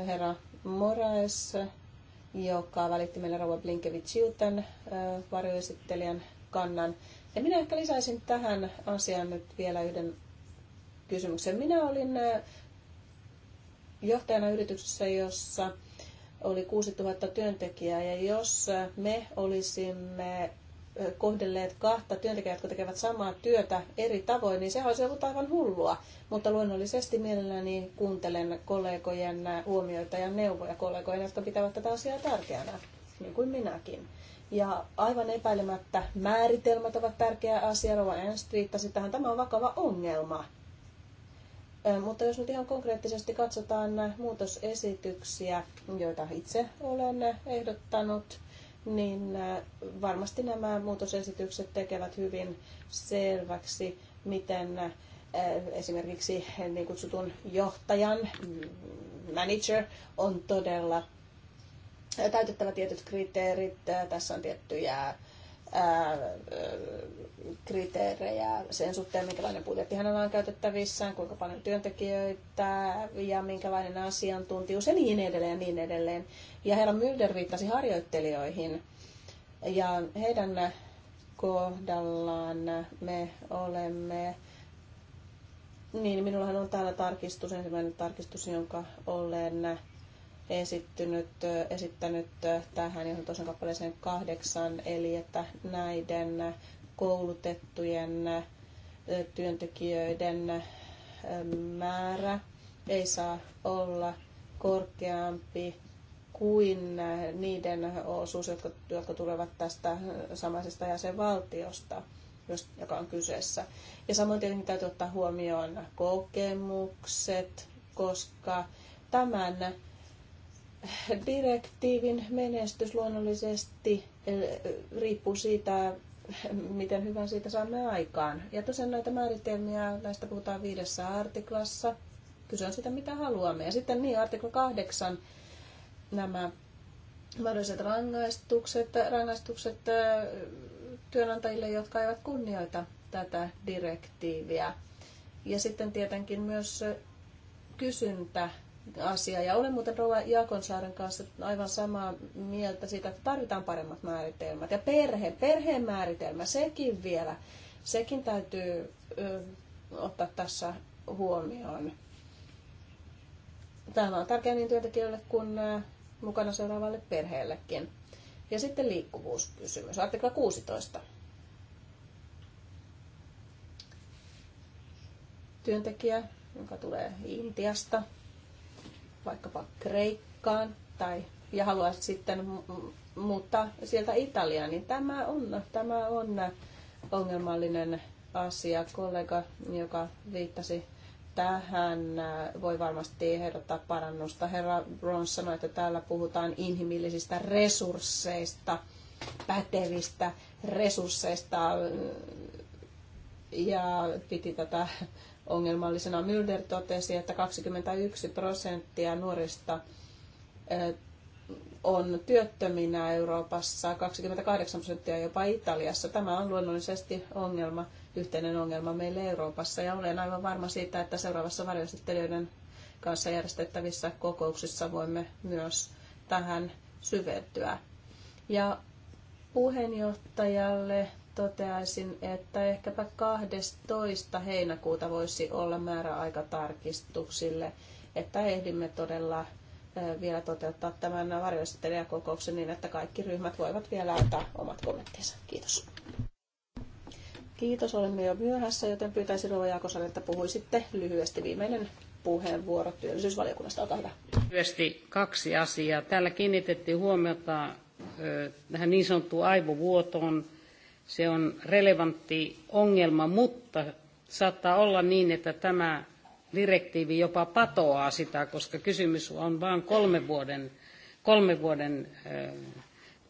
herra Moraes, joka välitti meille Rova Blinkevichiuten äh, varjoesittelijän kannan. Ja minä ehkä lisäisin tähän asiaan nyt vielä yhden kysymyksen. Minä olin johtajana yrityksessä, jossa oli 6000 työntekijää ja jos me olisimme kohdelleet kahta työntekijää, jotka tekevät samaa työtä eri tavoin, niin sehän olisi ollut aivan hullua. Mutta luonnollisesti mielelläni kuuntelen kollegojen huomioita ja neuvoja kollegojen, jotka pitävät tätä asiaa tärkeänä, niin kuin minäkin. Ja aivan epäilemättä määritelmät ovat tärkeä asia. Rova Ernst viittasi tähän. Tämä on vakava ongelma. Mutta jos nyt ihan konkreettisesti katsotaan muutosesityksiä, joita itse olen ehdottanut, niin äh, varmasti nämä muutosesitykset tekevät hyvin selväksi, miten äh, esimerkiksi äh, niin kutsutun johtajan, mm, manager, on todella täytettävä tietyt kriteerit. Tässä on tiettyjä kriteerejä sen suhteen, minkälainen budjetti hänellä on käytettävissään, kuinka paljon työntekijöitä ja minkälainen asiantuntijuus ja niin edelleen ja niin edelleen. Ja herra Mylder viittasi harjoittelijoihin ja heidän kohdallaan me olemme niin, minullahan on täällä tarkistus, ensimmäinen tarkistus, jonka olen esittynyt, esittänyt tähän johon tosiaan kappaleeseen kahdeksan, eli että näiden koulutettujen työntekijöiden määrä ei saa olla korkeampi kuin niiden osuus, jotka, jotka tulevat tästä samaisesta jäsenvaltiosta, joka on kyseessä. Ja samoin tietenkin täytyy ottaa huomioon kokemukset, koska tämän direktiivin menestys luonnollisesti eh, riippuu siitä, miten hyvän siitä saamme aikaan. Ja tosiaan näitä määritelmiä, näistä puhutaan viidessä artiklassa. Kyse on sitä, mitä haluamme. Ja sitten niin, artikla kahdeksan nämä mahdolliset rangaistukset, rangaistukset eh, työnantajille, jotka eivät kunnioita tätä direktiiviä. Ja sitten tietenkin myös kysyntä asia. Ja olen muuten Rova Jaakonsaaren kanssa aivan samaa mieltä siitä, että tarvitaan paremmat määritelmät. Ja perhe, perheen määritelmä, sekin vielä, sekin täytyy ö, ottaa tässä huomioon. Tämä on tärkeää niin työntekijöille kuin mukana seuraavalle perheellekin. Ja sitten liikkuvuuskysymys, artikla 16. Työntekijä, joka tulee Intiasta, vaikkapa Kreikkaan tai, ja haluaisit sitten muuttaa sieltä Italiaan, niin tämä on, tämä on ongelmallinen asia. Kollega, joka viittasi tähän, voi varmasti ehdottaa parannusta. Herra Brons sanoi, että täällä puhutaan inhimillisistä resursseista, pätevistä resursseista ja piti tätä ongelmallisena. Mulder totesi, että 21 prosenttia nuorista on työttöminä Euroopassa, 28 prosenttia jopa Italiassa. Tämä on luonnollisesti ongelma, yhteinen ongelma meille Euroopassa ja olen aivan varma siitä, että seuraavassa varjoesittelijöiden kanssa järjestettävissä kokouksissa voimme myös tähän syventyä. Ja puheenjohtajalle toteaisin, että ehkäpä 12. heinäkuuta voisi olla määräaika tarkistuksille, että ehdimme todella vielä toteuttaa tämän varjoesittelijäkokouksen niin, että kaikki ryhmät voivat vielä antaa omat kommenttinsa. Kiitos. Kiitos, olemme jo myöhässä, joten pyytäisin Rova Jaakosan, että puhuisitte lyhyesti viimeinen puheenvuoro työllisyysvaliokunnasta. Olkaa hyvä. Lyhyesti kaksi asiaa. Täällä kiinnitettiin huomiota tähän niin sanottuun aivovuotoon se on relevantti ongelma, mutta saattaa olla niin, että tämä direktiivi jopa patoaa sitä, koska kysymys on vain kolmen vuoden, vuoden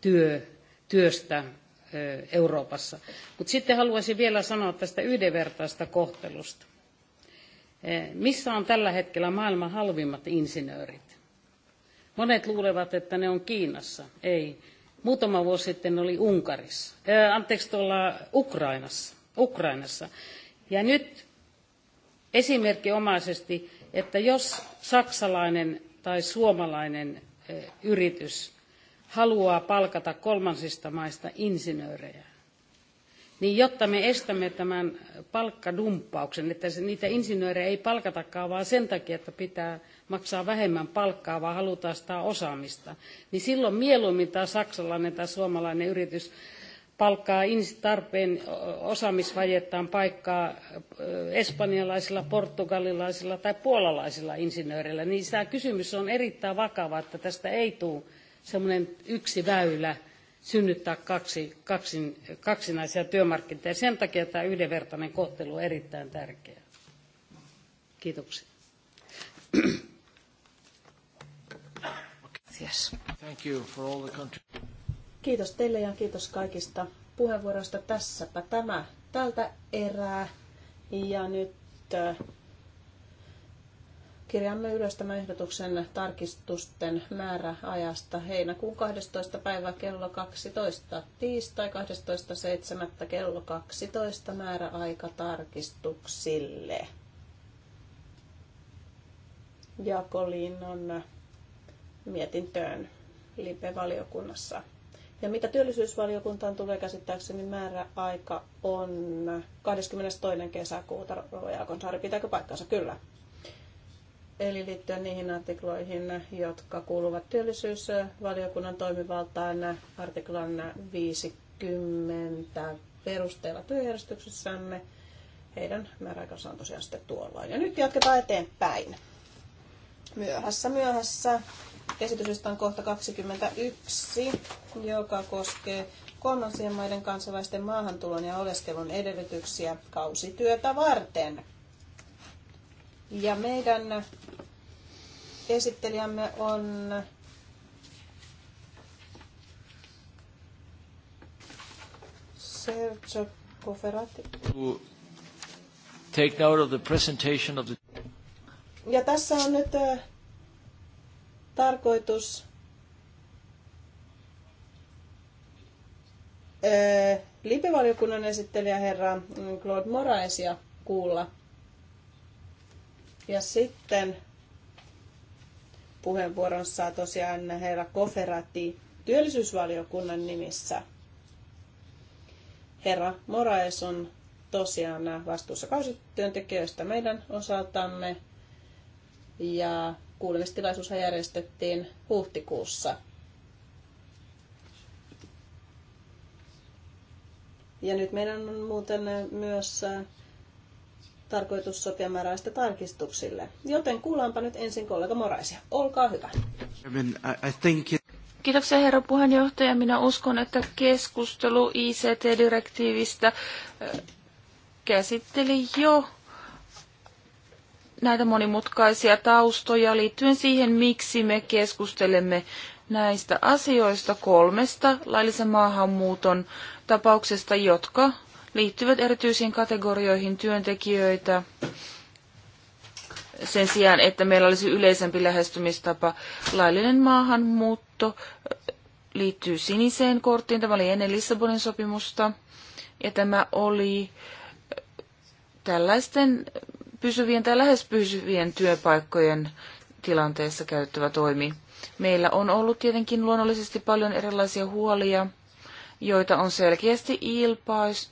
työ, työstä Euroopassa. Mutta sitten haluaisin vielä sanoa tästä yhdenvertaista kohtelusta. Missä on tällä hetkellä maailman halvimmat insinöörit? Monet luulevat, että ne on Kiinassa. Ei muutama vuosi sitten oli Unkarissa, ää, anteeksi tuolla Ukrainassa, Ukrainassa. Ja nyt esimerkkiomaisesti, että jos saksalainen tai suomalainen yritys haluaa palkata kolmansista maista insinöörejä, niin jotta me estämme tämän palkkadumppauksen, että niitä insinöörejä ei palkatakaan vaan sen takia, että pitää maksaa vähemmän palkkaa, vaan halutaan sitä osaamista, niin silloin mieluummin tämä saksalainen tai suomalainen yritys palkkaa tarpeen osaamisvajettaan paikkaa espanjalaisilla, portugalilaisilla tai puolalaisilla insinööreillä, niin tämä kysymys on erittäin vakava, että tästä ei tule semmoinen yksi väylä synnyttää kaksi, kaksin, kaksinaisia työmarkkinoita. Ja sen takia tämä yhdenvertainen kohtelu on erittäin tärkeää. Kiitoksia. Gracias. Thank you for all the country. kiitos teille ja kiitos kaikista puheenvuoroista. Tässäpä tämä tältä erää. Ja nyt äh, kirjaamme ylös tämän ehdotuksen tarkistusten määräajasta heinäkuun 12. päivä kello 12, tiistai 12.7. kello 12 määräaika tarkistuksille. Jakolin on mietintöön LIPE-valiokunnassa. Ja mitä työllisyysvaliokuntaan tulee käsittääkseni määräaika on 22. kesäkuuta. Rojakon pitääkö paikkansa? Kyllä. Eli liittyen niihin artikloihin, jotka kuuluvat työllisyysvaliokunnan toimivaltaan artiklan 50 perusteella työjärjestyksessämme. Heidän määräaikansa on tosiaan sitten tuolloin. Ja nyt jatketaan eteenpäin. Myöhässä, myöhässä on kohta 21, joka koskee kolmansien maiden kansalaisten maahantulon ja oleskelun edellytyksiä kausityötä varten. Ja meidän esittelijämme on Sergio Coferati. Take note of the presentation of the... Ja tässä on nyt äh, tarkoitus Libevaliokunnan esittelijä herra Claude Moraisia kuulla. Ja sitten puheenvuoronsa tosiaan herra Koferati työllisyysvaliokunnan nimissä. Herra Moraes on tosiaan vastuussa kausityöntekijöistä meidän osaltamme. Ja Kuulemistilaisuus järjestettiin huhtikuussa. Ja nyt meidän on muuten myös äh, tarkoitus sopia määräistä tarkistuksille. Joten kuullaanpa nyt ensin kollega Moraisia. Olkaa hyvä. Kiitoksia herra puheenjohtaja. Minä uskon, että keskustelu ICT-direktiivistä äh, käsitteli jo näitä monimutkaisia taustoja liittyen siihen, miksi me keskustelemme näistä asioista kolmesta laillisen maahanmuuton tapauksesta, jotka liittyvät erityisiin kategorioihin työntekijöitä sen sijaan, että meillä olisi yleisempi lähestymistapa. Laillinen maahanmuutto liittyy siniseen korttiin. Tämä oli ennen Lissabonin sopimusta ja tämä oli tällaisten pysyvien tai lähes pysyvien työpaikkojen tilanteessa käyttävä toimi. Meillä on ollut tietenkin luonnollisesti paljon erilaisia huolia, joita on selkeästi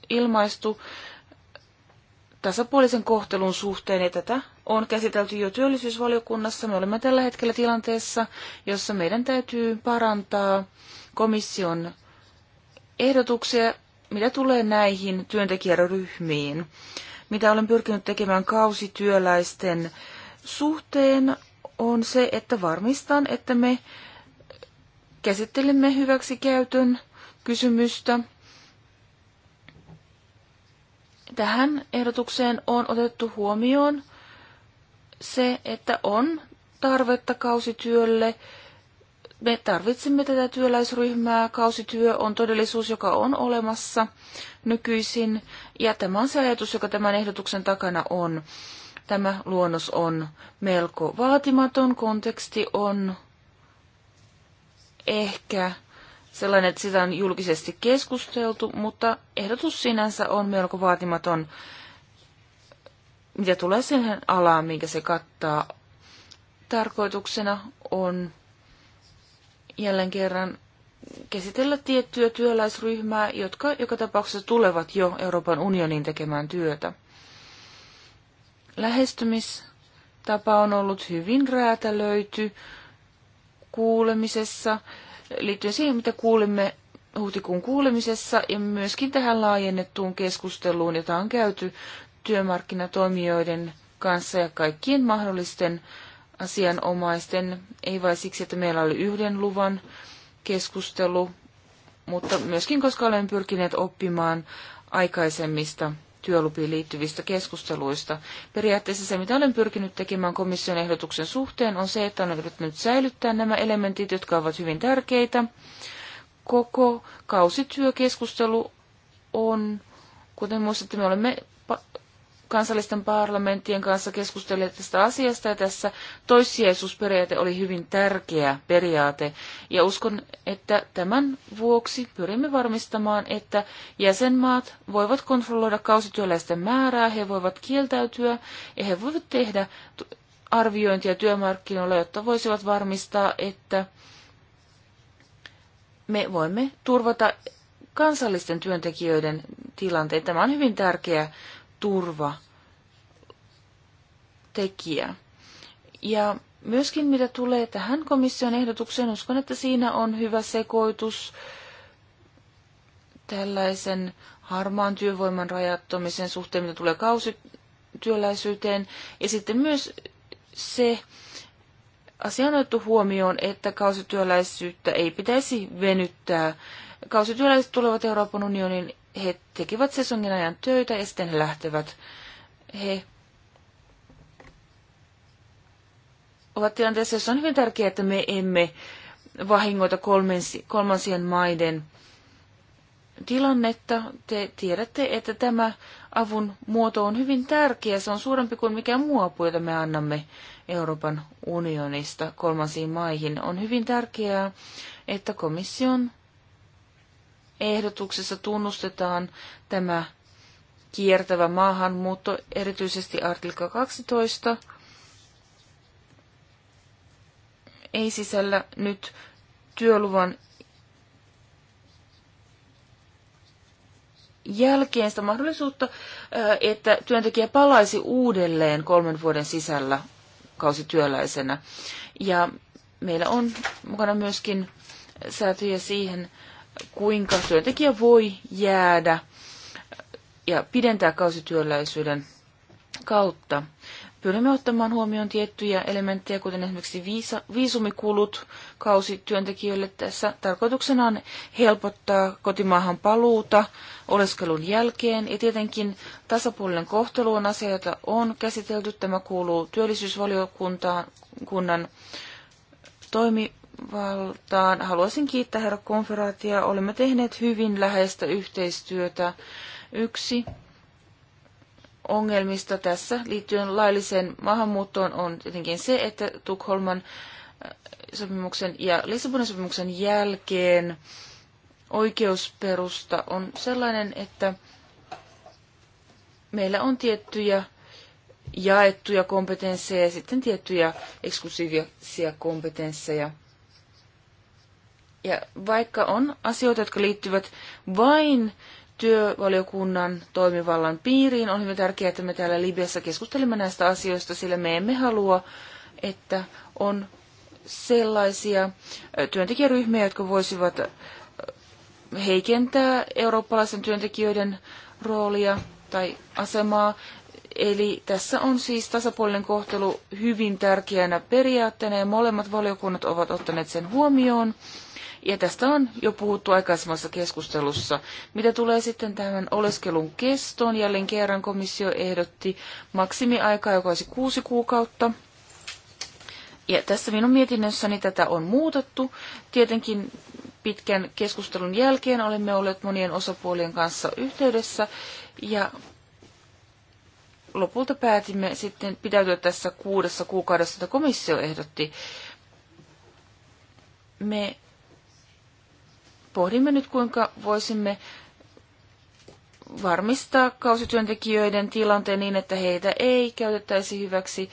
ilmaistu tasapuolisen kohtelun suhteen, ja tätä on käsitelty jo työllisyysvaliokunnassa. Me olemme tällä hetkellä tilanteessa, jossa meidän täytyy parantaa komission ehdotuksia, mitä tulee näihin työntekijäryhmiin mitä olen pyrkinyt tekemään kausityöläisten suhteen, on se, että varmistan, että me käsittelemme käytön kysymystä. Tähän ehdotukseen on otettu huomioon se, että on tarvetta kausityölle me tarvitsemme tätä työläisryhmää. Kausityö on todellisuus, joka on olemassa nykyisin. Ja tämä on se ajatus, joka tämän ehdotuksen takana on. Tämä luonnos on melko vaatimaton. Konteksti on ehkä sellainen, että sitä on julkisesti keskusteltu, mutta ehdotus sinänsä on melko vaatimaton, mitä tulee siihen alaan, minkä se kattaa. Tarkoituksena on jälleen kerran käsitellä tiettyä työläisryhmää, jotka joka tapauksessa tulevat jo Euroopan unionin tekemään työtä. Lähestymistapa on ollut hyvin räätälöity kuulemisessa, liittyen siihen, mitä kuulimme huhtikuun kuulemisessa ja myöskin tähän laajennettuun keskusteluun, jota on käyty työmarkkinatoimijoiden kanssa ja kaikkien mahdollisten asianomaisten, ei vain siksi, että meillä oli yhden luvan keskustelu, mutta myöskin koska olemme pyrkineet oppimaan aikaisemmista työlupiin liittyvistä keskusteluista. Periaatteessa se, mitä olen pyrkinyt tekemään komission ehdotuksen suhteen, on se, että olen yrittänyt säilyttää nämä elementit, jotka ovat hyvin tärkeitä. Koko kausityökeskustelu on, kuten muistatte, me olemme kansallisten parlamenttien kanssa keskustelleet tästä asiasta ja tässä toissijaisuusperiaate oli hyvin tärkeä periaate ja uskon, että tämän vuoksi pyrimme varmistamaan, että jäsenmaat voivat kontrolloida kausityöläisten määrää, he voivat kieltäytyä ja he voivat tehdä arviointia työmarkkinoilla, jotta voisivat varmistaa, että me voimme turvata kansallisten työntekijöiden tilanteen. Tämä on hyvin tärkeä turvatekijä. Ja myöskin mitä tulee tähän komission ehdotukseen, uskon, että siinä on hyvä sekoitus tällaisen harmaan työvoiman rajattomisen suhteen, mitä tulee kausityöläisyyteen. Ja sitten myös se asia on otettu huomioon, että kausityöläisyyttä ei pitäisi venyttää. Kausityöläiset tulevat Euroopan unionin he tekivät sesongin ajan töitä ja sitten he lähtevät. He ovat tilanteessa, jossa on hyvin tärkeää, että me emme vahingoita kolmansien maiden tilannetta. Te tiedätte, että tämä avun muoto on hyvin tärkeä. Se on suurempi kuin mikään muu apu, jota me annamme Euroopan unionista kolmansiin maihin. On hyvin tärkeää, että komission ehdotuksessa tunnustetaan tämä kiertävä maahanmuutto, erityisesti artikla 12, ei sisällä nyt työluvan jälkeen sitä mahdollisuutta, äh, että työntekijä palaisi uudelleen kolmen vuoden sisällä kausityöläisenä. Ja meillä on mukana myöskin säätöjä siihen, kuinka työntekijä voi jäädä ja pidentää kausityöläisyyden kautta. Pyrimme ottamaan huomioon tiettyjä elementtejä, kuten esimerkiksi viisa, viisumikulut kausityöntekijöille. Tässä tarkoituksena on helpottaa kotimaahan paluuta oleskelun jälkeen. Ja tietenkin tasapuolinen kohtelu on asia, jota on käsitelty. Tämä kuuluu työllisyysvaliokunnan toimi valtaan. Haluaisin kiittää herra konferaatia. Olemme tehneet hyvin läheistä yhteistyötä. Yksi ongelmista tässä liittyen lailliseen maahanmuuttoon on tietenkin se, että Tukholman äh, sopimuksen ja Lissabonin sopimuksen jälkeen oikeusperusta on sellainen, että meillä on tiettyjä jaettuja kompetensseja ja sitten tiettyjä eksklusiivisia kompetensseja – ja vaikka on asioita, jotka liittyvät vain työvaliokunnan toimivallan piiriin, on hyvin tärkeää, että me täällä Libyassa keskustelemme näistä asioista, sillä me emme halua, että on sellaisia työntekijäryhmiä, jotka voisivat heikentää eurooppalaisen työntekijöiden roolia tai asemaa. Eli tässä on siis tasapuolinen kohtelu hyvin tärkeänä periaatteena ja molemmat valiokunnat ovat ottaneet sen huomioon. Ja tästä on jo puhuttu aikaisemmassa keskustelussa. Mitä tulee sitten tämän oleskelun kestoon, jälleen kerran komissio ehdotti maksimiaikaa, joka olisi kuusi kuukautta. Ja tässä minun mietinnössäni tätä on muutettu. Tietenkin pitkän keskustelun jälkeen olemme olleet monien osapuolien kanssa yhteydessä ja lopulta päätimme sitten pitäytyä tässä kuudessa kuukaudessa, jota komissio ehdotti. Me pohdimme nyt, kuinka voisimme varmistaa kausityöntekijöiden tilanteen niin, että heitä ei käytettäisi hyväksi.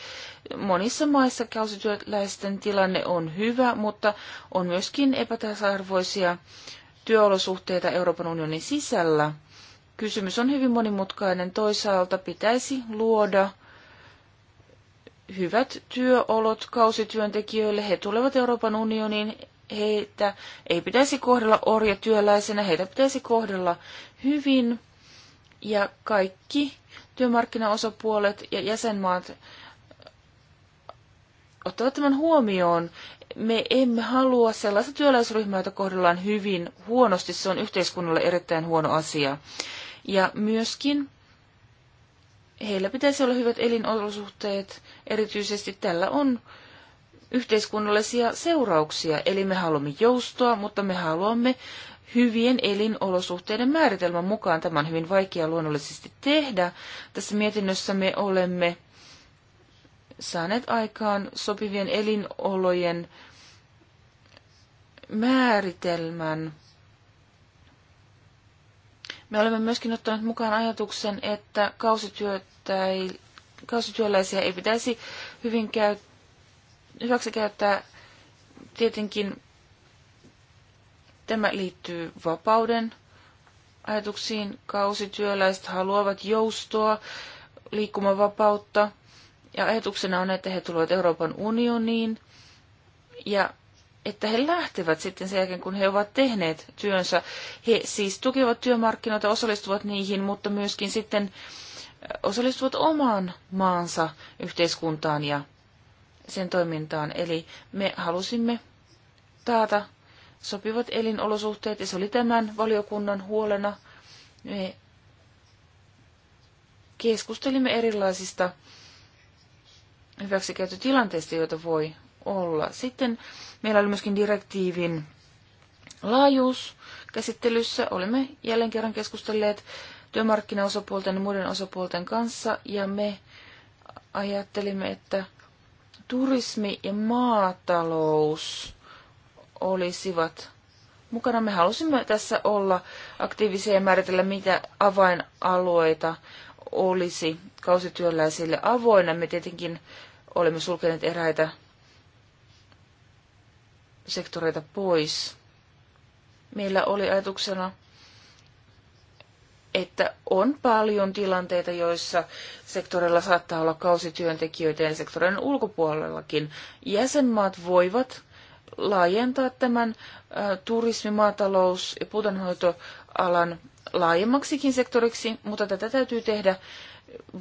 Monissa maissa kausityöläisten tilanne on hyvä, mutta on myöskin epätasa-arvoisia työolosuhteita Euroopan unionin sisällä. Kysymys on hyvin monimutkainen. Toisaalta pitäisi luoda hyvät työolot kausityöntekijöille. He tulevat Euroopan unioniin, heitä ei pitäisi kohdella orjatyöläisenä, heitä pitäisi kohdella hyvin ja kaikki työmarkkinaosapuolet ja jäsenmaat ottavat tämän huomioon. Me emme halua sellaista työläisryhmää, jota kohdellaan hyvin huonosti. Se on yhteiskunnalle erittäin huono asia. Ja myöskin heillä pitäisi olla hyvät elinolosuhteet. Erityisesti tällä on yhteiskunnallisia seurauksia. Eli me haluamme joustoa, mutta me haluamme hyvien elinolosuhteiden määritelmän mukaan. Tämä on hyvin vaikea luonnollisesti tehdä. Tässä mietinnössä me olemme saaneet aikaan sopivien elinolojen määritelmän. Me olemme myöskin ottaneet mukaan ajatuksen, että kausityöläisiä ei pitäisi hyvin käyttää hyväksikäyttää. Tietenkin tämä liittyy vapauden ajatuksiin. Kausityöläiset haluavat joustoa, liikkumavapautta. Ja ajatuksena on, että he tulevat Euroopan unioniin ja että he lähtevät sitten sen jälkeen, kun he ovat tehneet työnsä. He siis tukevat työmarkkinoita, osallistuvat niihin, mutta myöskin sitten osallistuvat omaan maansa yhteiskuntaan ja sen toimintaan. Eli me halusimme taata sopivat elinolosuhteet, ja se oli tämän valiokunnan huolena. Me keskustelimme erilaisista hyväksikäyttötilanteista, joita voi olla. Sitten meillä oli myöskin direktiivin laajuus käsittelyssä. Olemme jälleen kerran keskustelleet työmarkkinaosapuolten ja muiden osapuolten kanssa, ja me ajattelimme, että turismi ja maatalous olisivat mukana. Me halusimme tässä olla aktiivisia ja määritellä, mitä avainalueita olisi kausityöläisille avoinna. Me tietenkin olemme sulkeneet eräitä sektoreita pois. Meillä oli ajatuksena että on paljon tilanteita, joissa sektorilla saattaa olla kausityöntekijöitä ja sektorin ulkopuolellakin. Jäsenmaat voivat laajentaa tämän ä, turismi, maatalous ja puutanhoitoalan laajemmaksikin sektoriksi, mutta tätä täytyy tehdä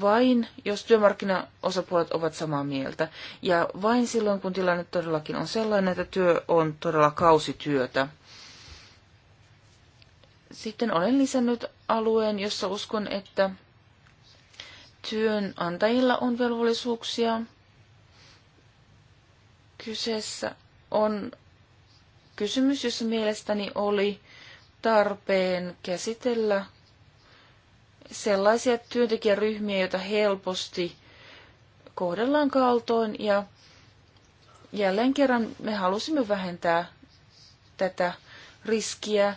vain, jos työmarkkinaosapuolet ovat samaa mieltä. Ja vain silloin, kun tilanne todellakin on sellainen, että työ on todella kausityötä. Sitten olen lisännyt alueen, jossa uskon, että työnantajilla on velvollisuuksia. Kyseessä on kysymys, jossa mielestäni oli tarpeen käsitellä sellaisia työntekijäryhmiä, joita helposti kohdellaan kaltoin ja jälleen kerran me halusimme vähentää tätä riskiä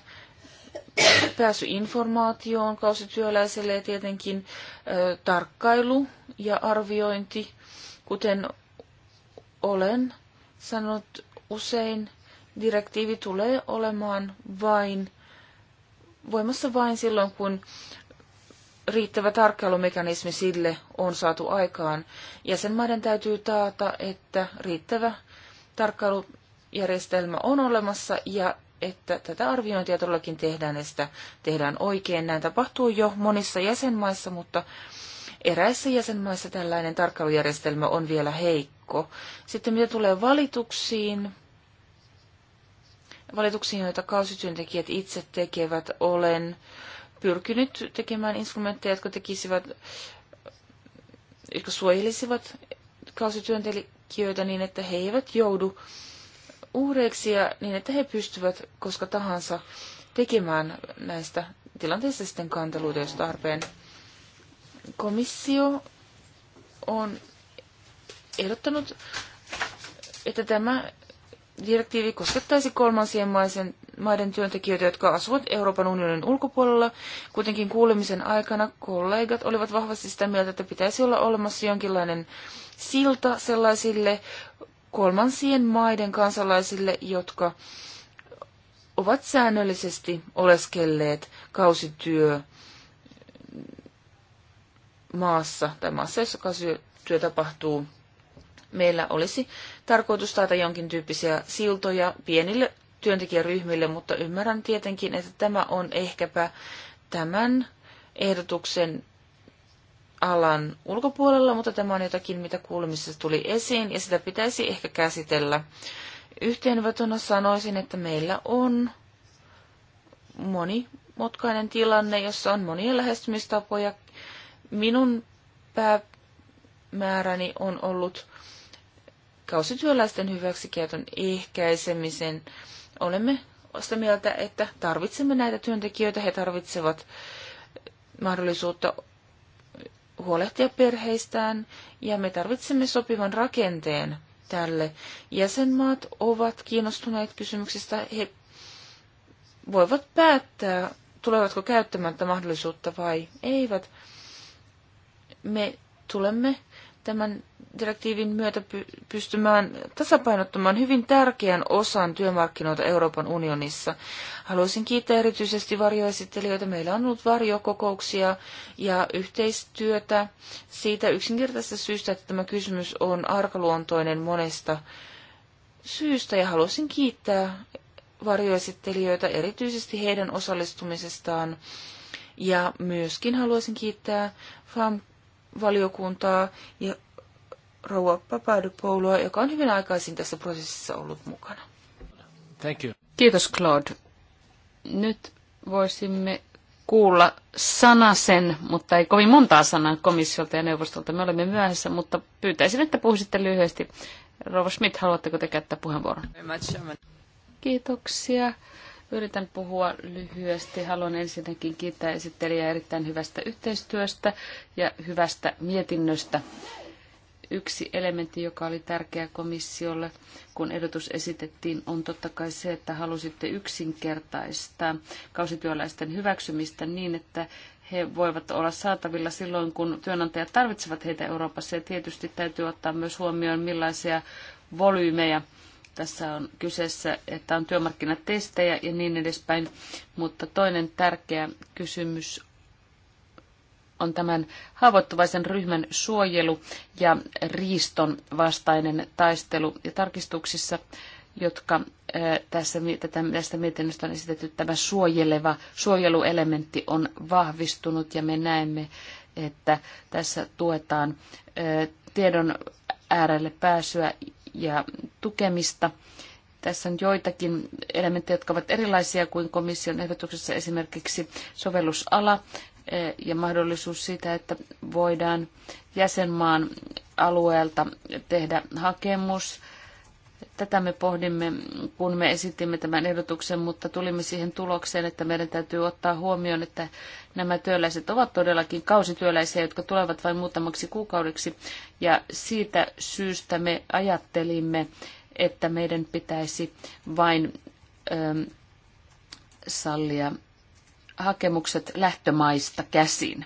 pääsy informaatioon kausityöläiselle ja tietenkin ö, tarkkailu ja arviointi, kuten olen sanonut usein, direktiivi tulee olemaan vain voimassa vain silloin, kun riittävä tarkkailumekanismi sille on saatu aikaan. Jäsenmaiden täytyy taata, että riittävä tarkkailujärjestelmä on olemassa ja että tätä arviointia todellakin tehdään ja sitä tehdään oikein. Näin tapahtuu jo monissa jäsenmaissa, mutta eräissä jäsenmaissa tällainen tarkkailujärjestelmä on vielä heikko. Sitten mitä tulee valituksiin, valituksiin, joita kausityöntekijät itse tekevät, olen pyrkinyt tekemään instrumentteja, jotka tekisivät, jotka suojelisivat kausityöntekijöitä niin, että he eivät joudu uhreiksi ja niin, että he pystyvät koska tahansa tekemään näistä tilanteista sitten kanteluita, jos tarpeen. Komissio on ehdottanut, että tämä direktiivi koskettaisi kolmansien maisen, maiden työntekijöitä, jotka asuvat Euroopan unionin ulkopuolella. Kuitenkin kuulemisen aikana kollegat olivat vahvasti sitä mieltä, että pitäisi olla olemassa jonkinlainen silta sellaisille kolmansien maiden kansalaisille, jotka ovat säännöllisesti oleskelleet kausityö maassa tai maassa, jossa kausityö tapahtuu. Meillä olisi tarkoitus taata jonkin tyyppisiä siltoja pienille työntekijäryhmille, mutta ymmärrän tietenkin, että tämä on ehkäpä tämän ehdotuksen alan ulkopuolella, mutta tämä on jotakin, mitä kuulemisessa tuli esiin, ja sitä pitäisi ehkä käsitellä. Yhteenvetona sanoisin, että meillä on monimutkainen tilanne, jossa on monia lähestymistapoja. Minun päämääräni on ollut kausityöläisten hyväksikäytön ehkäisemisen. Olemme sitä mieltä, että tarvitsemme näitä työntekijöitä. He tarvitsevat mahdollisuutta huolehtia perheistään ja me tarvitsemme sopivan rakenteen tälle. Jäsenmaat ovat kiinnostuneet kysymyksistä. He voivat päättää, tulevatko käyttämättä mahdollisuutta vai eivät. Me tulemme tämän direktiivin myötä pystymään tasapainottamaan hyvin tärkeän osan työmarkkinoita Euroopan unionissa. Haluaisin kiittää erityisesti varjoesittelijöitä. Meillä on ollut varjokokouksia ja yhteistyötä siitä yksinkertaisesta syystä, että tämä kysymys on arkaluontoinen monesta syystä ja haluaisin kiittää varjoesittelijöitä erityisesti heidän osallistumisestaan ja myöskin haluaisin kiittää FAM valiokuntaa ja rouva Papadopoulua, joka on hyvin aikaisin tässä prosessissa ollut mukana. Thank you. Kiitos Claude. Nyt voisimme kuulla sanasen, mutta ei kovin montaa sanaa komissiolta ja neuvostolta. Me olemme myöhässä, mutta pyytäisin, että puhuisitte lyhyesti. Rouva Schmidt, haluatteko te käyttää puheenvuoron? Kiitoksia. Yritän puhua lyhyesti. Haluan ensinnäkin kiittää esittelijää erittäin hyvästä yhteistyöstä ja hyvästä mietinnöstä. Yksi elementti, joka oli tärkeä komissiolle, kun ehdotus esitettiin, on totta kai se, että halusitte yksinkertaistaa kausityöläisten hyväksymistä niin, että he voivat olla saatavilla silloin, kun työnantajat tarvitsevat heitä Euroopassa. Ja tietysti täytyy ottaa myös huomioon, millaisia volyymeja tässä on kyseessä, että on työmarkkinatestejä ja niin edespäin. Mutta toinen tärkeä kysymys on tämän haavoittuvaisen ryhmän suojelu ja riiston vastainen taistelu. Ja tarkistuksissa, jotka tässä, tästä mietinnöstä on esitetty, tämä suojeleva, suojeluelementti on vahvistunut ja me näemme, että tässä tuetaan tiedon äärelle pääsyä ja tukemista. Tässä on joitakin elementtejä, jotka ovat erilaisia kuin komission ehdotuksessa, esimerkiksi sovellusala ja mahdollisuus sitä, että voidaan jäsenmaan alueelta tehdä hakemus. Tätä me pohdimme, kun me esitimme tämän ehdotuksen, mutta tulimme siihen tulokseen, että meidän täytyy ottaa huomioon, että nämä työläiset ovat todellakin kausityöläisiä, jotka tulevat vain muutamaksi kuukaudeksi. Ja siitä syystä me ajattelimme, että meidän pitäisi vain ö, sallia hakemukset lähtömaista käsin.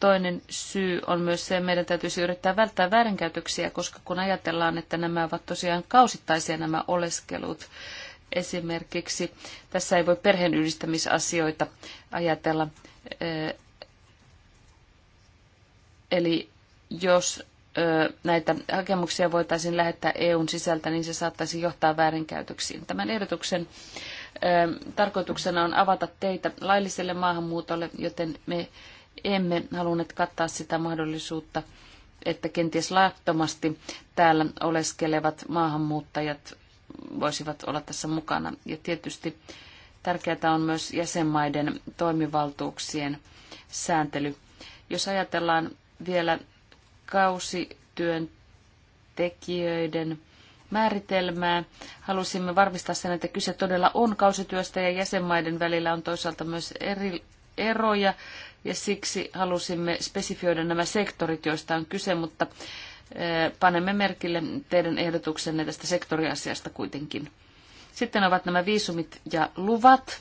Toinen syy on myös se, että meidän täytyisi yrittää välttää väärinkäytöksiä, koska kun ajatellaan, että nämä ovat tosiaan kausittaisia nämä oleskelut, esimerkiksi tässä ei voi perheenyhdistämisasioita ajatella. Eli jos näitä hakemuksia voitaisiin lähettää EUn sisältä, niin se saattaisi johtaa väärinkäytöksiin. Tämän ehdotuksen tarkoituksena on avata teitä lailliselle maahanmuutolle, joten me emme halunneet kattaa sitä mahdollisuutta, että kenties laittomasti täällä oleskelevat maahanmuuttajat voisivat olla tässä mukana. Ja tietysti tärkeää on myös jäsenmaiden toimivaltuuksien sääntely. Jos ajatellaan vielä kausityöntekijöiden määritelmää. Halusimme varmistaa sen, että kyse todella on kausityöstä ja jäsenmaiden välillä on toisaalta myös eri eroja ja siksi halusimme spesifioida nämä sektorit, joista on kyse, mutta panemme merkille teidän ehdotuksenne tästä sektoriasiasta kuitenkin. Sitten ovat nämä viisumit ja luvat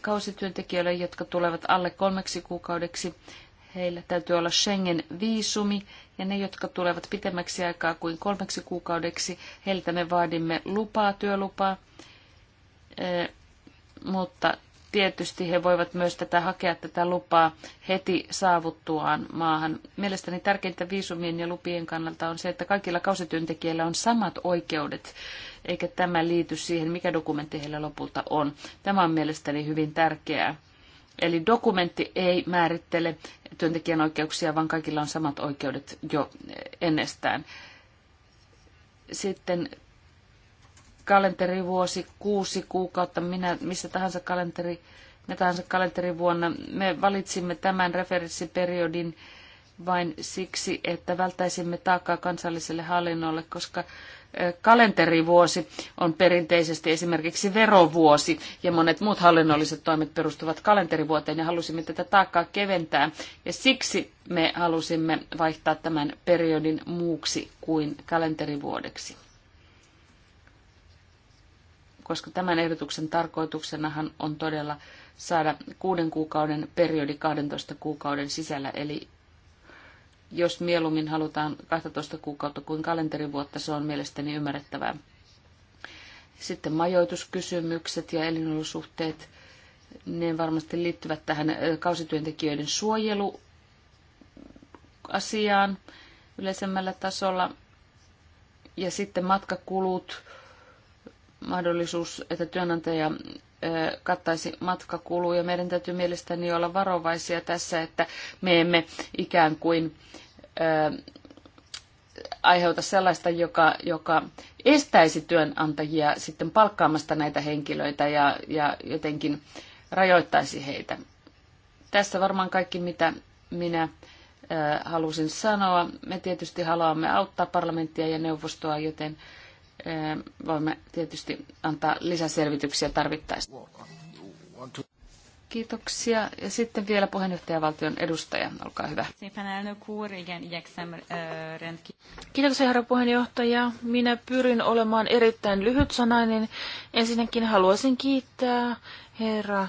kausityöntekijöille, jotka tulevat alle kolmeksi kuukaudeksi heillä täytyy olla Schengen-viisumi, ja ne, jotka tulevat pitemmäksi aikaa kuin kolmeksi kuukaudeksi, heiltä me vaadimme lupaa, työlupaa, mutta tietysti he voivat myös tätä hakea tätä lupaa heti saavuttuaan maahan. Mielestäni tärkeintä viisumien ja lupien kannalta on se, että kaikilla kausityöntekijöillä on samat oikeudet, eikä tämä liity siihen, mikä dokumentti heillä lopulta on. Tämä on mielestäni hyvin tärkeää. Eli dokumentti ei määrittele työntekijän oikeuksia, vaan kaikilla on samat oikeudet jo ennestään. Sitten kalenterivuosi, kuusi kuukautta, minä, missä tahansa kalenteri, minä tahansa kalenterivuonna. Me valitsimme tämän referenssiperiodin vain siksi, että välttäisimme taakkaa kansalliselle hallinnolle, koska kalenterivuosi on perinteisesti esimerkiksi verovuosi ja monet muut hallinnolliset toimet perustuvat kalenterivuoteen ja halusimme tätä taakkaa keventää ja siksi me halusimme vaihtaa tämän periodin muuksi kuin kalenterivuodeksi. Koska tämän ehdotuksen tarkoituksenahan on todella saada kuuden kuukauden periodi 12 kuukauden sisällä, eli jos mieluummin halutaan 12 kuukautta kuin kalenterivuotta, se on mielestäni ymmärrettävää. Sitten majoituskysymykset ja elinolosuhteet, ne varmasti liittyvät tähän kausityöntekijöiden suojeluasiaan yleisemmällä tasolla. Ja sitten matkakulut, mahdollisuus, että työnantaja kattaisi matkakuluja. Meidän täytyy mielestäni olla varovaisia tässä, että me emme ikään kuin aiheuta sellaista, joka, joka estäisi työnantajia sitten palkkaamasta näitä henkilöitä ja, ja jotenkin rajoittaisi heitä. Tässä varmaan kaikki, mitä minä halusin sanoa. Me tietysti haluamme auttaa parlamenttia ja neuvostoa, joten voimme tietysti antaa lisäselvityksiä tarvittaessa. Kiitoksia. Ja sitten vielä puheenjohtajavaltion edustaja, olkaa hyvä. Kiitoksia herra puheenjohtaja. Minä pyrin olemaan erittäin lyhytsanainen. Ensinnäkin haluaisin kiittää herra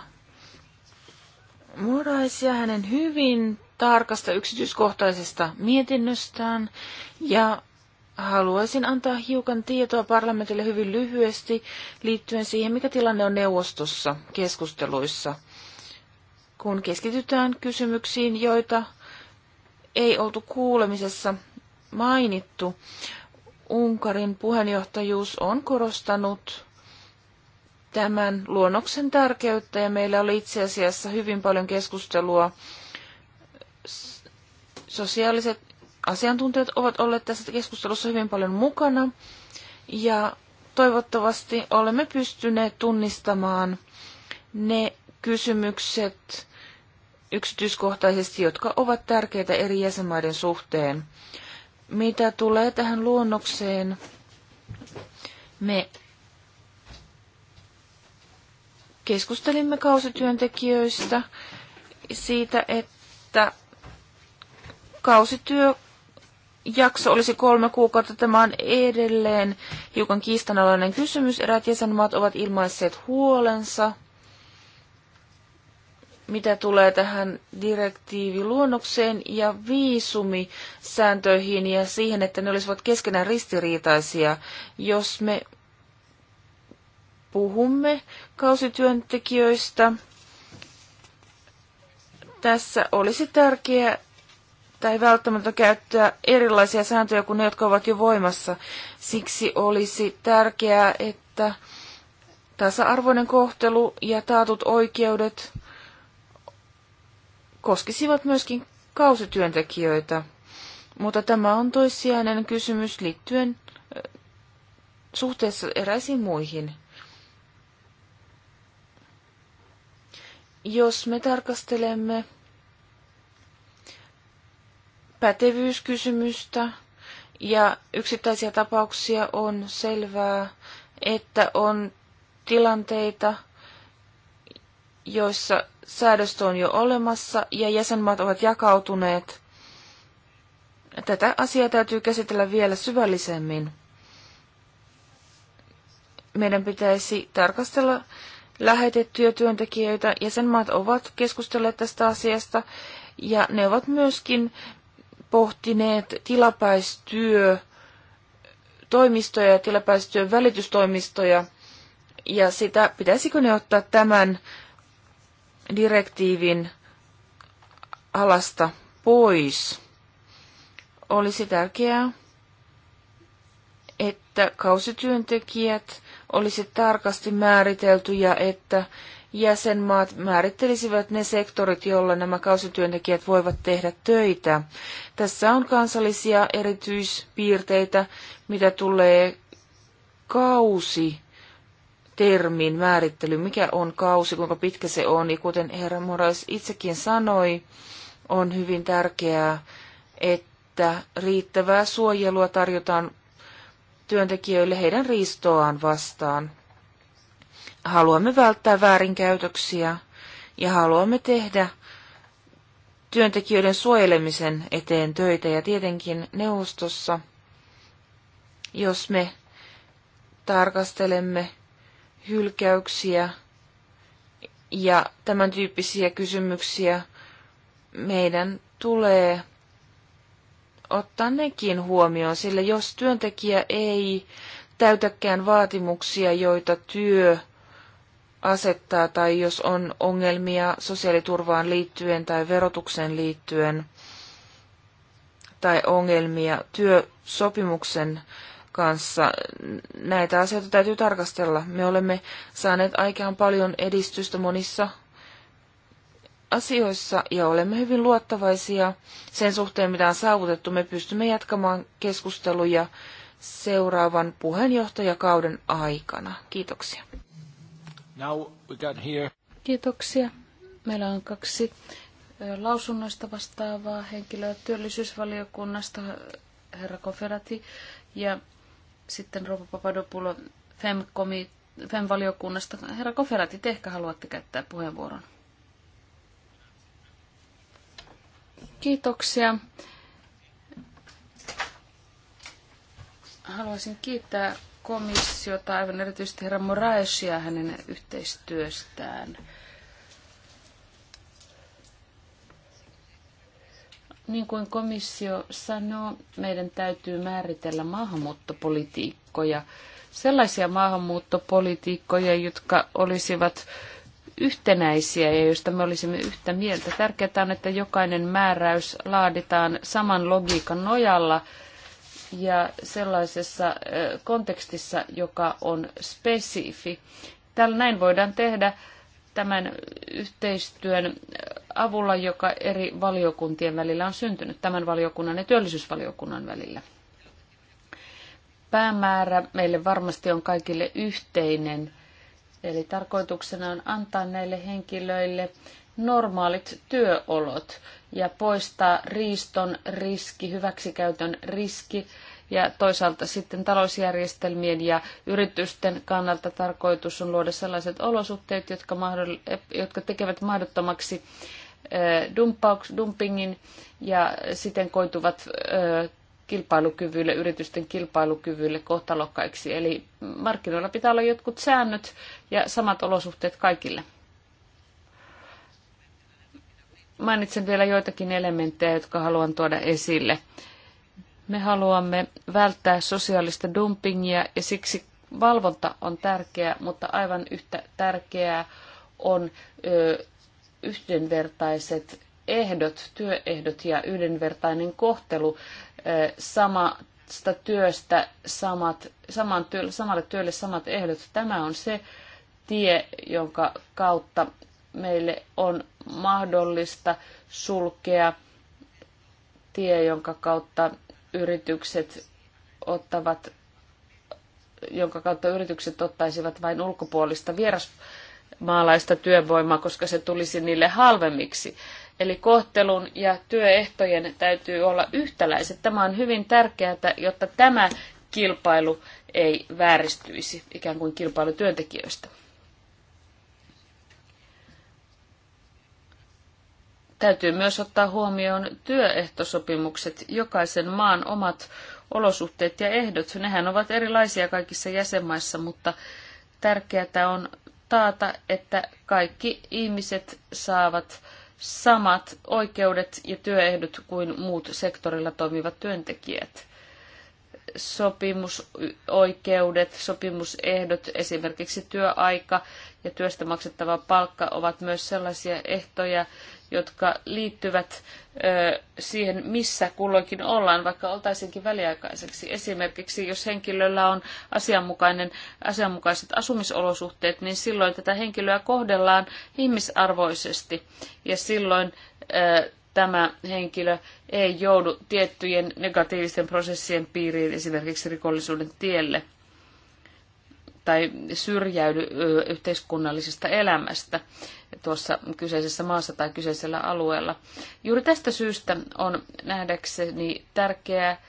Muraisia hänen hyvin tarkasta yksityiskohtaisesta mietinnöstään ja haluaisin antaa hiukan tietoa parlamentille hyvin lyhyesti liittyen siihen, mikä tilanne on neuvostossa keskusteluissa, kun keskitytään kysymyksiin, joita ei oltu kuulemisessa mainittu. Unkarin puheenjohtajuus on korostanut tämän luonnoksen tärkeyttä ja meillä oli itse asiassa hyvin paljon keskustelua sosiaaliset asiantuntijat ovat olleet tässä keskustelussa hyvin paljon mukana ja toivottavasti olemme pystyneet tunnistamaan ne kysymykset yksityiskohtaisesti, jotka ovat tärkeitä eri jäsenmaiden suhteen. Mitä tulee tähän luonnokseen, me keskustelimme kausityöntekijöistä siitä, että kausityö jakso olisi kolme kuukautta. Tämä on edelleen hiukan kiistanalainen kysymys. Eräät jäsenmaat ovat ilmaisseet huolensa, mitä tulee tähän direktiiviluonnokseen ja viisumisääntöihin ja siihen, että ne olisivat keskenään ristiriitaisia. Jos me puhumme kausityöntekijöistä, tässä olisi tärkeää tai välttämättä käyttää erilaisia sääntöjä kuin ne, jotka ovat jo voimassa. Siksi olisi tärkeää, että tasa-arvoinen kohtelu ja taatut oikeudet koskisivat myöskin kausityöntekijöitä. Mutta tämä on toissijainen kysymys liittyen suhteessa eräisiin muihin. Jos me tarkastelemme pätevyyskysymystä ja yksittäisiä tapauksia on selvää, että on tilanteita, joissa säädöstö on jo olemassa ja jäsenmaat ovat jakautuneet. Tätä asiaa täytyy käsitellä vielä syvällisemmin. Meidän pitäisi tarkastella lähetettyjä työntekijöitä. Jäsenmaat ovat keskustelleet tästä asiasta ja ne ovat myöskin pohtineet tilapäistyö toimistoja ja tilapäistyön välitystoimistoja ja sitä, pitäisikö ne ottaa tämän direktiivin alasta pois. Olisi tärkeää, että kausityöntekijät olisi tarkasti määritelty ja että jäsenmaat määrittelisivät ne sektorit, joilla nämä kausityöntekijät voivat tehdä töitä. Tässä on kansallisia erityispiirteitä, mitä tulee kausi termin määrittely, mikä on kausi, kuinka pitkä se on, ja kuten herra Morais itsekin sanoi, on hyvin tärkeää, että riittävää suojelua tarjotaan työntekijöille heidän riistoaan vastaan haluamme välttää väärinkäytöksiä ja haluamme tehdä työntekijöiden suojelemisen eteen töitä ja tietenkin neuvostossa, jos me tarkastelemme hylkäyksiä ja tämän tyyppisiä kysymyksiä, meidän tulee ottaa nekin huomioon, sillä jos työntekijä ei täytäkään vaatimuksia, joita työ asettaa tai jos on ongelmia sosiaaliturvaan liittyen tai verotukseen liittyen tai ongelmia työsopimuksen kanssa. Näitä asioita täytyy tarkastella. Me olemme saaneet aikaan paljon edistystä monissa asioissa ja olemme hyvin luottavaisia sen suhteen, mitä on saavutettu. Me pystymme jatkamaan keskusteluja seuraavan puheenjohtajakauden aikana. Kiitoksia. Now we got here. Kiitoksia. Meillä on kaksi lausunnoista vastaavaa henkilöä työllisyysvaliokunnasta, herra Koferati, ja sitten Rova Papadopulo FEM-valiokunnasta. FEM herra Koferati, te ehkä haluatte käyttää puheenvuoron. Kiitoksia. Haluaisin kiittää komissiota, aivan erityisesti herra Moraesia hänen yhteistyöstään. Niin kuin komissio sanoo, meidän täytyy määritellä maahanmuuttopolitiikkoja, sellaisia maahanmuuttopolitiikkoja, jotka olisivat yhtenäisiä ja joista me olisimme yhtä mieltä. Tärkeää on, että jokainen määräys laaditaan saman logiikan nojalla ja sellaisessa kontekstissa, joka on spesifi. Tällä näin voidaan tehdä tämän yhteistyön avulla, joka eri valiokuntien välillä on syntynyt, tämän valiokunnan ja työllisyysvaliokunnan välillä. Päämäärä meille varmasti on kaikille yhteinen, eli tarkoituksena on antaa näille henkilöille normaalit työolot ja poistaa riiston riski, hyväksikäytön riski ja toisaalta sitten talousjärjestelmien ja yritysten kannalta tarkoitus on luoda sellaiset olosuhteet, jotka, mahdoll- jotka tekevät mahdottomaksi dumpauks, dumpingin ja siten koituvat kilpailukyvylle, yritysten kilpailukyvylle kohtalokkaiksi. Eli markkinoilla pitää olla jotkut säännöt ja samat olosuhteet kaikille mainitsen vielä joitakin elementtejä, jotka haluan tuoda esille. Me haluamme välttää sosiaalista dumpingia ja siksi valvonta on tärkeää, mutta aivan yhtä tärkeää on ö, yhdenvertaiset ehdot, työehdot ja yhdenvertainen kohtelu ö, samasta työstä, samat, saman työ, samalle työlle samat ehdot. Tämä on se tie, jonka kautta meille on mahdollista sulkea tie, jonka kautta yritykset ottavat jonka kautta yritykset ottaisivat vain ulkopuolista vierasmaalaista työvoimaa, koska se tulisi niille halvemmiksi. Eli kohtelun ja työehtojen täytyy olla yhtäläiset. Tämä on hyvin tärkeää, jotta tämä kilpailu ei vääristyisi, ikään kuin kilpailu työntekijöistä. Täytyy myös ottaa huomioon työehtosopimukset, jokaisen maan omat olosuhteet ja ehdot. Nehän ovat erilaisia kaikissa jäsenmaissa, mutta tärkeää on taata, että kaikki ihmiset saavat samat oikeudet ja työehdot kuin muut sektorilla toimivat työntekijät. Sopimusoikeudet, sopimusehdot, esimerkiksi työaika ja työstä maksettava palkka ovat myös sellaisia ehtoja, jotka liittyvät siihen, missä kulloinkin ollaan, vaikka oltaisinkin väliaikaiseksi. Esimerkiksi jos henkilöllä on asianmukainen, asianmukaiset asumisolosuhteet, niin silloin tätä henkilöä kohdellaan ihmisarvoisesti ja silloin tämä henkilö ei joudu tiettyjen negatiivisten prosessien piiriin esimerkiksi rikollisuuden tielle tai syrjäydy yhteiskunnallisesta elämästä tuossa kyseisessä maassa tai kyseisellä alueella. Juuri tästä syystä on nähdäkseni tärkeää,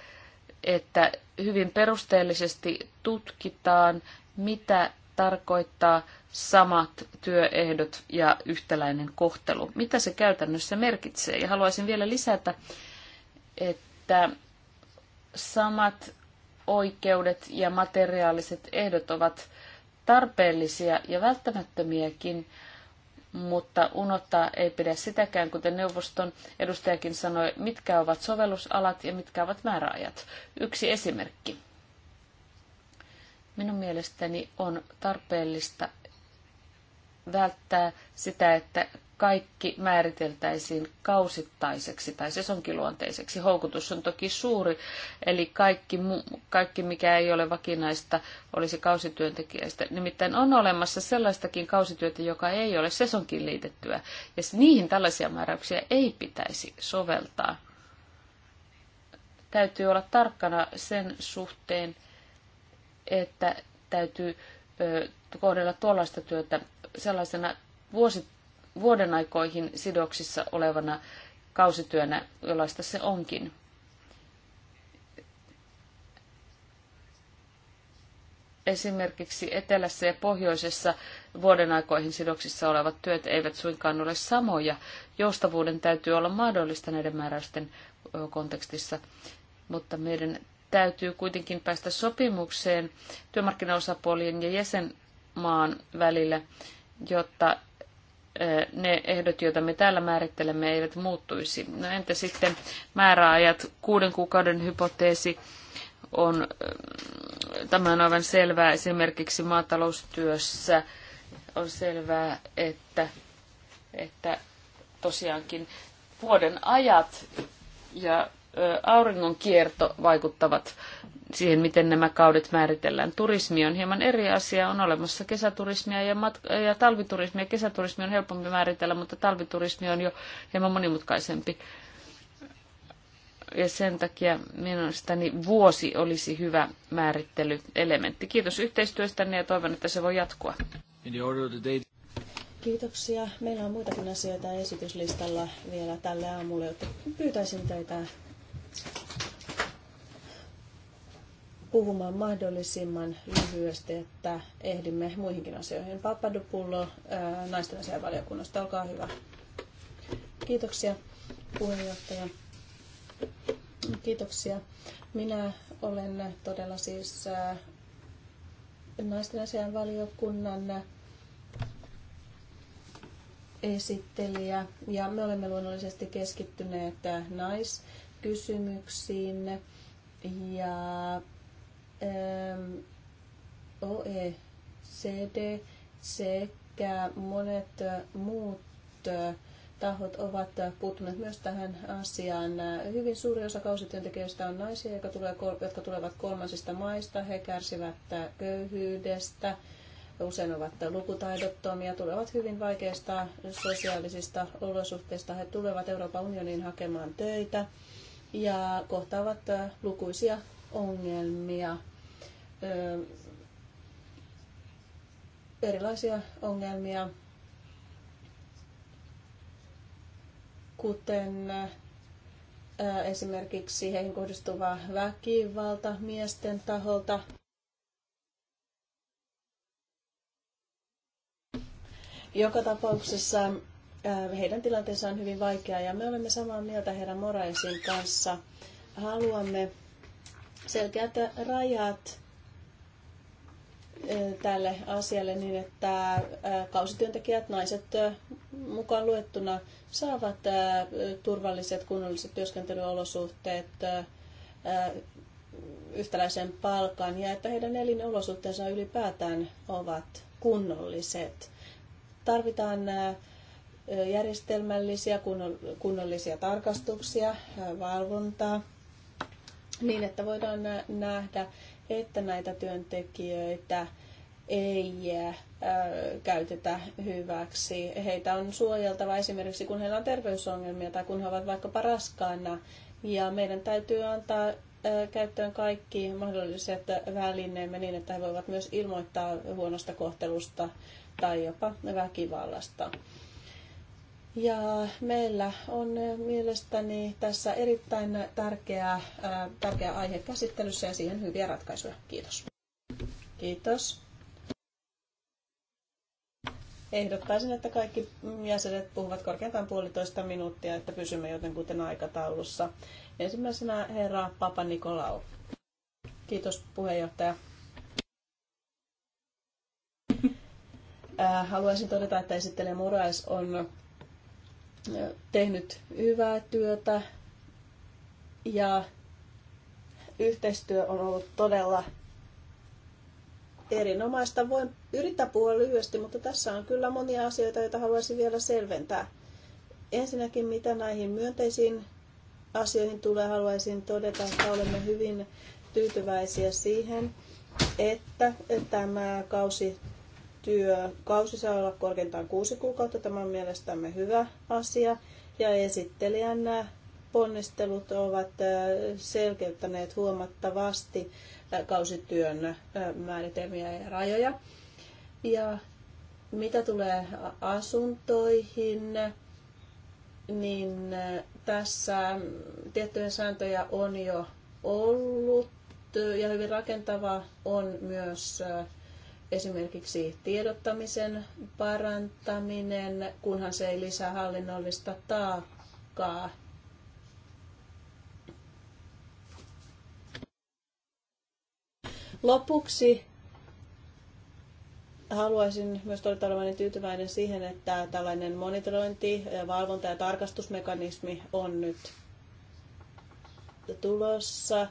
että hyvin perusteellisesti tutkitaan, mitä tarkoittaa samat työehdot ja yhtäläinen kohtelu. Mitä se käytännössä merkitsee? Ja haluaisin vielä lisätä, että samat oikeudet ja materiaaliset ehdot ovat tarpeellisia ja välttämättömiäkin, mutta unohtaa ei pidä sitäkään, kuten neuvoston edustajakin sanoi, mitkä ovat sovellusalat ja mitkä ovat määräajat. Yksi esimerkki. Minun mielestäni on tarpeellista välttää sitä, että kaikki määriteltäisiin kausittaiseksi tai sesonkiluonteiseksi. Houkutus on toki suuri, eli kaikki, kaikki mikä ei ole vakinaista olisi kausityöntekijöistä. Nimittäin on olemassa sellaistakin kausityötä, joka ei ole sesonkin liitettyä, ja niihin tällaisia määräyksiä ei pitäisi soveltaa. Täytyy olla tarkkana sen suhteen, että täytyy kohdella tuollaista työtä sellaisena vuosittain, vuoden aikoihin sidoksissa olevana kausityönä, jollaista se onkin. Esimerkiksi etelässä ja pohjoisessa vuoden aikoihin sidoksissa olevat työt eivät suinkaan ole samoja. Joustavuuden täytyy olla mahdollista näiden määräysten kontekstissa, mutta meidän täytyy kuitenkin päästä sopimukseen työmarkkinaosapuolien ja jäsenmaan välillä, jotta ne ehdot, joita me täällä määrittelemme, eivät muuttuisi. No entä sitten määräajat? Kuuden kuukauden hypoteesi on, tämä on aivan selvää esimerkiksi maataloustyössä. On selvää, että, että tosiaankin vuoden ajat ja auringon kierto vaikuttavat siihen, miten nämä kaudet määritellään. Turismi on hieman eri asia. On olemassa kesäturismia ja, mat- ja talviturismia. Kesäturismi on helpompi määritellä, mutta talviturismi on jo hieman monimutkaisempi. Ja sen takia mielestäni vuosi olisi hyvä määrittelyelementti. Kiitos yhteistyöstänne ja toivon, että se voi jatkua. Kiitoksia. Meillä on muitakin asioita esityslistalla vielä tälle aamulle, jotta pyytäisin teitä puhumaan mahdollisimman lyhyesti, että ehdimme muihinkin asioihin. Papadopullo naisten valiokunnasta, olkaa hyvä. Kiitoksia puheenjohtaja. Kiitoksia. Minä olen todella siis naisten valiokunnan esittelijä ja me olemme luonnollisesti keskittyneet nais- nice kysymyksiin. Ja ähm, OECD sekä monet äh, muut äh, tahot ovat puuttuneet myös tähän asiaan. Hyvin suuri osa kausityöntekijöistä on naisia, jotka, tulevat kolmansista maista. He kärsivät äh, köyhyydestä, usein ovat lukutaidottomia, tulevat hyvin vaikeista sosiaalisista olosuhteista. He tulevat Euroopan unioniin hakemaan töitä ja kohtaavat lukuisia ongelmia, erilaisia ongelmia, kuten esimerkiksi heihin kohdistuva väkivalta miesten taholta. Joka tapauksessa Äh, heidän tilanteensa on hyvin vaikea ja me olemme samaa mieltä herra Moraisin kanssa. Haluamme selkeät rajat äh, tälle asialle niin, että äh, kausityöntekijät, naiset mukaan luettuna, saavat turvalliset, kunnolliset työskentelyolosuhteet, yhtäläisen palkan ja että heidän elinolosuhteensa ylipäätään ovat kunnolliset. Tarvitaan järjestelmällisiä, kunnollisia tarkastuksia, valvontaa, niin että voidaan nähdä, että näitä työntekijöitä ei käytetä hyväksi. Heitä on suojeltava esimerkiksi, kun heillä on terveysongelmia tai kun he ovat vaikkapa raskaana. Ja meidän täytyy antaa käyttöön kaikki mahdolliset välineemme niin, että he voivat myös ilmoittaa huonosta kohtelusta tai jopa väkivallasta. Ja meillä on mielestäni tässä erittäin tärkeä, äh, tärkeä aihe käsittelyssä ja siihen hyviä ratkaisuja. Kiitos. Kiitos. Ehdottaisin, että kaikki jäsenet puhuvat korkeintaan puolitoista minuuttia, että pysymme jotenkuten aikataulussa. Ensimmäisenä herra Papa Nikolau. Kiitos puheenjohtaja. Äh, haluaisin todeta, että esittelijä Murais on tehnyt hyvää työtä ja yhteistyö on ollut todella erinomaista. Voin yrittää puhua lyhyesti, mutta tässä on kyllä monia asioita, joita haluaisin vielä selventää. Ensinnäkin, mitä näihin myönteisiin asioihin tulee, haluaisin todeta, että olemme hyvin tyytyväisiä siihen, että tämä kausi työkausi saa olla korkeintaan kuusi kuukautta. Tämä on mielestämme hyvä asia. Ja esittelijän ponnistelut ovat selkeyttäneet huomattavasti kausityön määritelmiä ja rajoja. Ja mitä tulee asuntoihin, niin tässä tiettyjä sääntöjä on jo ollut ja hyvin rakentava on myös esimerkiksi tiedottamisen parantaminen, kunhan se ei lisää hallinnollista taakkaa. Lopuksi haluaisin myös todeta olevani tyytyväinen siihen, että tällainen monitorointi, valvonta ja tarkastusmekanismi on nyt tulossa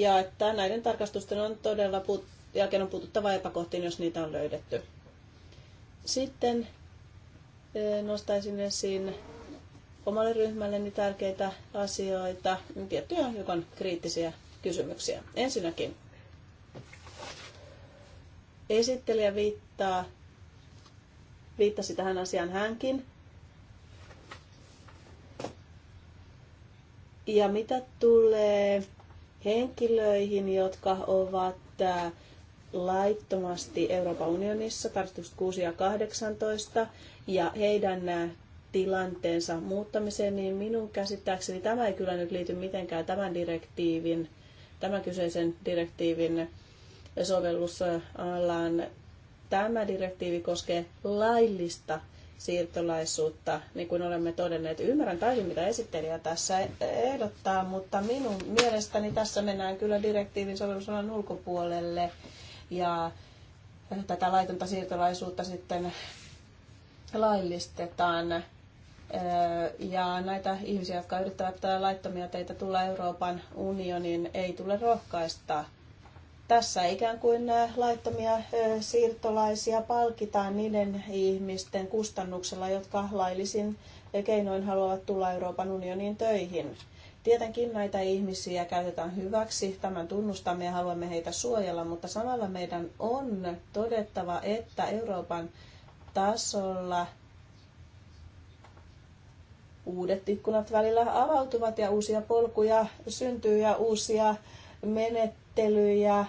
ja että näiden tarkastusten on todella put- jälkeen on puututtava epäkohtiin, jos niitä on löydetty. Sitten eh, nostaisin esiin omalle ryhmälleni tärkeitä asioita, tiettyjä hiukan kriittisiä kysymyksiä. Ensinnäkin esittelijä viittaa, viittasi tähän asiaan hänkin. Ja mitä tulee henkilöihin, jotka ovat äh, laittomasti Euroopan unionissa, tarkistukset 6 ja 18, ja heidän äh, tilanteensa muuttamiseen, niin minun käsittääkseni tämä ei kyllä nyt liity mitenkään tämän direktiivin, tämän kyseisen direktiivin äh, sovellusalaan. Tämä direktiivi koskee laillista siirtolaisuutta, niin kuin olemme todenneet. Ymmärrän täysin, mitä esittelijä tässä ehdottaa, mutta minun mielestäni tässä mennään kyllä direktiivin sovellusalan ulkopuolelle ja tätä laitonta siirtolaisuutta sitten laillistetaan. Ja näitä ihmisiä, jotka yrittävät laittomia teitä tulla Euroopan unioniin, ei tule rohkaista tässä ikään kuin laittomia siirtolaisia palkitaan niiden ihmisten kustannuksella, jotka laillisin keinoin haluavat tulla Euroopan unioniin töihin. Tietenkin näitä ihmisiä käytetään hyväksi, tämän tunnustamme ja haluamme heitä suojella, mutta samalla meidän on todettava, että Euroopan tasolla uudet ikkunat välillä avautuvat ja uusia polkuja syntyy ja uusia menettelyjä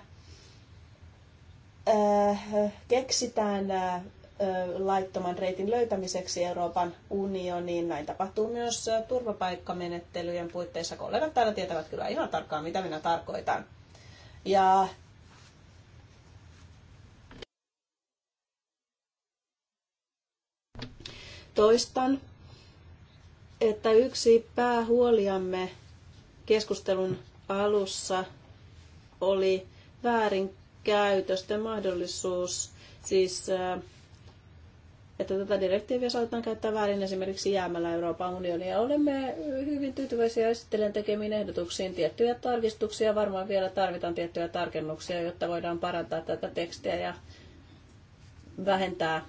Äh, keksitään äh, äh, laittoman reitin löytämiseksi Euroopan unioniin. Näin tapahtuu myös turvapaikkamenettelyjen puitteissa. Kollegat täällä tietävät kyllä ihan tarkkaan, mitä minä tarkoitan. Ja toistan, että yksi päähuoliamme keskustelun alussa oli väärin käytösten mahdollisuus, siis äh, että tätä direktiiviä saatetaan käyttää väärin esimerkiksi jäämällä Euroopan unionia. Olemme hyvin tyytyväisiä esittelen tekemiin ehdotuksiin tiettyjä tarkistuksia. Varmaan vielä tarvitaan tiettyjä tarkennuksia, jotta voidaan parantaa tätä tekstiä ja vähentää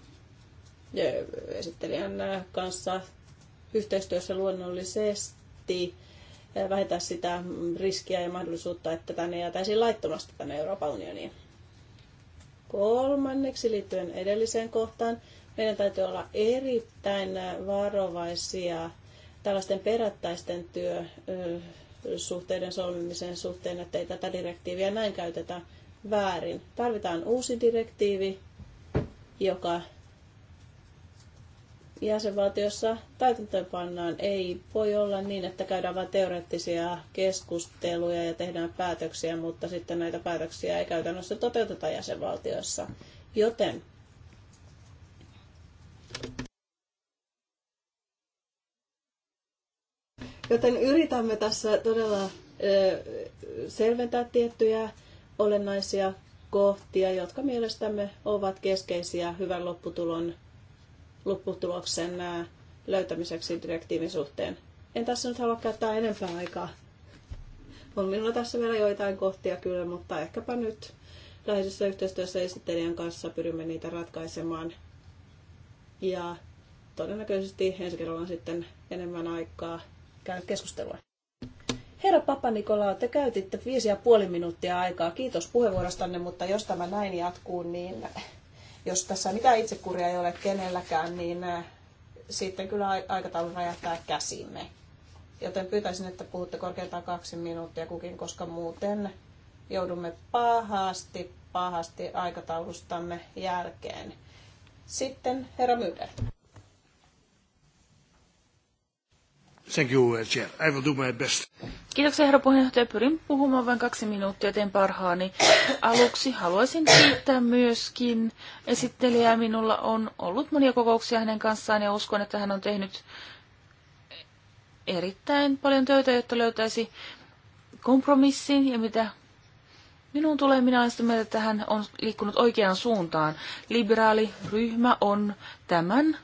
esittelijän äh, kanssa yhteistyössä luonnollisesti äh, vähentää sitä riskiä ja mahdollisuutta, että tänne jäätäisiin laittomasti tänne Euroopan unioniin. Kolmanneksi liittyen edelliseen kohtaan, meidän täytyy olla erittäin varovaisia tällaisten perättäisten työsuhteiden solmimisen suhteen, että ei tätä direktiiviä näin käytetä väärin. Tarvitaan uusi direktiivi, joka jäsenvaltiossa täytäntöönpannaan. Ei voi olla niin, että käydään vain teoreettisia keskusteluja ja tehdään päätöksiä, mutta sitten näitä päätöksiä ei käytännössä toteuteta jäsenvaltioissa. Joten Joten yritämme tässä todella selventää tiettyjä olennaisia kohtia, jotka mielestämme ovat keskeisiä hyvän lopputulon lopputuloksen löytämiseksi direktiivin suhteen. En tässä nyt halua käyttää enempää aikaa. On minulla tässä vielä joitain kohtia kyllä, mutta ehkäpä nyt läheisessä yhteistyössä esittelijän kanssa pyrimme niitä ratkaisemaan. Ja todennäköisesti ensi kerralla on sitten enemmän aikaa käydä keskustelua. Herra Papa Nikola, te käytitte viisi ja puoli minuuttia aikaa. Kiitos puheenvuorostanne, mutta jos tämä näin jatkuu, niin jos tässä mitään itsekuria ei ole kenelläkään, niin äh, sitten kyllä aikataulu räjähtää käsimme. Joten pyytäisin, että puhutte korkeintaan kaksi minuuttia kukin, koska muuten joudumme pahasti, pahasti aikataulustamme jälkeen. Sitten herra Myder. Thank you, uh, Chair. I will do my best. Kiitoksia, herra puheenjohtaja. Pyrin puhumaan vain kaksi minuuttia, teen parhaani. Aluksi haluaisin kiittää myöskin esittelijää. Minulla on ollut monia kokouksia hänen kanssaan ja uskon, että hän on tehnyt erittäin paljon töitä, jotta löytäisi kompromissin ja mitä minun tulee, minä olen sitä mieltä, että hän on liikkunut oikeaan suuntaan. Liberaaliryhmä on tämän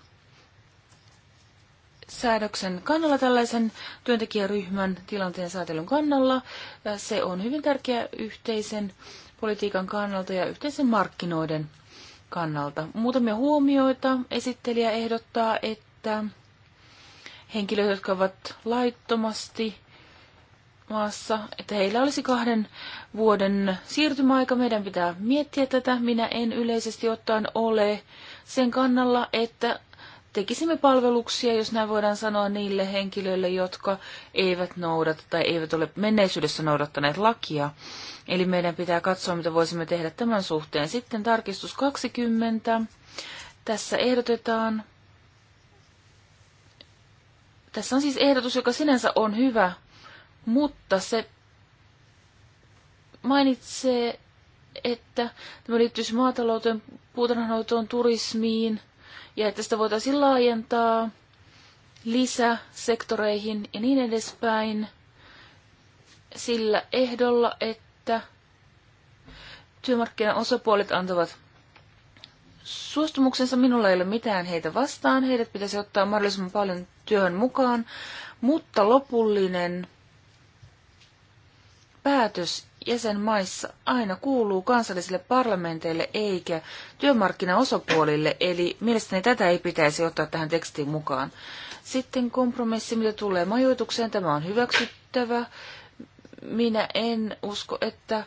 säädöksen kannalla, tällaisen työntekijäryhmän tilanteen säätelyn kannalla. Se on hyvin tärkeä yhteisen politiikan kannalta ja yhteisen markkinoiden kannalta. Muutamia huomioita esittelijä ehdottaa, että henkilöt, jotka ovat laittomasti maassa, että heillä olisi kahden vuoden siirtymäaika. Meidän pitää miettiä tätä. Minä en yleisesti ottaen ole sen kannalla, että tekisimme palveluksia, jos näin voidaan sanoa, niille henkilöille, jotka eivät noudata tai eivät ole menneisyydessä noudattaneet lakia. Eli meidän pitää katsoa, mitä voisimme tehdä tämän suhteen. Sitten tarkistus 20. Tässä ehdotetaan. Tässä on siis ehdotus, joka sinänsä on hyvä, mutta se mainitsee, että tämä liittyisi maatalouteen, puutarhanhoitoon, turismiin – ja että sitä voitaisiin laajentaa lisäsektoreihin ja niin edespäin sillä ehdolla, että osapuolet antavat suostumuksensa. Minulla ei ole mitään heitä vastaan. Heidät pitäisi ottaa mahdollisimman paljon työhön mukaan, mutta lopullinen päätös jäsenmaissa aina kuuluu kansallisille parlamenteille eikä työmarkkinaosapuolille, eli mielestäni tätä ei pitäisi ottaa tähän tekstiin mukaan. Sitten kompromissi, mitä tulee majoitukseen, tämä on hyväksyttävä. Minä en usko, että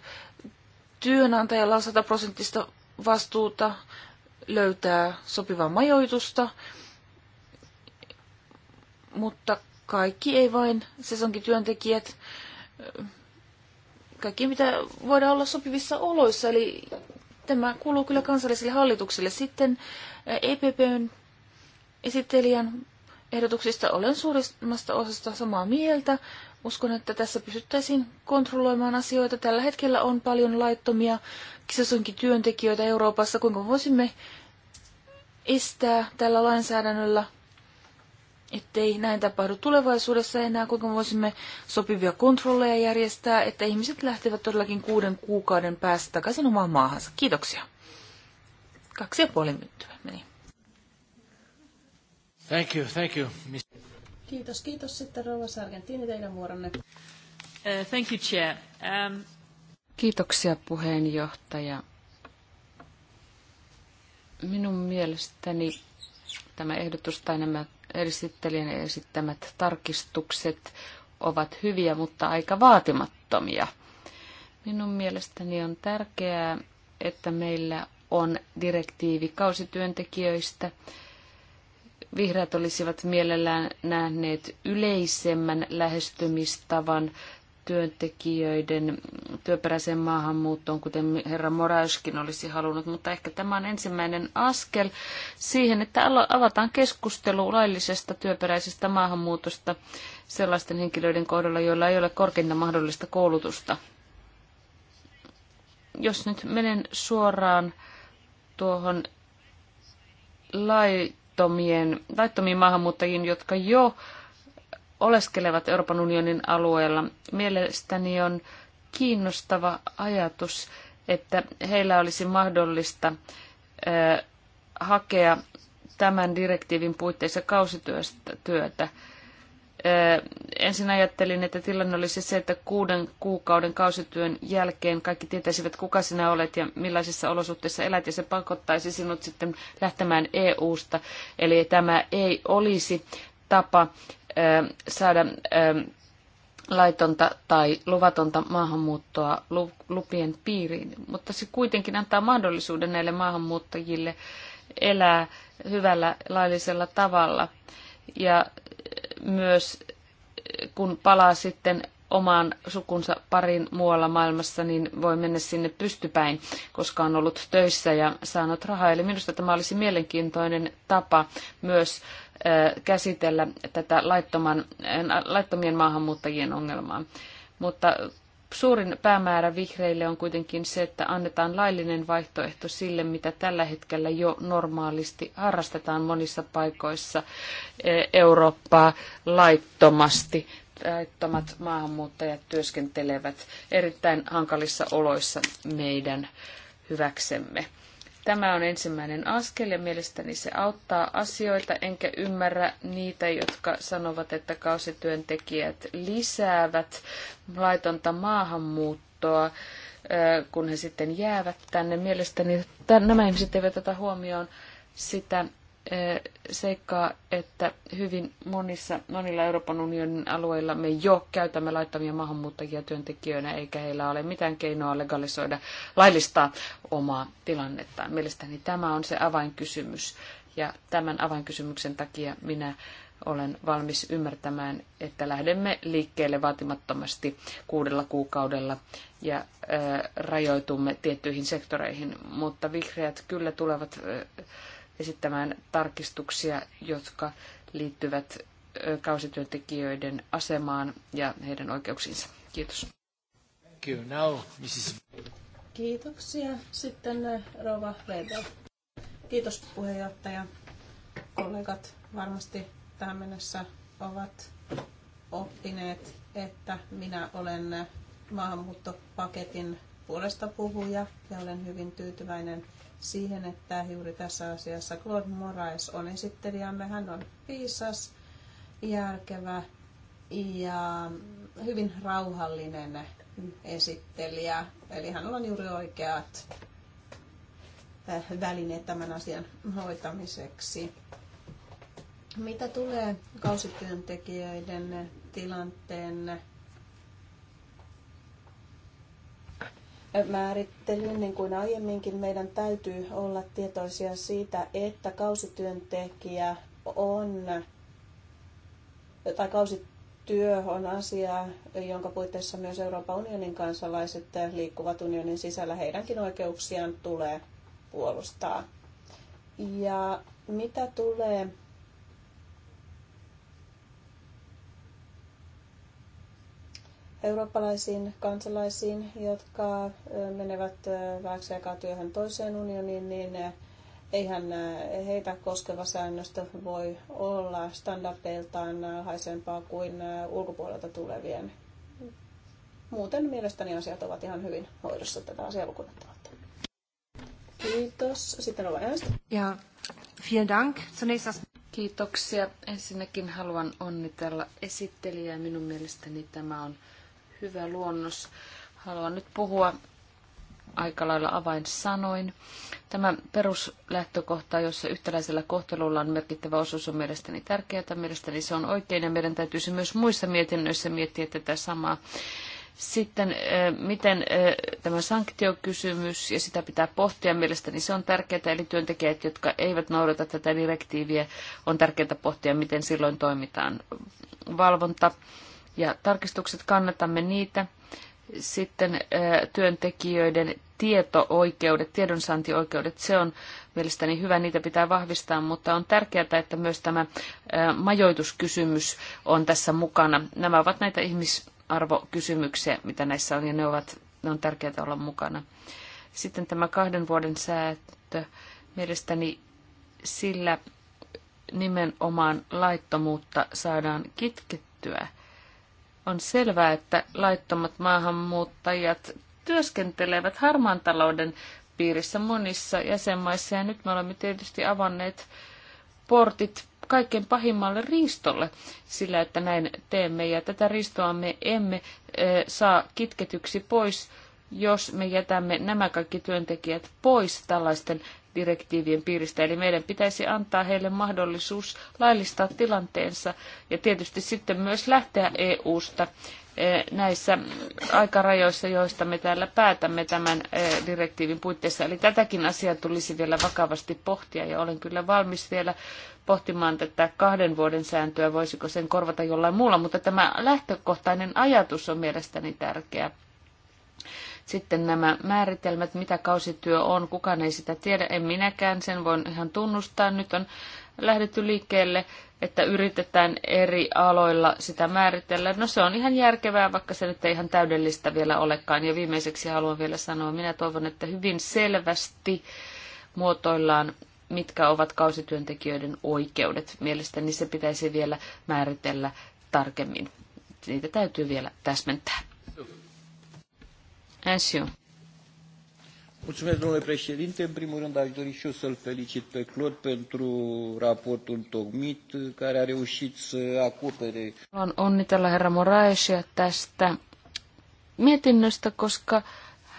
työnantajalla on 100 prosenttista vastuuta löytää sopivaa majoitusta, mutta kaikki ei vain sesonkityöntekijät kaikki mitä voidaan olla sopivissa oloissa. Eli tämä kuuluu kyllä kansalliselle hallitukselle. Sitten EPPn eh, e esittelijän ehdotuksista olen suurimmasta osasta samaa mieltä. Uskon, että tässä pystyttäisiin kontrolloimaan asioita. Tällä hetkellä on paljon laittomia kisasunkin työntekijöitä Euroopassa. Kuinka voisimme estää tällä lainsäädännöllä ettei näin tapahdu tulevaisuudessa enää, kuinka voisimme sopivia kontrolleja järjestää, että ihmiset lähtevät todellakin kuuden kuukauden päästä takaisin omaan maahansa. Kiitoksia. Kaksi ja puoli minuuttia meni. Thank you, thank you. Kiitos, kiitos sitten Rouva Sargentini teidän vuoronne. Uh, thank you, Chair. Um... Kiitoksia puheenjohtaja. Minun mielestäni tämä ehdotus tai nämä esittelijän esittämät tarkistukset ovat hyviä, mutta aika vaatimattomia. Minun mielestäni on tärkeää, että meillä on direktiivi kausityöntekijöistä. Vihreät olisivat mielellään nähneet yleisemmän lähestymistavan työntekijöiden työperäiseen maahanmuuttoon, kuten herra Moraiskin olisi halunnut, mutta ehkä tämä on ensimmäinen askel siihen, että avataan keskustelu laillisesta työperäisestä maahanmuutosta sellaisten henkilöiden kohdalla, joilla ei ole korkeinta mahdollista koulutusta. Jos nyt menen suoraan tuohon laittomien, laittomiin maahanmuuttajiin, jotka jo oleskelevat Euroopan unionin alueella. Mielestäni on kiinnostava ajatus, että heillä olisi mahdollista hakea tämän direktiivin puitteissa kausityötä. Ensin ajattelin, että tilanne olisi se, että kuuden kuukauden kausityön jälkeen kaikki tietäisivät, kuka sinä olet ja millaisissa olosuhteissa elät, ja se pakottaisi sinut sitten lähtemään EU-sta. Eli tämä ei olisi tapa saada laitonta tai luvatonta maahanmuuttoa lupien piiriin, mutta se kuitenkin antaa mahdollisuuden näille maahanmuuttajille elää hyvällä laillisella tavalla. Ja myös kun palaa sitten omaan sukunsa parin muualla maailmassa, niin voi mennä sinne pystypäin, koska on ollut töissä ja saanut rahaa. Eli minusta tämä olisi mielenkiintoinen tapa myös käsitellä tätä laittoman, laittomien maahanmuuttajien ongelmaa. Mutta suurin päämäärä vihreille on kuitenkin se, että annetaan laillinen vaihtoehto sille, mitä tällä hetkellä jo normaalisti harrastetaan monissa paikoissa Eurooppaa laittomasti. Laittomat maahanmuuttajat työskentelevät erittäin hankalissa oloissa meidän hyväksemme. Tämä on ensimmäinen askel ja mielestäni se auttaa asioita, enkä ymmärrä niitä, jotka sanovat, että kausityöntekijät lisäävät laitonta maahanmuuttoa, kun he sitten jäävät tänne. Mielestäni nämä ihmiset eivät tätä huomioon sitä, seikkaa, että hyvin monissa, monilla Euroopan unionin alueilla me jo käytämme laittamia maahanmuuttajia työntekijöinä, eikä heillä ole mitään keinoa legalisoida, laillistaa omaa tilannettaan. Mielestäni tämä on se avainkysymys, ja tämän avainkysymyksen takia minä olen valmis ymmärtämään, että lähdemme liikkeelle vaatimattomasti kuudella kuukaudella ja rajoitumme tiettyihin sektoreihin, mutta vihreät kyllä tulevat... Ö, esittämään tarkistuksia, jotka liittyvät kausityöntekijöiden asemaan ja heidän oikeuksiinsa. Kiitos. Kiitoksia. Sitten Rova Weber. Kiitos puheenjohtaja. Kollegat varmasti tähän mennessä ovat oppineet, että minä olen maahanmuuttopaketin puolesta puhuja ja olen hyvin tyytyväinen siihen, että juuri tässä asiassa Claude moraes on esittelijämme. Hän on viisas, järkevä ja hyvin rauhallinen esittelijä. Eli hän on juuri oikeat äh, välineet tämän asian hoitamiseksi. Mitä tulee kausityöntekijöiden tilanteen määrittelyyn, niin kuin aiemminkin meidän täytyy olla tietoisia siitä, että kausityöntekijä on, tai kausityö on asia, jonka puitteissa myös Euroopan unionin kansalaiset liikkuvat unionin sisällä. Heidänkin oikeuksiaan tulee puolustaa. Ja mitä tulee eurooppalaisiin kansalaisiin, jotka menevät vähäksi aikaa työhön toiseen unioniin, niin eihän heitä koskeva säännöstö voi olla standardeiltaan haisempaa kuin ulkopuolelta tulevien. Muuten mielestäni asiat ovat ihan hyvin hoidossa tätä asiaa Kiitos. Sitten ollaan Ernst. Ja vielen dank. Zunächst Kiitoksia. Ensinnäkin haluan onnitella esittelijää. Minun mielestäni tämä on hyvä luonnos. Haluan nyt puhua aika lailla avainsanoin. Tämä peruslähtökohta, jossa yhtäläisellä kohtelulla on merkittävä osuus, on mielestäni tärkeää. Mielestäni se on oikein ja meidän täytyisi myös muissa mietinnöissä miettiä tätä samaa. Sitten eh, miten eh, tämä sanktiokysymys ja sitä pitää pohtia, mielestäni se on tärkeää, eli työntekijät, jotka eivät noudata tätä direktiiviä, on tärkeää pohtia, miten silloin toimitaan valvonta ja tarkistukset kannatamme niitä. Sitten työntekijöiden tieto-oikeudet, tiedonsaantioikeudet, se on mielestäni hyvä, niitä pitää vahvistaa, mutta on tärkeää, että myös tämä majoituskysymys on tässä mukana. Nämä ovat näitä ihmisarvokysymyksiä, mitä näissä on, ja ne, ovat, ne on tärkeää olla mukana. Sitten tämä kahden vuoden säätö, mielestäni sillä nimenomaan laittomuutta saadaan kitkettyä on selvää, että laittomat maahanmuuttajat työskentelevät harmaan talouden piirissä monissa jäsenmaissa ja nyt me olemme tietysti avanneet portit kaikkein pahimmalle riistolle sillä, että näin teemme ja tätä riistoa me emme saa kitketyksi pois, jos me jätämme nämä kaikki työntekijät pois tällaisten direktiivien piiristä. Eli meidän pitäisi antaa heille mahdollisuus laillistaa tilanteensa ja tietysti sitten myös lähteä EU-sta e, näissä aikarajoissa, joista me täällä päätämme tämän e, direktiivin puitteissa. Eli tätäkin asiaa tulisi vielä vakavasti pohtia ja olen kyllä valmis vielä pohtimaan tätä kahden vuoden sääntöä, voisiko sen korvata jollain muulla, mutta tämä lähtökohtainen ajatus on mielestäni tärkeä. Sitten nämä määritelmät, mitä kausityö on, kukaan ei sitä tiedä, en minäkään, sen voin ihan tunnustaa. Nyt on lähdetty liikkeelle, että yritetään eri aloilla sitä määritellä. No se on ihan järkevää, vaikka se nyt ei ihan täydellistä vielä olekaan. Ja viimeiseksi haluan vielä sanoa, minä toivon, että hyvin selvästi muotoillaan mitkä ovat kausityöntekijöiden oikeudet. Mielestäni se pitäisi vielä määritellä tarkemmin. Niitä täytyy vielä täsmentää. Ansiu. Mulțumesc, domnule președinte. În primul rând, aș dori și eu să-l felicit pe Claude pentru raportul tocmit, care a reușit să acopere. onnitella herra Moraesia tästä mietinnöstä, koska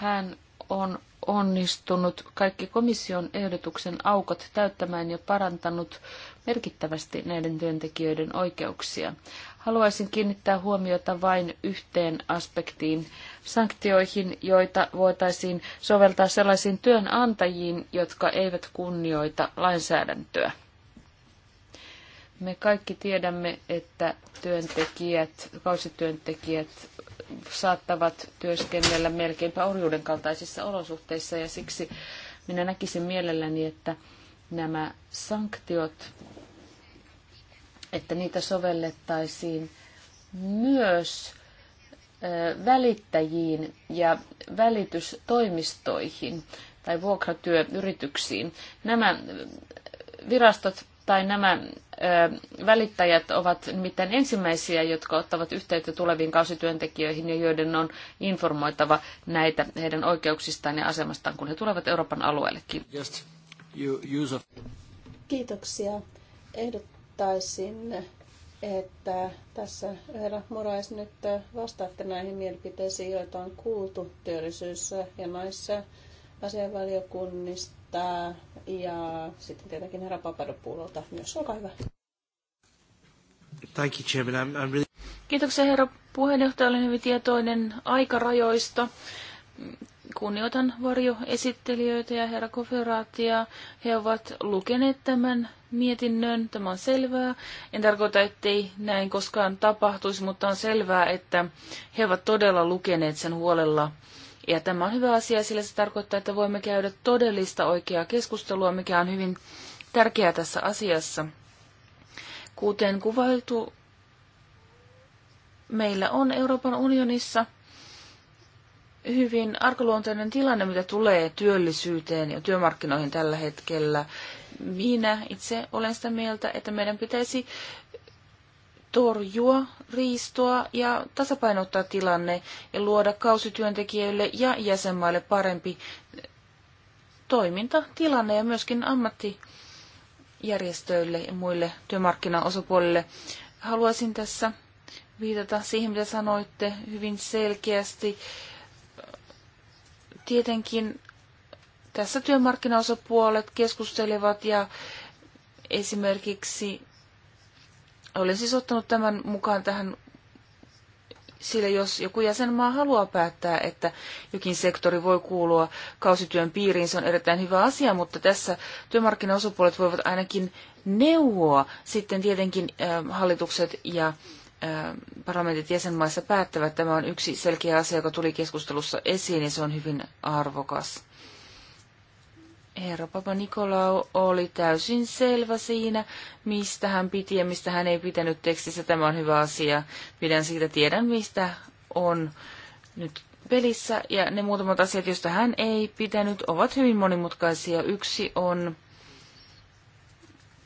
hän on onnistunut kaikki komission ehdotuksen aukot täyttämään ja parantanut merkittävästi näiden työntekijöiden oikeuksia. Haluaisin kiinnittää huomiota vain yhteen aspektiin sanktioihin, joita voitaisiin soveltaa sellaisiin työnantajiin, jotka eivät kunnioita lainsäädäntöä. Me kaikki tiedämme, että työntekijät, kausityöntekijät saattavat työskennellä melkeinpä orjuuden kaltaisissa olosuhteissa ja siksi minä näkisin mielelläni, että nämä sanktiot, että niitä sovellettaisiin myös välittäjiin ja välitystoimistoihin tai vuokratyöyrityksiin. Nämä virastot tai nämä välittäjät ovat nimittäin ensimmäisiä, jotka ottavat yhteyttä tuleviin kausityöntekijöihin ja joiden on informoitava näitä heidän oikeuksistaan ja asemastaan, kun he tulevat Euroopan alueellekin. Kiitoksia. Ehdottaisin että tässä herra Morais nyt äh, vastaatte näihin mielipiteisiin, joita on kuultu työllisyys- ja naissa asianvaliokunnista ja sitten tietenkin herra Papadopuulolta myös. Olkaa hyvä. Thank you, Chairman. I'm, I'm really... Kiitoksia herra puheenjohtaja. Olen hyvin tietoinen aikarajoista. Kunnioitan varjoesittelijöitä ja herra Koferaatia. He ovat lukeneet tämän mietinnön. Tämä on selvää. En tarkoita, ettei näin koskaan tapahtuisi, mutta on selvää, että he ovat todella lukeneet sen huolella. Ja tämä on hyvä asia, sillä se tarkoittaa, että voimme käydä todellista oikeaa keskustelua, mikä on hyvin tärkeää tässä asiassa. Kuten kuvailtu, meillä on Euroopan unionissa hyvin arkaluonteinen tilanne, mitä tulee työllisyyteen ja työmarkkinoihin tällä hetkellä minä itse olen sitä mieltä, että meidän pitäisi torjua riistoa ja tasapainottaa tilanne ja luoda kausityöntekijöille ja jäsenmaille parempi toimintatilanne ja myöskin ammattijärjestöille ja muille työmarkkinaosapuolille. Haluaisin tässä viitata siihen, mitä sanoitte hyvin selkeästi. Tietenkin tässä työmarkkinaosapuolet keskustelevat ja esimerkiksi olen siis ottanut tämän mukaan tähän, sillä jos joku jäsenmaa haluaa päättää, että jokin sektori voi kuulua kausityön piiriin, se on erittäin hyvä asia, mutta tässä työmarkkinaosapuolet voivat ainakin neuvoa sitten tietenkin hallitukset ja parlamentit jäsenmaissa päättävät. Tämä on yksi selkeä asia, joka tuli keskustelussa esiin ja se on hyvin arvokas herra Papa Nikolau oli täysin selvä siinä, mistä hän piti ja mistä hän ei pitänyt tekstissä. Tämä on hyvä asia. Pidän siitä, tiedän mistä on nyt pelissä. Ja ne muutamat asiat, joista hän ei pitänyt, ovat hyvin monimutkaisia. Yksi on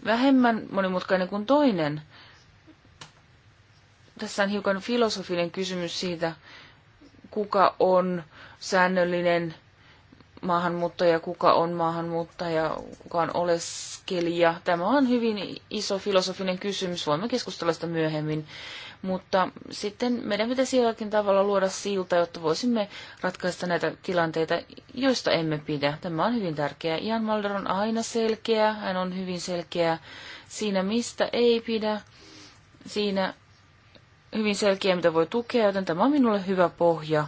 vähemmän monimutkainen kuin toinen. Tässä on hiukan filosofinen kysymys siitä, kuka on säännöllinen – maahanmuuttaja, kuka on maahanmuuttaja, kuka on oleskelija. Tämä on hyvin iso filosofinen kysymys, voimme keskustella sitä myöhemmin. Mutta sitten meidän pitäisi jollakin tavalla luoda silta, jotta voisimme ratkaista näitä tilanteita, joista emme pidä. Tämä on hyvin tärkeää. Ian Mulder on aina selkeä, hän on hyvin selkeä siinä, mistä ei pidä, siinä hyvin selkeä, mitä voi tukea, joten tämä on minulle hyvä pohja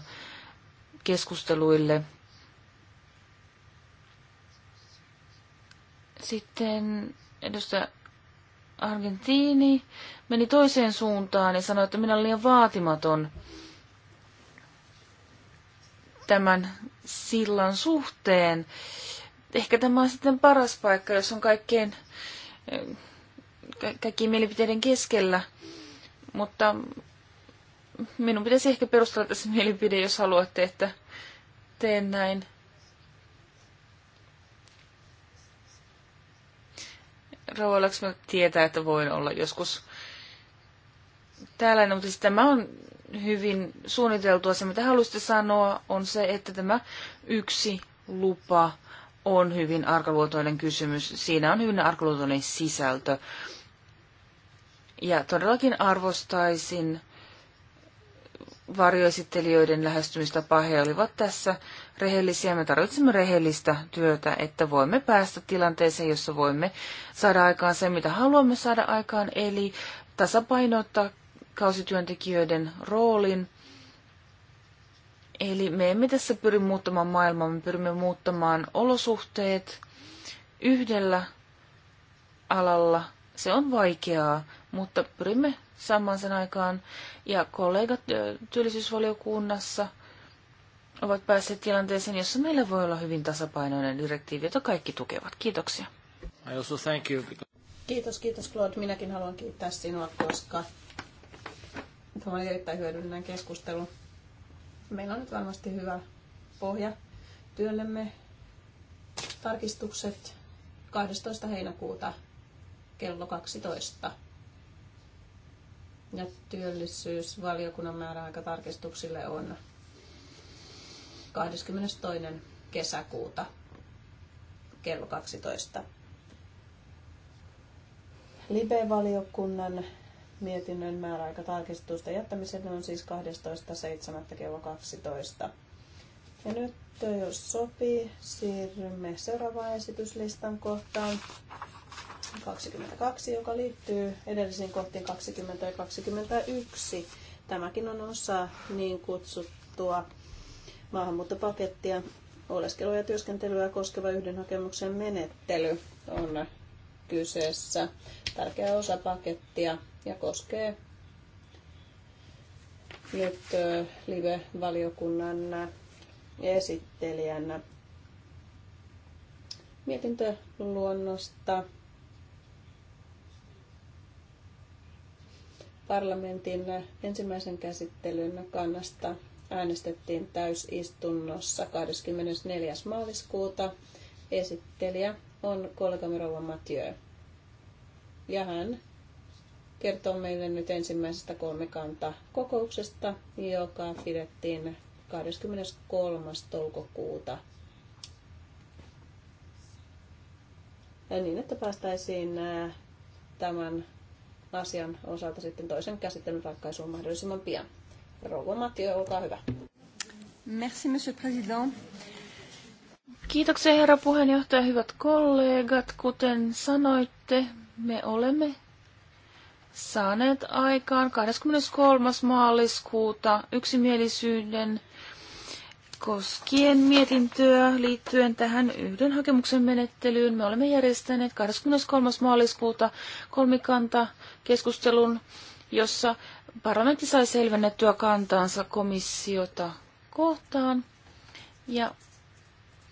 keskusteluille – Sitten edustaja Argentiini meni toiseen suuntaan ja sanoi, että minä olen liian vaatimaton tämän sillan suhteen. Ehkä tämä on sitten paras paikka, jos on kaikkein, ka- kaikkien mielipiteiden keskellä. Mutta minun pitäisi ehkä perustella tässä mielipide, jos haluatte, että teen näin. Rouva mä tietää, että voin olla joskus täällä, no, mutta siis tämä on hyvin suunniteltua. Se, mitä haluaisitte sanoa, on se, että tämä yksi lupa on hyvin arkaluontoinen kysymys. Siinä on hyvin arkaluontoinen sisältö. Ja todellakin arvostaisin varjoesittelijöiden lähestymistapa. He olivat tässä rehellisiä. Me tarvitsemme rehellistä työtä, että voimme päästä tilanteeseen, jossa voimme saada aikaan sen, mitä haluamme saada aikaan, eli tasapainottaa kausityöntekijöiden roolin. Eli me emme tässä pyri muuttamaan maailmaa, me pyrimme muuttamaan olosuhteet yhdellä alalla. Se on vaikeaa, mutta pyrimme Saman sen aikaan. Ja kollegat työllisyysvaliokunnassa ovat päässeet tilanteeseen, jossa meillä voi olla hyvin tasapainoinen direktiivi, jota kaikki tukevat. Kiitoksia. I also thank you. Kiitos, kiitos Claude. Minäkin haluan kiittää sinua, koska tämä oli erittäin hyödyllinen keskustelu. Meillä on nyt varmasti hyvä pohja työllemme. Tarkistukset 12. heinäkuuta kello 12. Ja työllisyysvaliokunnan määräaikatarkistuksille on 22. kesäkuuta kello 12. Libe-valiokunnan mietinnön määräaikatarkistusta tarkistusta jättämiselle on siis 12.7. kello 12. Ja nyt jos sopii, siirrymme seuraavaan esityslistan kohtaan. 22, joka liittyy edellisiin kohtiin 20 ja 21. Tämäkin on osa niin kutsuttua maahanmuuttopakettia. Oleskelua ja työskentelyä koskeva yhden hakemuksen menettely on kyseessä. Tärkeä osa pakettia ja koskee nyt live-valiokunnan esittelijänä mietintöluonnosta. parlamentin ensimmäisen käsittelyn kannasta äänestettiin täysistunnossa 24. maaliskuuta. Esittelijä on kollegamme Rova Mathieu. Ja hän kertoo meille nyt ensimmäisestä kolmikanta kokouksesta, joka pidettiin 23. toukokuuta. Ja niin, että päästäisiin tämän asian osalta sitten toisen käsittelyn ratkaisuun mahdollisimman pian. Rouva Matti, olkaa hyvä. Merci, monsieur président. Kiitoksia herra puheenjohtaja, hyvät kollegat. Kuten sanoitte, me olemme saaneet aikaan 23. maaliskuuta yksimielisyyden koskien mietintöä liittyen tähän yhden hakemuksen menettelyyn. Me olemme järjestäneet 23. maaliskuuta kolmikanta keskustelun, jossa parlamentti sai selvennettyä kantaansa komissiota kohtaan. Ja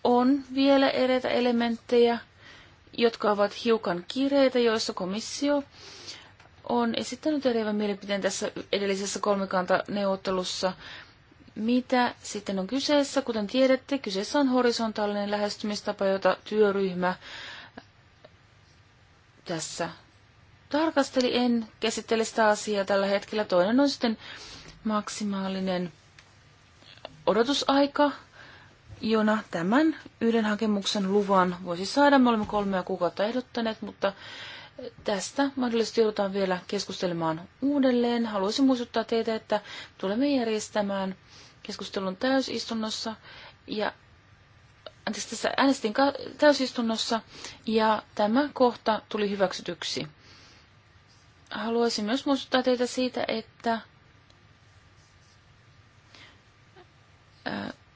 on vielä eräitä elementtejä, jotka ovat hiukan kireitä, joissa komissio on esittänyt eriävän mielipiteen tässä edellisessä kolmikanta neuvottelussa mitä sitten on kyseessä? Kuten tiedätte, kyseessä on horisontaalinen lähestymistapa, jota työryhmä tässä tarkasteli. En käsittele sitä asiaa tällä hetkellä. Toinen on sitten maksimaalinen odotusaika, jona tämän yhden hakemuksen luvan voisi saada. Me olemme kolmea kuukautta ehdottaneet, mutta tästä mahdollisesti joudutaan vielä keskustelemaan uudelleen. Haluaisin muistuttaa teitä, että tulemme järjestämään – keskustelun täysistunnossa ja anteeksi, tässä äänestin täysistunnossa ja tämä kohta tuli hyväksytyksi. Haluaisin myös muistuttaa teitä siitä, että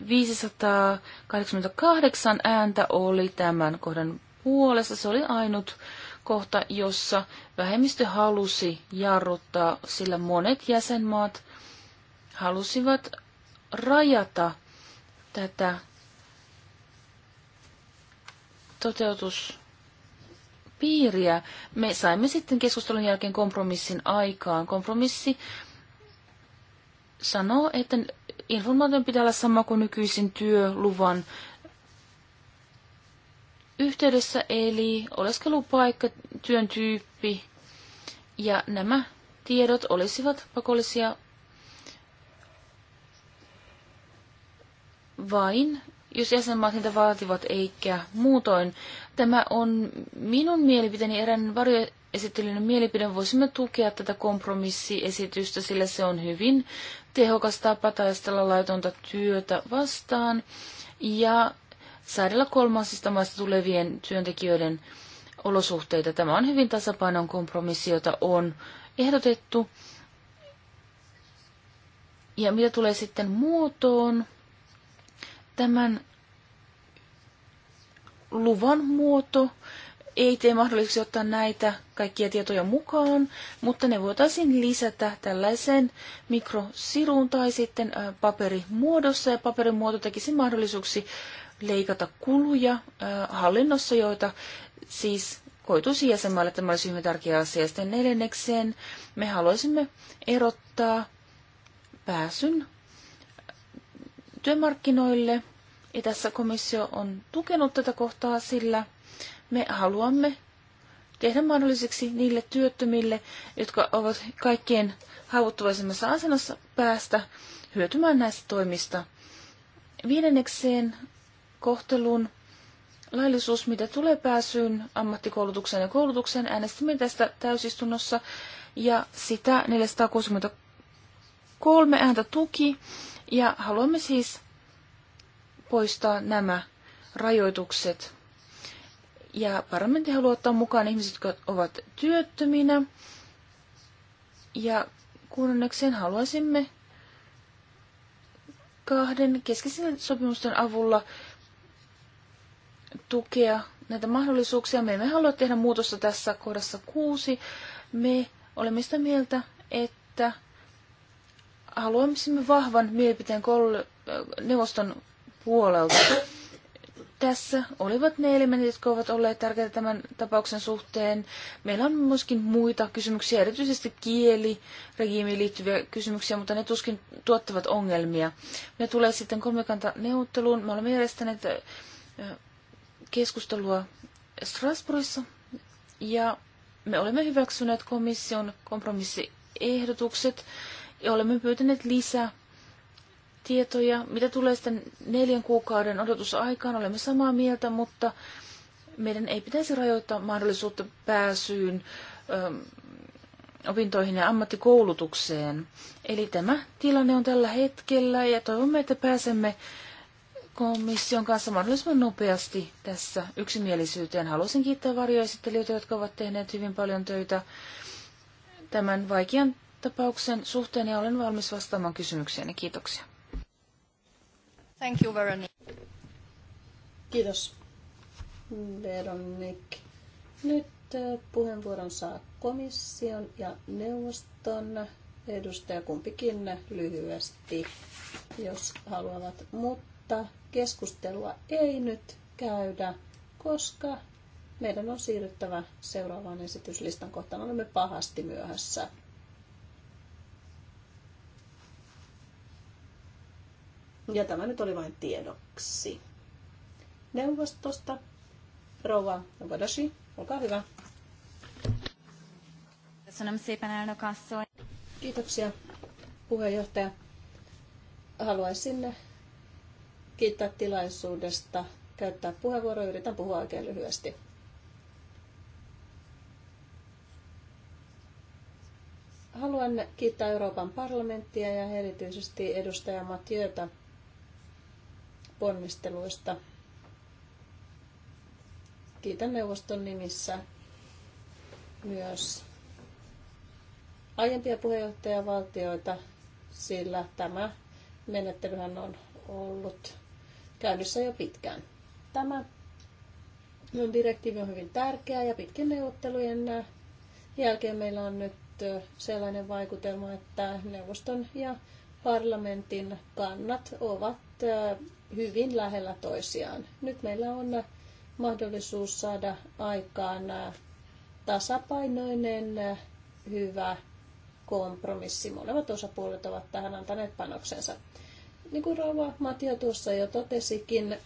588 ääntä oli tämän kohdan puolesta. Se oli ainut kohta, jossa vähemmistö halusi jarruttaa, sillä monet jäsenmaat halusivat rajata tätä toteutuspiiriä. Me saimme sitten keskustelun jälkeen kompromissin aikaan. Kompromissi sanoo, että informaation pitää olla sama kuin nykyisin työluvan yhteydessä, eli oleskelupaikka, työn tyyppi ja nämä tiedot olisivat pakollisia vain, jos jäsenmaat niitä vaativat eikä muutoin. Tämä on minun mielipiteeni erään varjoesittelyn mielipide. Voisimme tukea tätä kompromissiesitystä, sillä se on hyvin tehokas tapa taistella laitonta työtä vastaan ja säädellä kolmansista maista tulevien työntekijöiden olosuhteita. Tämä on hyvin tasapainon kompromissi, jota on ehdotettu. Ja mitä tulee sitten muotoon, Tämän luvan muoto ei tee mahdolliseksi ottaa näitä kaikkia tietoja mukaan, mutta ne voitaisiin lisätä tällaiseen mikrosiruun tai sitten paperimuodossa, ja paperimuoto tekisi mahdollisuuksi leikata kuluja hallinnossa, joita siis koituisi jäsenmaille. Tämä olisi hyvin tärkeä asia. Sitten neljännekseen me haluaisimme erottaa pääsyn työmarkkinoille. Ja tässä komissio on tukenut tätä kohtaa, sillä me haluamme tehdä mahdolliseksi niille työttömille, jotka ovat kaikkien haavoittuvaisemmassa asennossa päästä hyötymään näistä toimista. Viidennekseen kohtelun laillisuus, mitä tulee pääsyyn ammattikoulutukseen ja koulutukseen, äänestimme tästä täysistunnossa ja sitä 463 ääntä tuki ja haluamme siis poistaa nämä rajoitukset. Ja parlamentti haluaa ottaa mukaan ihmiset, jotka ovat työttöminä. Ja kuunneksen haluaisimme kahden keskeisen sopimusten avulla tukea näitä mahdollisuuksia. Me emme halua tehdä muutosta tässä kohdassa kuusi. Me olemme sitä mieltä, että haluaisimme vahvan mielipiteen äh, neuvoston puolelta. Tässä olivat ne elementit, jotka ovat olleet tärkeitä tämän tapauksen suhteen. Meillä on myöskin muita kysymyksiä, erityisesti kieli, liittyviä kysymyksiä, mutta ne tuskin tuottavat ongelmia. Ne tulee sitten kolmikanta neuvotteluun. Me olemme järjestäneet äh, keskustelua Strasbourgissa ja me olemme hyväksyneet komission kompromissiehdotukset ja olemme pyytäneet lisää tietoja. Mitä tulee sitten neljän kuukauden odotusaikaan, olemme samaa mieltä, mutta meidän ei pitäisi rajoittaa mahdollisuutta pääsyyn ö, ähm, opintoihin ja ammattikoulutukseen. Eli tämä tilanne on tällä hetkellä ja toivomme, että pääsemme komission kanssa mahdollisimman nopeasti tässä yksimielisyyteen. Haluaisin kiittää varjoesittelijöitä, jotka ovat tehneet hyvin paljon töitä tämän vaikean tapauksen suhteen ja olen valmis vastaamaan kysymyksiin. Kiitoksia. Thank you, Veronique. Kiitos, Veronique. Nyt äh, puheenvuoron saa komission ja neuvoston edustaja kumpikin lyhyesti, jos haluavat. Mutta keskustelua ei nyt käydä, koska meidän on siirryttävä seuraavaan esityslistan kohtaan. Olemme pahasti myöhässä. Ja tämä nyt oli vain tiedoksi. Neuvostosta rouva Vadashi, olkaa hyvä. Kiitoksia puheenjohtaja. Haluaisin kiittää tilaisuudesta käyttää puheenvuoroa. Yritän puhua oikein lyhyesti. Haluan kiittää Euroopan parlamenttia ja erityisesti edustaja Matjötä ponnisteluista. Kiitän neuvoston nimissä myös aiempia puheenjohtajavaltioita, sillä tämä menettelyhän on ollut käynnissä jo pitkään. Tämä direktiivi on hyvin tärkeä ja pitkin neuvottelujen jälkeen meillä on nyt sellainen vaikutelma, että neuvoston ja parlamentin kannat ovat hyvin lähellä toisiaan. Nyt meillä on mahdollisuus saada aikaan tasapainoinen, hyvä kompromissi. Molemmat osapuolet ovat tähän antaneet panoksensa. Niin kuin rouva Matia tuossa jo totesikin,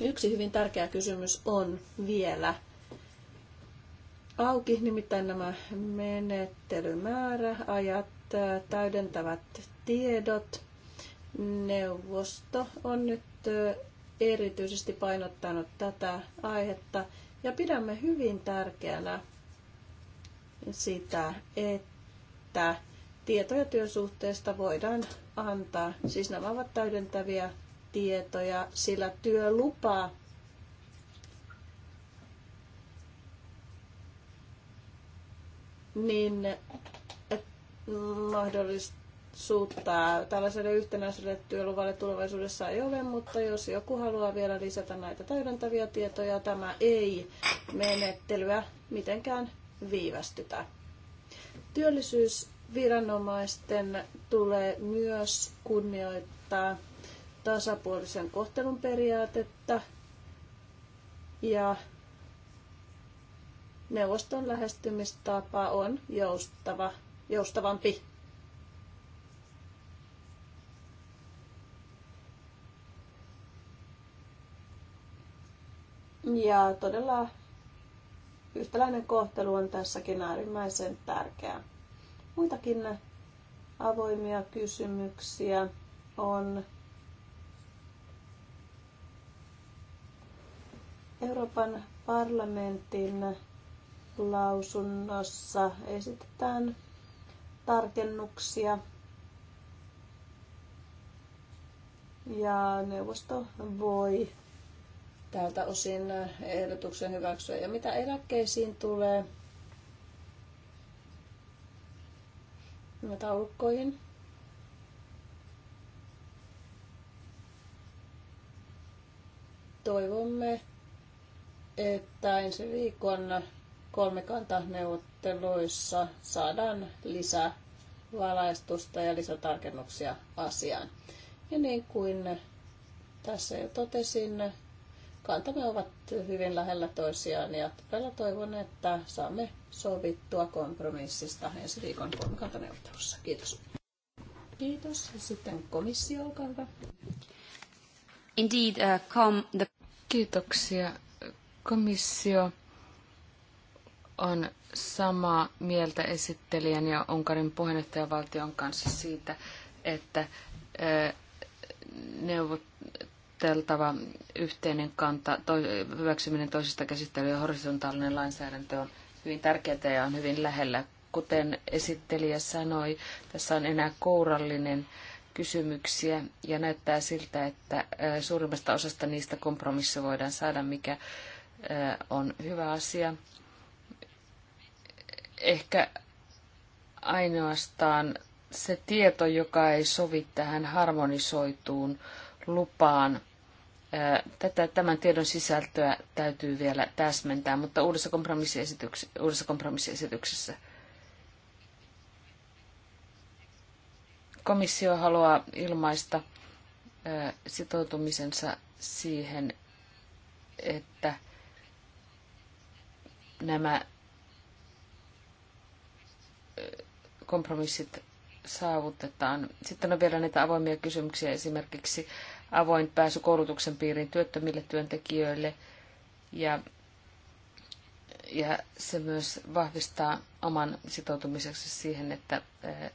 yksi hyvin tärkeä kysymys on vielä auki, nimittäin nämä menettelymäärä, ajat, täydentävät tiedot, Neuvosto on nyt erityisesti painottanut tätä aihetta ja pidämme hyvin tärkeänä sitä, että tietoja työsuhteesta voidaan antaa. Siis nämä ovat täydentäviä tietoja, sillä työlupa niin mahdollistaa sutta tällaiselle yhtenäiselle työluvalle tulevaisuudessa ei ole, mutta jos joku haluaa vielä lisätä näitä täydentäviä tietoja, tämä ei menettelyä mitenkään viivästytä. Työllisyysviranomaisten tulee myös kunnioittaa tasapuolisen kohtelun periaatetta ja neuvoston lähestymistapa on joustava, joustavampi Ja todella yhtäläinen kohtelu on tässäkin äärimmäisen tärkeää. Muitakin avoimia kysymyksiä on Euroopan parlamentin lausunnossa esitetään tarkennuksia ja neuvosto voi tältä osin äh, ehdotuksen hyväksyä. Ja mitä eläkkeisiin tulee, taulukkoihin. Toivomme, että ensi viikon kolmikantaneuvotteluissa saadaan lisää valaistusta ja lisätarkennuksia asiaan. Ja niin kuin tässä jo totesin, kantamme ovat hyvin lähellä toisiaan ja todella toivon, että saamme sovittua kompromissista ensi viikon kolmikantaneuvottelussa. Kiitos. Kiitos. Ja sitten komissio, olkaa hyvä. Indeed, uh, com the... Kiitoksia. Komissio on samaa mieltä esittelijän ja Unkarin puheenjohtajavaltion kanssa siitä, että uh, neuvot, neuvoteltava yhteinen kanta, to, hyväksyminen toisista käsittelyä ja horisontaalinen lainsäädäntö on hyvin tärkeää ja on hyvin lähellä. Kuten esittelijä sanoi, tässä on enää kourallinen kysymyksiä ja näyttää siltä, että suurimmasta osasta niistä kompromissi voidaan saada, mikä on hyvä asia. Ehkä ainoastaan se tieto, joka ei sovi tähän harmonisoituun lupaan, Tätä, tämän tiedon sisältöä täytyy vielä täsmentää, mutta uudessa, kompromissiesityksessä, uudessa kompromissiesityksessä komissio haluaa ilmaista sitoutumisensa siihen, että nämä kompromissit saavutetaan. Sitten on vielä näitä avoimia kysymyksiä esimerkiksi avoin pääsy koulutuksen piiriin työttömille työntekijöille ja, ja se myös vahvistaa oman sitoutumiseksi siihen, että eh,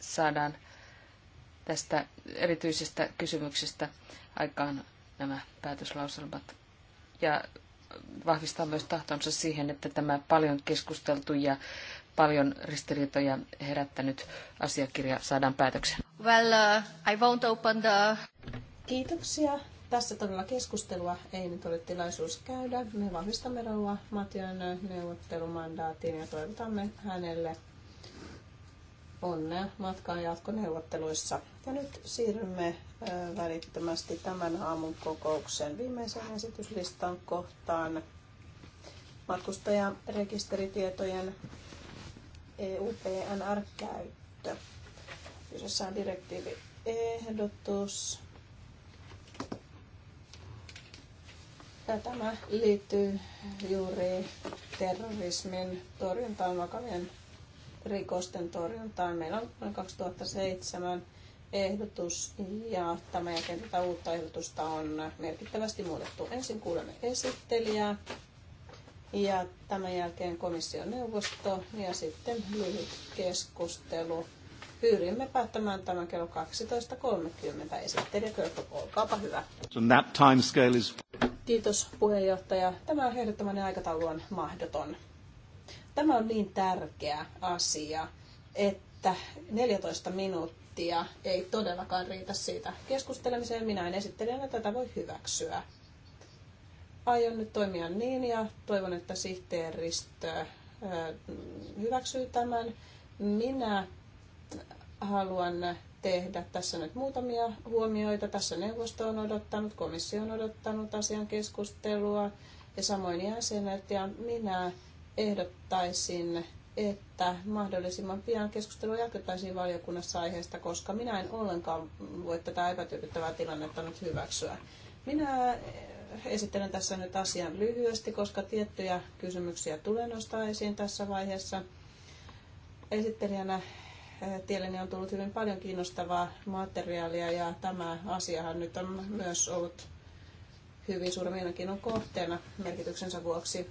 saadaan tästä erityisestä kysymyksestä aikaan nämä päätöslauselmat ja vahvistaa myös tahtonsa siihen, että tämä paljon keskusteltu ja paljon ristiriitoja herättänyt asiakirja saadaan päätökseen. Well, uh, I won't open the... Kiitoksia. Tässä todella keskustelua ei nyt ole tilaisuus käydä. Me vahvistamme Rouva Mation neuvottelumandaatin ja toivotamme hänelle onnea matkaan jatkoneuvotteluissa. Ja nyt siirrymme välittömästi tämän aamun kokouksen viimeisen esityslistan kohtaan matkustajarekisteritietojen EUPNR-käyttö. Kyseessä on direktiiviehdotus. Ja tämä liittyy juuri terrorismin torjuntaan, vakavien rikosten torjuntaan. Meillä on vuonna 2007 ehdotus ja tämän jälkeen tätä uutta ehdotusta on merkittävästi muutettu. Ensin kuulemme esittelijää ja tämän jälkeen komission neuvosto ja sitten lyhyt keskustelu pyrimme päättämään tämän kello 12.30. Esittelijä olkaapa hyvä. So that time scale is... Kiitos puheenjohtaja. Tämä ehdottoman aikataulu on mahdoton. Tämä on niin tärkeä asia, että 14 minuuttia ei todellakaan riitä siitä keskustelemiseen. Minä en esittelijänä tätä voi hyväksyä. Aion nyt toimia niin ja toivon, että sihteeristö hyväksyy tämän. Minä haluan tehdä tässä nyt muutamia huomioita. Tässä neuvosto on odottanut, komissio on odottanut asian keskustelua ja samoin jäsenet. Ja minä ehdottaisin, että mahdollisimman pian keskustelua jatkettaisiin valiokunnassa aiheesta, koska minä en ollenkaan voi tätä epätyydyttävää tilannetta nyt hyväksyä. Minä eh, esittelen tässä nyt asian lyhyesti, koska tiettyjä kysymyksiä tulee nostaa esiin tässä vaiheessa. Esittelijänä tielleni on tullut hyvin paljon kiinnostavaa materiaalia ja tämä asiahan nyt on myös ollut hyvin suuren mielenkiinnon kohteena merkityksensä vuoksi.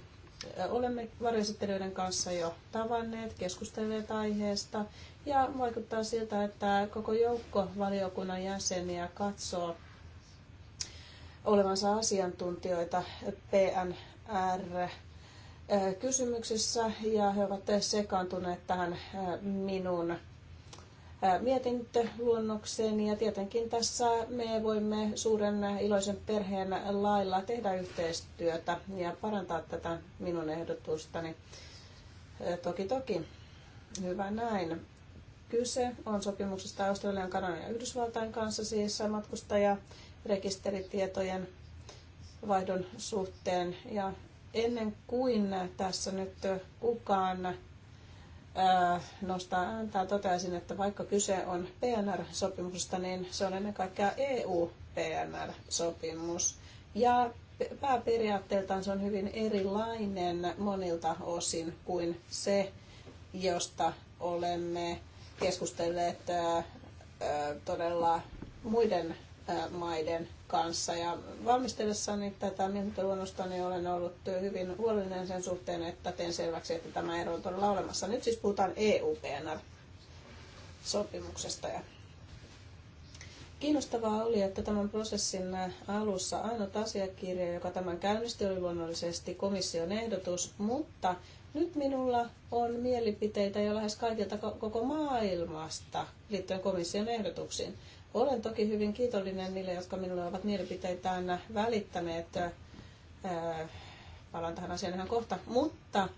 Olemme varjoesittelijöiden kanssa jo tavanneet, keskustelleet aiheesta ja vaikuttaa siltä, että koko joukko valiokunnan jäseniä katsoo olevansa asiantuntijoita PNR kysymyksessä ja he ovat sekaantuneet tähän minun mietintöluonnokseen ja tietenkin tässä me voimme suuren iloisen perheen lailla tehdä yhteistyötä ja parantaa tätä minun ehdotustani. Toki toki. Hyvä näin. Kyse on sopimuksesta Australian, Kanadan ja Yhdysvaltain kanssa siis matkustajarekisteritietojen vaihdon suhteen. Ja ennen kuin tässä nyt kukaan nostaa ääntä. Toteaisin, että vaikka kyse on PNR-sopimuksesta, niin se on ennen kaikkea EU-PNR-sopimus. Ja pääperiaatteeltaan se on hyvin erilainen monilta osin kuin se, josta olemme keskustelleet todella muiden maiden kanssa. Ja valmistellessani tätä niin olen ollut hyvin huolellinen sen suhteen, että teen selväksi, että tämä ero on todella olemassa. Nyt siis puhutaan EU-PNR-sopimuksesta ja Kiinnostavaa oli, että tämän prosessin alussa ainut asiakirja, joka tämän käynnisti, oli luonnollisesti komission ehdotus, mutta nyt minulla on mielipiteitä jo lähes kaikilta koko maailmasta liittyen komission ehdotuksiin. Olen toki hyvin kiitollinen niille, jotka minulle ovat mielipiteitään välittäneet. Palaan tähän asiaan ihan kohta. Mutta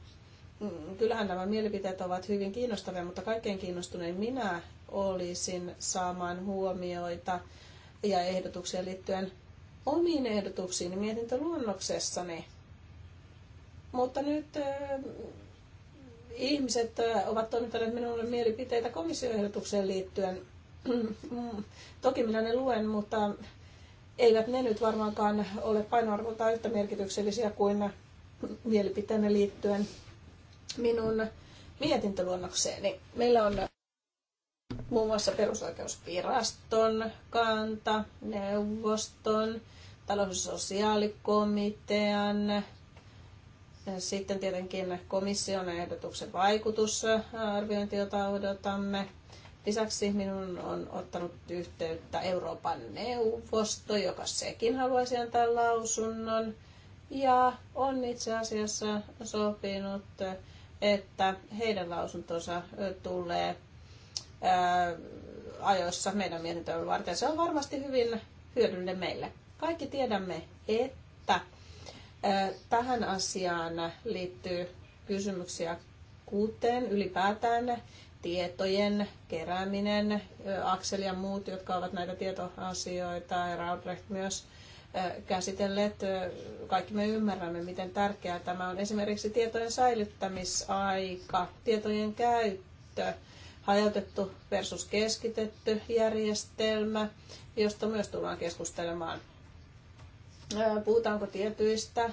mm, kyllähän nämä mielipiteet ovat hyvin kiinnostavia, mutta kaikkein kiinnostunein minä olisin saamaan huomioita ja ehdotuksia liittyen omiin ehdotuksiin mietintöluonnoksessani. Mutta nyt äh, ihmiset äh, ovat toimittaneet minulle mielipiteitä komissioehdotukseen liittyen Mm, toki minä ne luen, mutta eivät ne nyt varmaankaan ole painoarvoltaan yhtä merkityksellisiä kuin mielipiteenä liittyen minun mietintöluonnokseeni. Meillä on muun muassa perusoikeusviraston kanta, neuvoston, talous- ja sosiaalikomitean, sitten tietenkin komission ehdotuksen vaikutusarviointi, jota odotamme, Lisäksi minun on ottanut yhteyttä Euroopan neuvosto, joka sekin haluaisi antaa lausunnon. Ja on itse asiassa sopinut, että heidän lausuntonsa tulee ää, ajoissa meidän mietintöön varten. Se on varmasti hyvin hyödyllinen meille. Kaikki tiedämme, että ää, tähän asiaan liittyy kysymyksiä kuuteen ylipäätään tietojen kerääminen, Aksel ja muut, jotka ovat näitä tietoasioita ja Raudrecht myös käsitelleet. Kaikki me ymmärrämme, miten tärkeää tämä on. Esimerkiksi tietojen säilyttämisaika, tietojen käyttö, hajautettu versus keskitetty järjestelmä, josta myös tullaan keskustelemaan. Puhutaanko tietyistä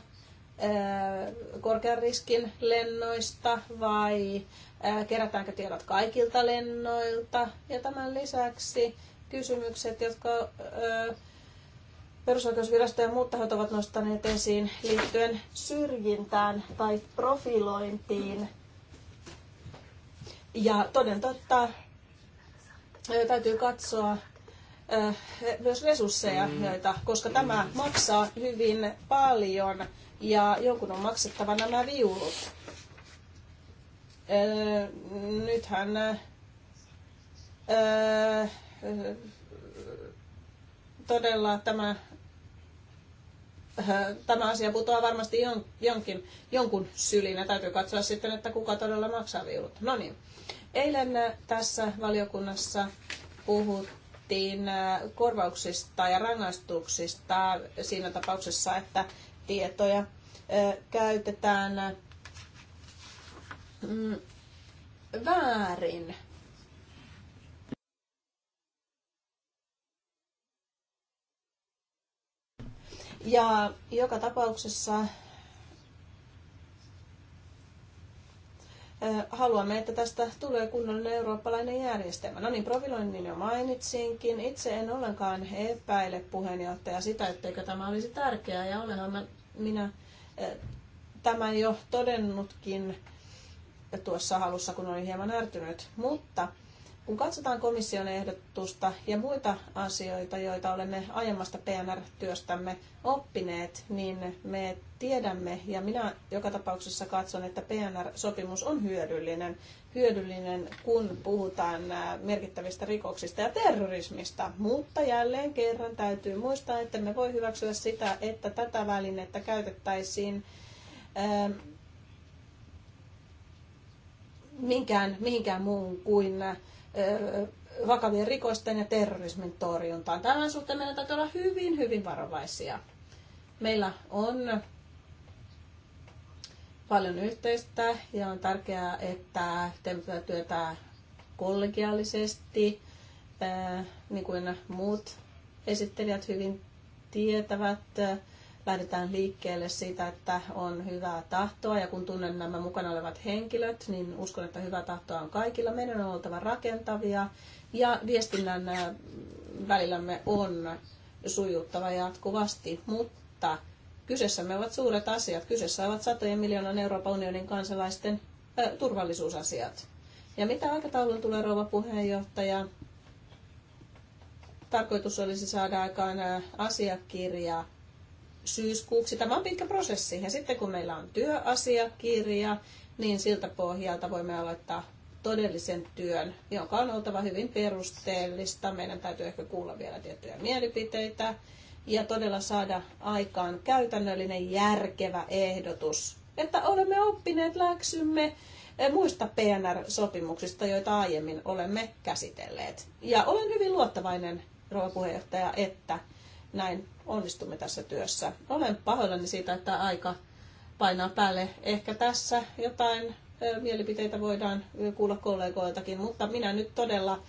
korkean riskin lennoista vai kerätäänkö tiedot kaikilta lennoilta. Ja tämän lisäksi kysymykset, jotka perusoikeusvirasto ja muut tahot ovat nostaneet esiin liittyen syrjintään tai profilointiin. Ja toden totta täytyy katsoa myös resursseja, mm. joita, koska tämä maksaa hyvin paljon ja jonkun on maksettava nämä viulut. Eh, nythän eh, eh, todella tämä, tämä asia putoaa varmasti jonkin, jonkun syliin ja Täytyy katsoa sitten, että kuka todella maksaa viulut. No niin. Eilen tässä valiokunnassa puhuttiin korvauksista ja rangaistuksista siinä tapauksessa, että tietoja käytetään mm, väärin. Ja joka tapauksessa haluamme, että tästä tulee kunnollinen eurooppalainen järjestelmä. No niin, profiloinnin jo mainitsinkin. Itse en ollenkaan epäile puheenjohtaja sitä, etteikö tämä olisi tärkeää. Ja olenhan minä tämän jo todennutkin tuossa halussa, kun olin hieman ärtynyt. Mutta kun katsotaan komission ehdotusta ja muita asioita, joita olemme aiemmasta PNR-työstämme oppineet, niin me tiedämme, ja minä joka tapauksessa katson, että PNR-sopimus on hyödyllinen. Hyödyllinen, kun puhutaan merkittävistä rikoksista ja terrorismista. Mutta jälleen kerran täytyy muistaa, että me voi hyväksyä sitä, että tätä välinettä käytettäisiin minkään, mihinkään muun kuin vakavien rikosten ja terrorismin torjuntaan. Tämän suhteen meidän täytyy olla hyvin, hyvin varovaisia. Meillä on paljon yhteistä ja on tärkeää, että teemme tätä työtä kollegiaalisesti, niin kuin muut esittelijät hyvin tietävät lähdetään liikkeelle siitä, että on hyvää tahtoa ja kun tunnen nämä mukana olevat henkilöt, niin uskon, että hyvää tahtoa on kaikilla. Meidän on oltava rakentavia ja viestinnän välillämme on sujuttava jatkuvasti, mutta me ovat suuret asiat. Kyseessä ovat satojen miljoonan Euroopan unionin kansalaisten äh, turvallisuusasiat. Ja mitä aikataulun tulee, rouva puheenjohtaja? Tarkoitus olisi saada aikaan asiakirja syyskuuksi. Tämä on pitkä prosessi. Ja sitten kun meillä on työasiakirja, niin siltä pohjalta voimme aloittaa todellisen työn, joka on oltava hyvin perusteellista. Meidän täytyy ehkä kuulla vielä tiettyjä mielipiteitä ja todella saada aikaan käytännöllinen järkevä ehdotus, että olemme oppineet läksymme eh, muista PNR-sopimuksista, joita aiemmin olemme käsitelleet. Ja olen hyvin luottavainen, rouva puheenjohtaja, että näin onnistumme tässä työssä. Olen pahoillani siitä, että aika painaa päälle. Ehkä tässä jotain mielipiteitä voidaan kuulla kollegoiltakin, mutta minä nyt todella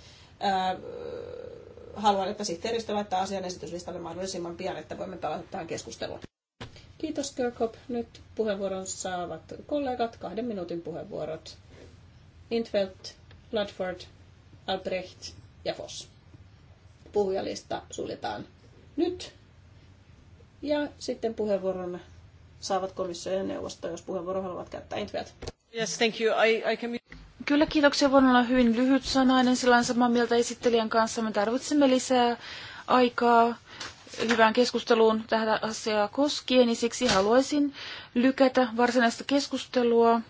haluan, että sihteeristö laittaa asian esityslistalle mahdollisimman pian, että voimme palata tähän keskusteluun. Kiitos Kirkop. Nyt puheenvuoron saavat kollegat, kahden minuutin puheenvuorot. Intfeldt, Ludford, Albrecht ja Foss. Puhujalista suljetaan nyt. Ja sitten puheenvuoron saavat komissio ja neuvosto, jos puheenvuoro haluavat käyttää. Entveat. Yes, thank you. I, I can... Kyllä kiitoksia. Voin olla hyvin lyhyt sanainen. Sillä on samaa mieltä esittelijän kanssa. Me tarvitsemme lisää aikaa hyvään keskusteluun tähän asiaa koskien, niin siksi haluaisin lykätä varsinaista keskustelua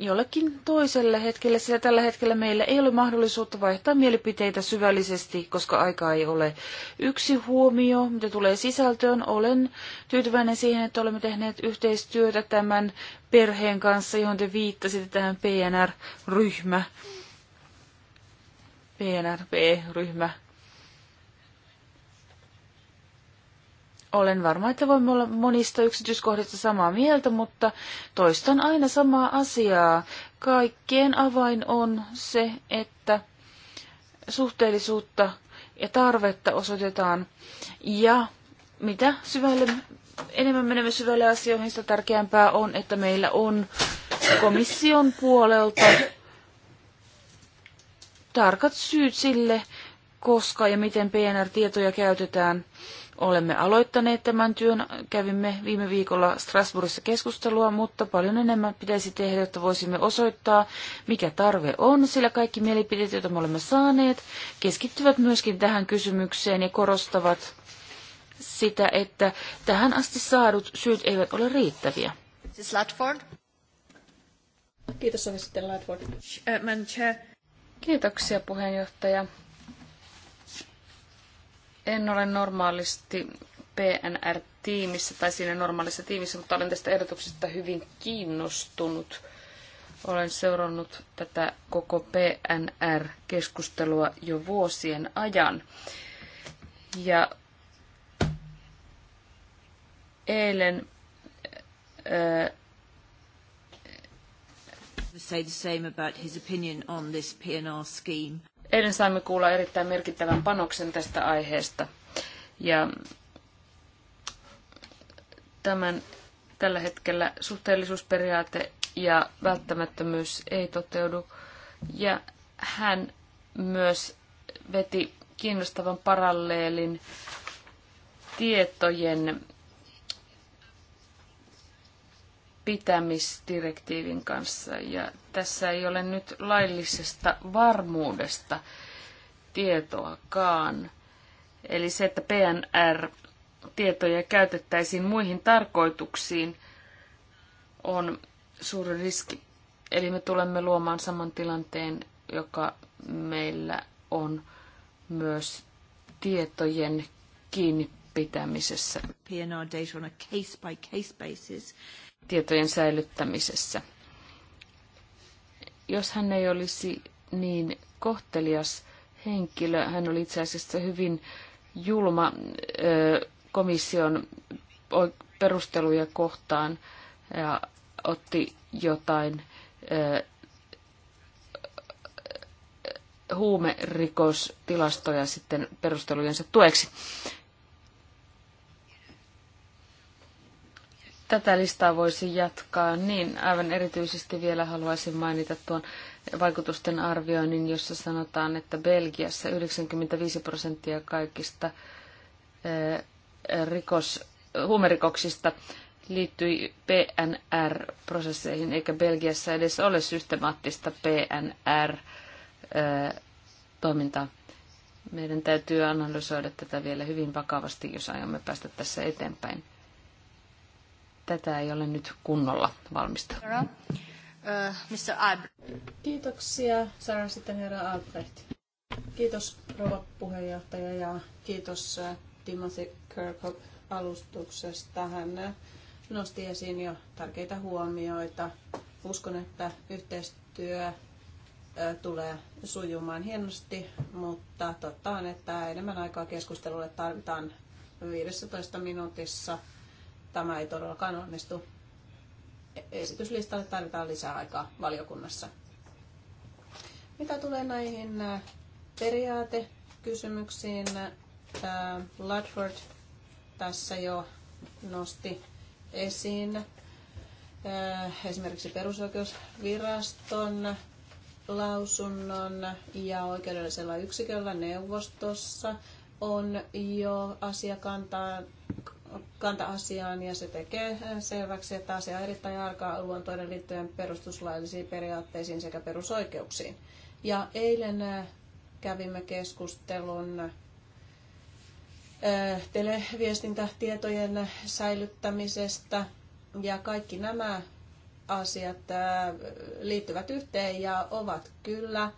jollekin toiselle hetkelle, sillä tällä hetkellä meillä ei ole mahdollisuutta vaihtaa mielipiteitä syvällisesti, koska aikaa ei ole. Yksi huomio, mitä tulee sisältöön, olen tyytyväinen siihen, että olemme tehneet yhteistyötä tämän perheen kanssa, johon te viittasitte tähän PNR-ryhmä. PNRP-ryhmä Olen varma, että voimme olla monista yksityiskohdista samaa mieltä, mutta toistan aina samaa asiaa. Kaikkien avain on se, että suhteellisuutta ja tarvetta osoitetaan. Ja mitä syvälle, enemmän menemme syvälle asioihin, sitä tärkeämpää on, että meillä on komission puolelta tarkat syyt sille, koska ja miten PNR-tietoja käytetään Olemme aloittaneet tämän työn, kävimme viime viikolla Strasbourgissa keskustelua, mutta paljon enemmän pitäisi tehdä, jotta voisimme osoittaa, mikä tarve on, sillä kaikki mielipiteet, joita me olemme saaneet, keskittyvät myöskin tähän kysymykseen ja korostavat sitä, että tähän asti saadut syyt eivät ole riittäviä. Siis Latford. Kiitos, Latford. Uh, Kiitoksia puheenjohtaja. En ole normaalisti PNR-tiimissä tai siinä normaalissa tiimissä, mutta olen tästä ehdotuksesta hyvin kiinnostunut. Olen seurannut tätä koko PNR-keskustelua jo vuosien ajan. Ja eilen äh, say the same about his opinion on this PNR scheme Eilen saimme kuulla erittäin merkittävän panoksen tästä aiheesta. Ja tämän, tällä hetkellä suhteellisuusperiaate ja välttämättömyys ei toteudu. Ja hän myös veti kiinnostavan paralleelin tietojen pitämisdirektiivin kanssa. Ja tässä ei ole nyt laillisesta varmuudesta tietoakaan. Eli se, että PNR-tietoja käytettäisiin muihin tarkoituksiin, on suuri riski. Eli me tulemme luomaan saman tilanteen, joka meillä on myös tietojen kiinni pitämisessä. PNR data on a case by case basis. Tietojen säilyttämisessä. Jos hän ei olisi niin kohtelias henkilö, hän oli itse asiassa hyvin julma komission perusteluja kohtaan ja otti jotain huumerikostilastoja sitten perustelujensa tueksi. tätä listaa voisi jatkaa, niin aivan erityisesti vielä haluaisin mainita tuon vaikutusten arvioinnin, jossa sanotaan, että Belgiassa 95 prosenttia kaikista eh, rikos, huumerikoksista liittyi PNR-prosesseihin, eikä Belgiassa edes ole systemaattista PNR-toimintaa. Eh, Meidän täytyy analysoida tätä vielä hyvin vakavasti, jos aiomme päästä tässä eteenpäin tätä ei ole nyt kunnolla valmista. Uh, Mr. Albrecht. Kiitoksia. Saadaan sitten herra Albrecht. Kiitos rouva puheenjohtaja ja kiitos uh, Timothy Kirkhope alustuksesta. Hän uh, nosti esiin jo tärkeitä huomioita. Uskon, että yhteistyö tulee sujumaan hienosti, mutta totta on, että enemmän aikaa keskustelulle tarvitaan 15 minuutissa Tämä ei todellakaan onnistu. Esityslistalle tarvitaan lisää aikaa valiokunnassa. Mitä tulee näihin äh, periaatekysymyksiin, äh, Ludford tässä jo nosti esiin äh, esimerkiksi perusoikeusviraston lausunnon ja oikeudellisella yksiköllä neuvostossa on jo asiakantaa kanta-asiaan ja se tekee selväksi, että asia on erittäin arkaa luontoiden liittyen perustuslaillisiin periaatteisiin sekä perusoikeuksiin. Ja eilen äh, kävimme keskustelun äh, televiestintätietojen säilyttämisestä ja kaikki nämä asiat äh, liittyvät yhteen ja ovat kyllä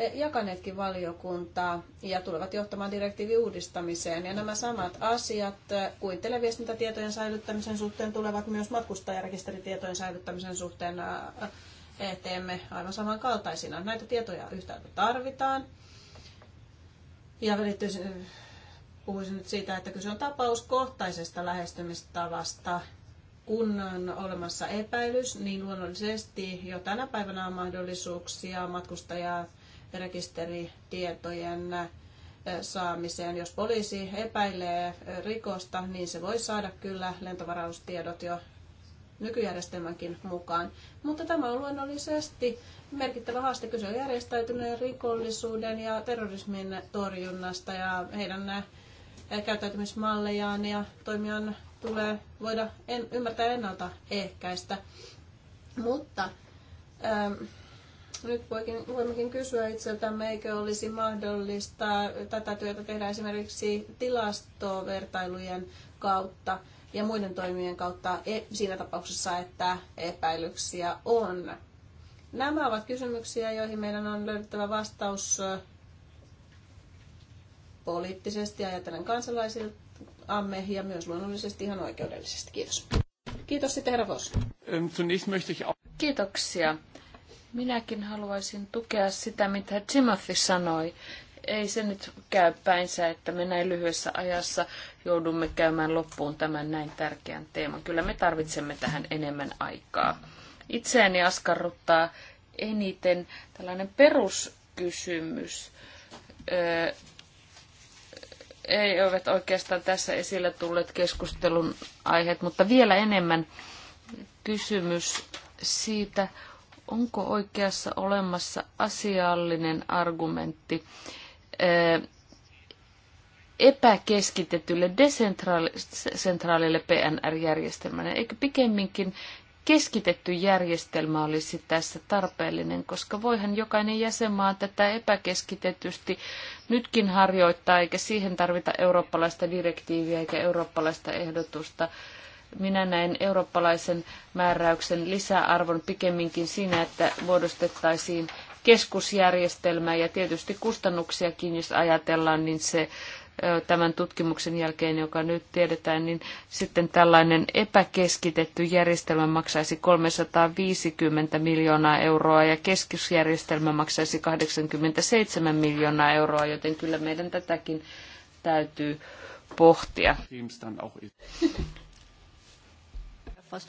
E, jakaneetkin valiokuntaa ja tulevat johtamaan direktiivin uudistamiseen. Ja nämä samat asiat e, kuin televiestintätietojen säilyttämisen suhteen tulevat myös matkustajarekisteritietojen säilyttämisen suhteen e, teemme aivan samankaltaisina. Näitä tietoja yhtäältä tarvitaan. Ja puhuisin nyt siitä, että kyse on tapauskohtaisesta lähestymistavasta. Kun on olemassa epäilys, niin luonnollisesti jo tänä päivänä on mahdollisuuksia matkustajaa rekisteritietojen saamiseen. Jos poliisi epäilee rikosta, niin se voi saada kyllä lentovaraustiedot jo nykyjärjestelmänkin mukaan. Mutta tämä on luonnollisesti merkittävä haaste. Kyse on järjestäytyneen rikollisuuden ja terrorismin torjunnasta ja heidän käyttäytymismallejaan ja toimijan tulee voida en, ymmärtää ennalta ehkäistä. Mutta ähm, nyt voikin, voimmekin kysyä itseltämme, eikö olisi mahdollista tätä työtä tehdä esimerkiksi tilastovertailujen kautta ja muiden toimien kautta e, siinä tapauksessa, että epäilyksiä on. Nämä ovat kysymyksiä, joihin meidän on löydettävä vastaus poliittisesti ajatellen kansalaisiltamme ja myös luonnollisesti ihan oikeudellisesti. Kiitos. Kiitos sitten herra Vos. Ähm, Kiitoksia. Minäkin haluaisin tukea sitä, mitä Timothy sanoi. Ei se nyt käy päinsä, että me näin lyhyessä ajassa joudumme käymään loppuun tämän näin tärkeän teeman. Kyllä me tarvitsemme tähän enemmän aikaa. Itseäni askarruttaa eniten tällainen peruskysymys. Öö, ei ole oikeastaan tässä esillä tulleet keskustelun aiheet, mutta vielä enemmän kysymys siitä, onko oikeassa olemassa asiallinen argumentti eh, epäkeskitetylle desentraalille PNR-järjestelmälle, eikö pikemminkin keskitetty järjestelmä olisi tässä tarpeellinen, koska voihan jokainen jäsenmaa tätä epäkeskitetysti nytkin harjoittaa, eikä siihen tarvita eurooppalaista direktiiviä eikä eurooppalaista ehdotusta. Minä näen eurooppalaisen määräyksen lisäarvon pikemminkin siinä, että muodostettaisiin keskusjärjestelmää ja tietysti kustannuksiakin, jos ajatellaan, niin se tämän tutkimuksen jälkeen, joka nyt tiedetään, niin sitten tällainen epäkeskitetty järjestelmä maksaisi 350 miljoonaa euroa ja keskusjärjestelmä maksaisi 87 miljoonaa euroa, joten kyllä meidän tätäkin täytyy pohtia. *laughs* Foss.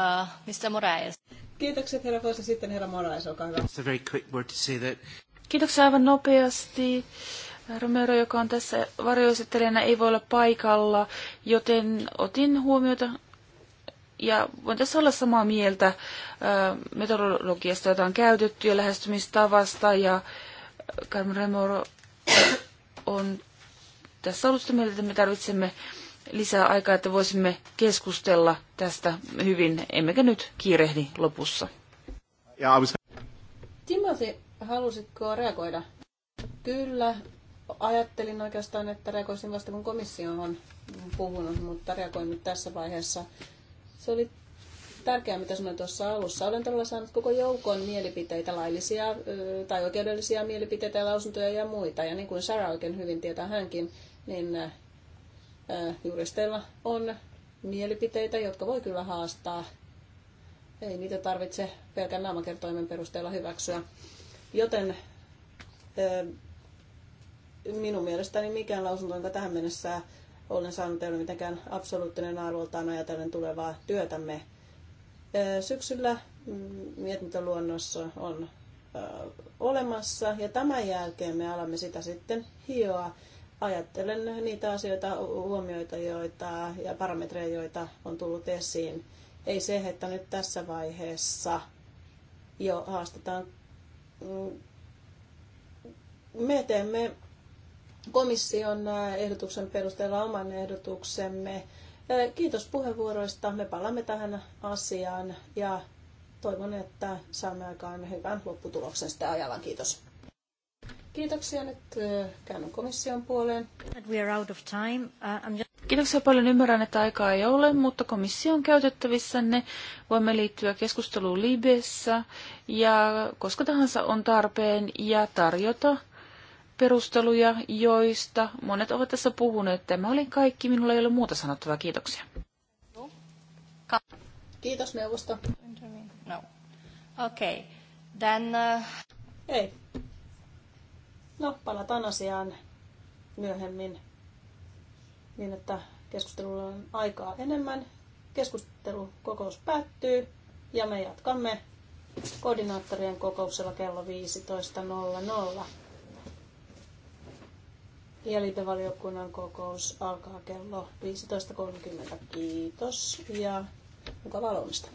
Uh, Mr. Moraes. Kiitokset herra ja sitten herra Moraes, olkaa hyvä. It's a very quick word to say that. Kiitoksia aivan nopeasti. Romero, joka on tässä varjoesittelijänä, ei voi olla paikalla, joten otin huomiota ja voin tässä olla samaa mieltä äh, metodologiasta, jota on käytetty ja lähestymistavasta ja äh, Carmen Remoro on tässä ollut sitä mieltä, että me tarvitsemme lisää aikaa, että voisimme keskustella tästä hyvin, emmekä nyt kiirehdi lopussa. Timasi Timothy, halusitko reagoida? Kyllä, ajattelin oikeastaan, että reagoisin vasta kun komissio on puhunut, mutta reagoin nyt tässä vaiheessa. Se oli tärkeää, mitä sanoin tuossa alussa. Olen todella saanut koko joukon mielipiteitä, laillisia tai oikeudellisia mielipiteitä ja lausuntoja ja muita. Ja niin kuin Sarah oikein hyvin tietää hänkin, niin Äh, juristeilla on mielipiteitä, jotka voi kyllä haastaa. Ei niitä tarvitse pelkän naamakertoimen perusteella hyväksyä. Joten äh, minun mielestäni mikään lausunto, jonka tähän mennessä olen saanut, ei ole mitenkään absoluuttinen arvoltaan ajatellen tulevaa työtämme. Äh, syksyllä mm, mietintöluonnos on olemassa ja tämän jälkeen me alamme sitä sitten hioa ajattelen niitä asioita, huomioita joita, ja parametreja, joita on tullut esiin. Ei se, että nyt tässä vaiheessa jo haastetaan. Mm, me teemme komission äh, ehdotuksen perusteella oman ehdotuksemme. Äh, kiitos puheenvuoroista. Me palaamme tähän asiaan ja toivon, että saamme aikaan hyvän lopputuloksen sitä ajalla. Kiitos. Kiitoksia. Nyt käännön komission puoleen. We are out of time. Uh, just... Kiitoksia paljon. Ymmärrän, että aikaa ei ole, mutta komissio on käytettävissänne. Voimme liittyä keskusteluun Libessä ja koska tahansa on tarpeen ja tarjota perusteluja, joista monet ovat tässä puhuneet. Tämä oli kaikki. Minulla ei ole muuta sanottavaa. Kiitoksia. Kiitos neuvosto. No. Okei. Okay. Then, uh... Ei. No, palataan asiaan myöhemmin niin, että keskustelulla on aikaa enemmän. Keskustelukokous päättyy ja me jatkamme koordinaattorien kokouksella kello 15.00. Ja liitevaliokunnan kokous alkaa kello 15.30. Kiitos ja mukavaa valmista.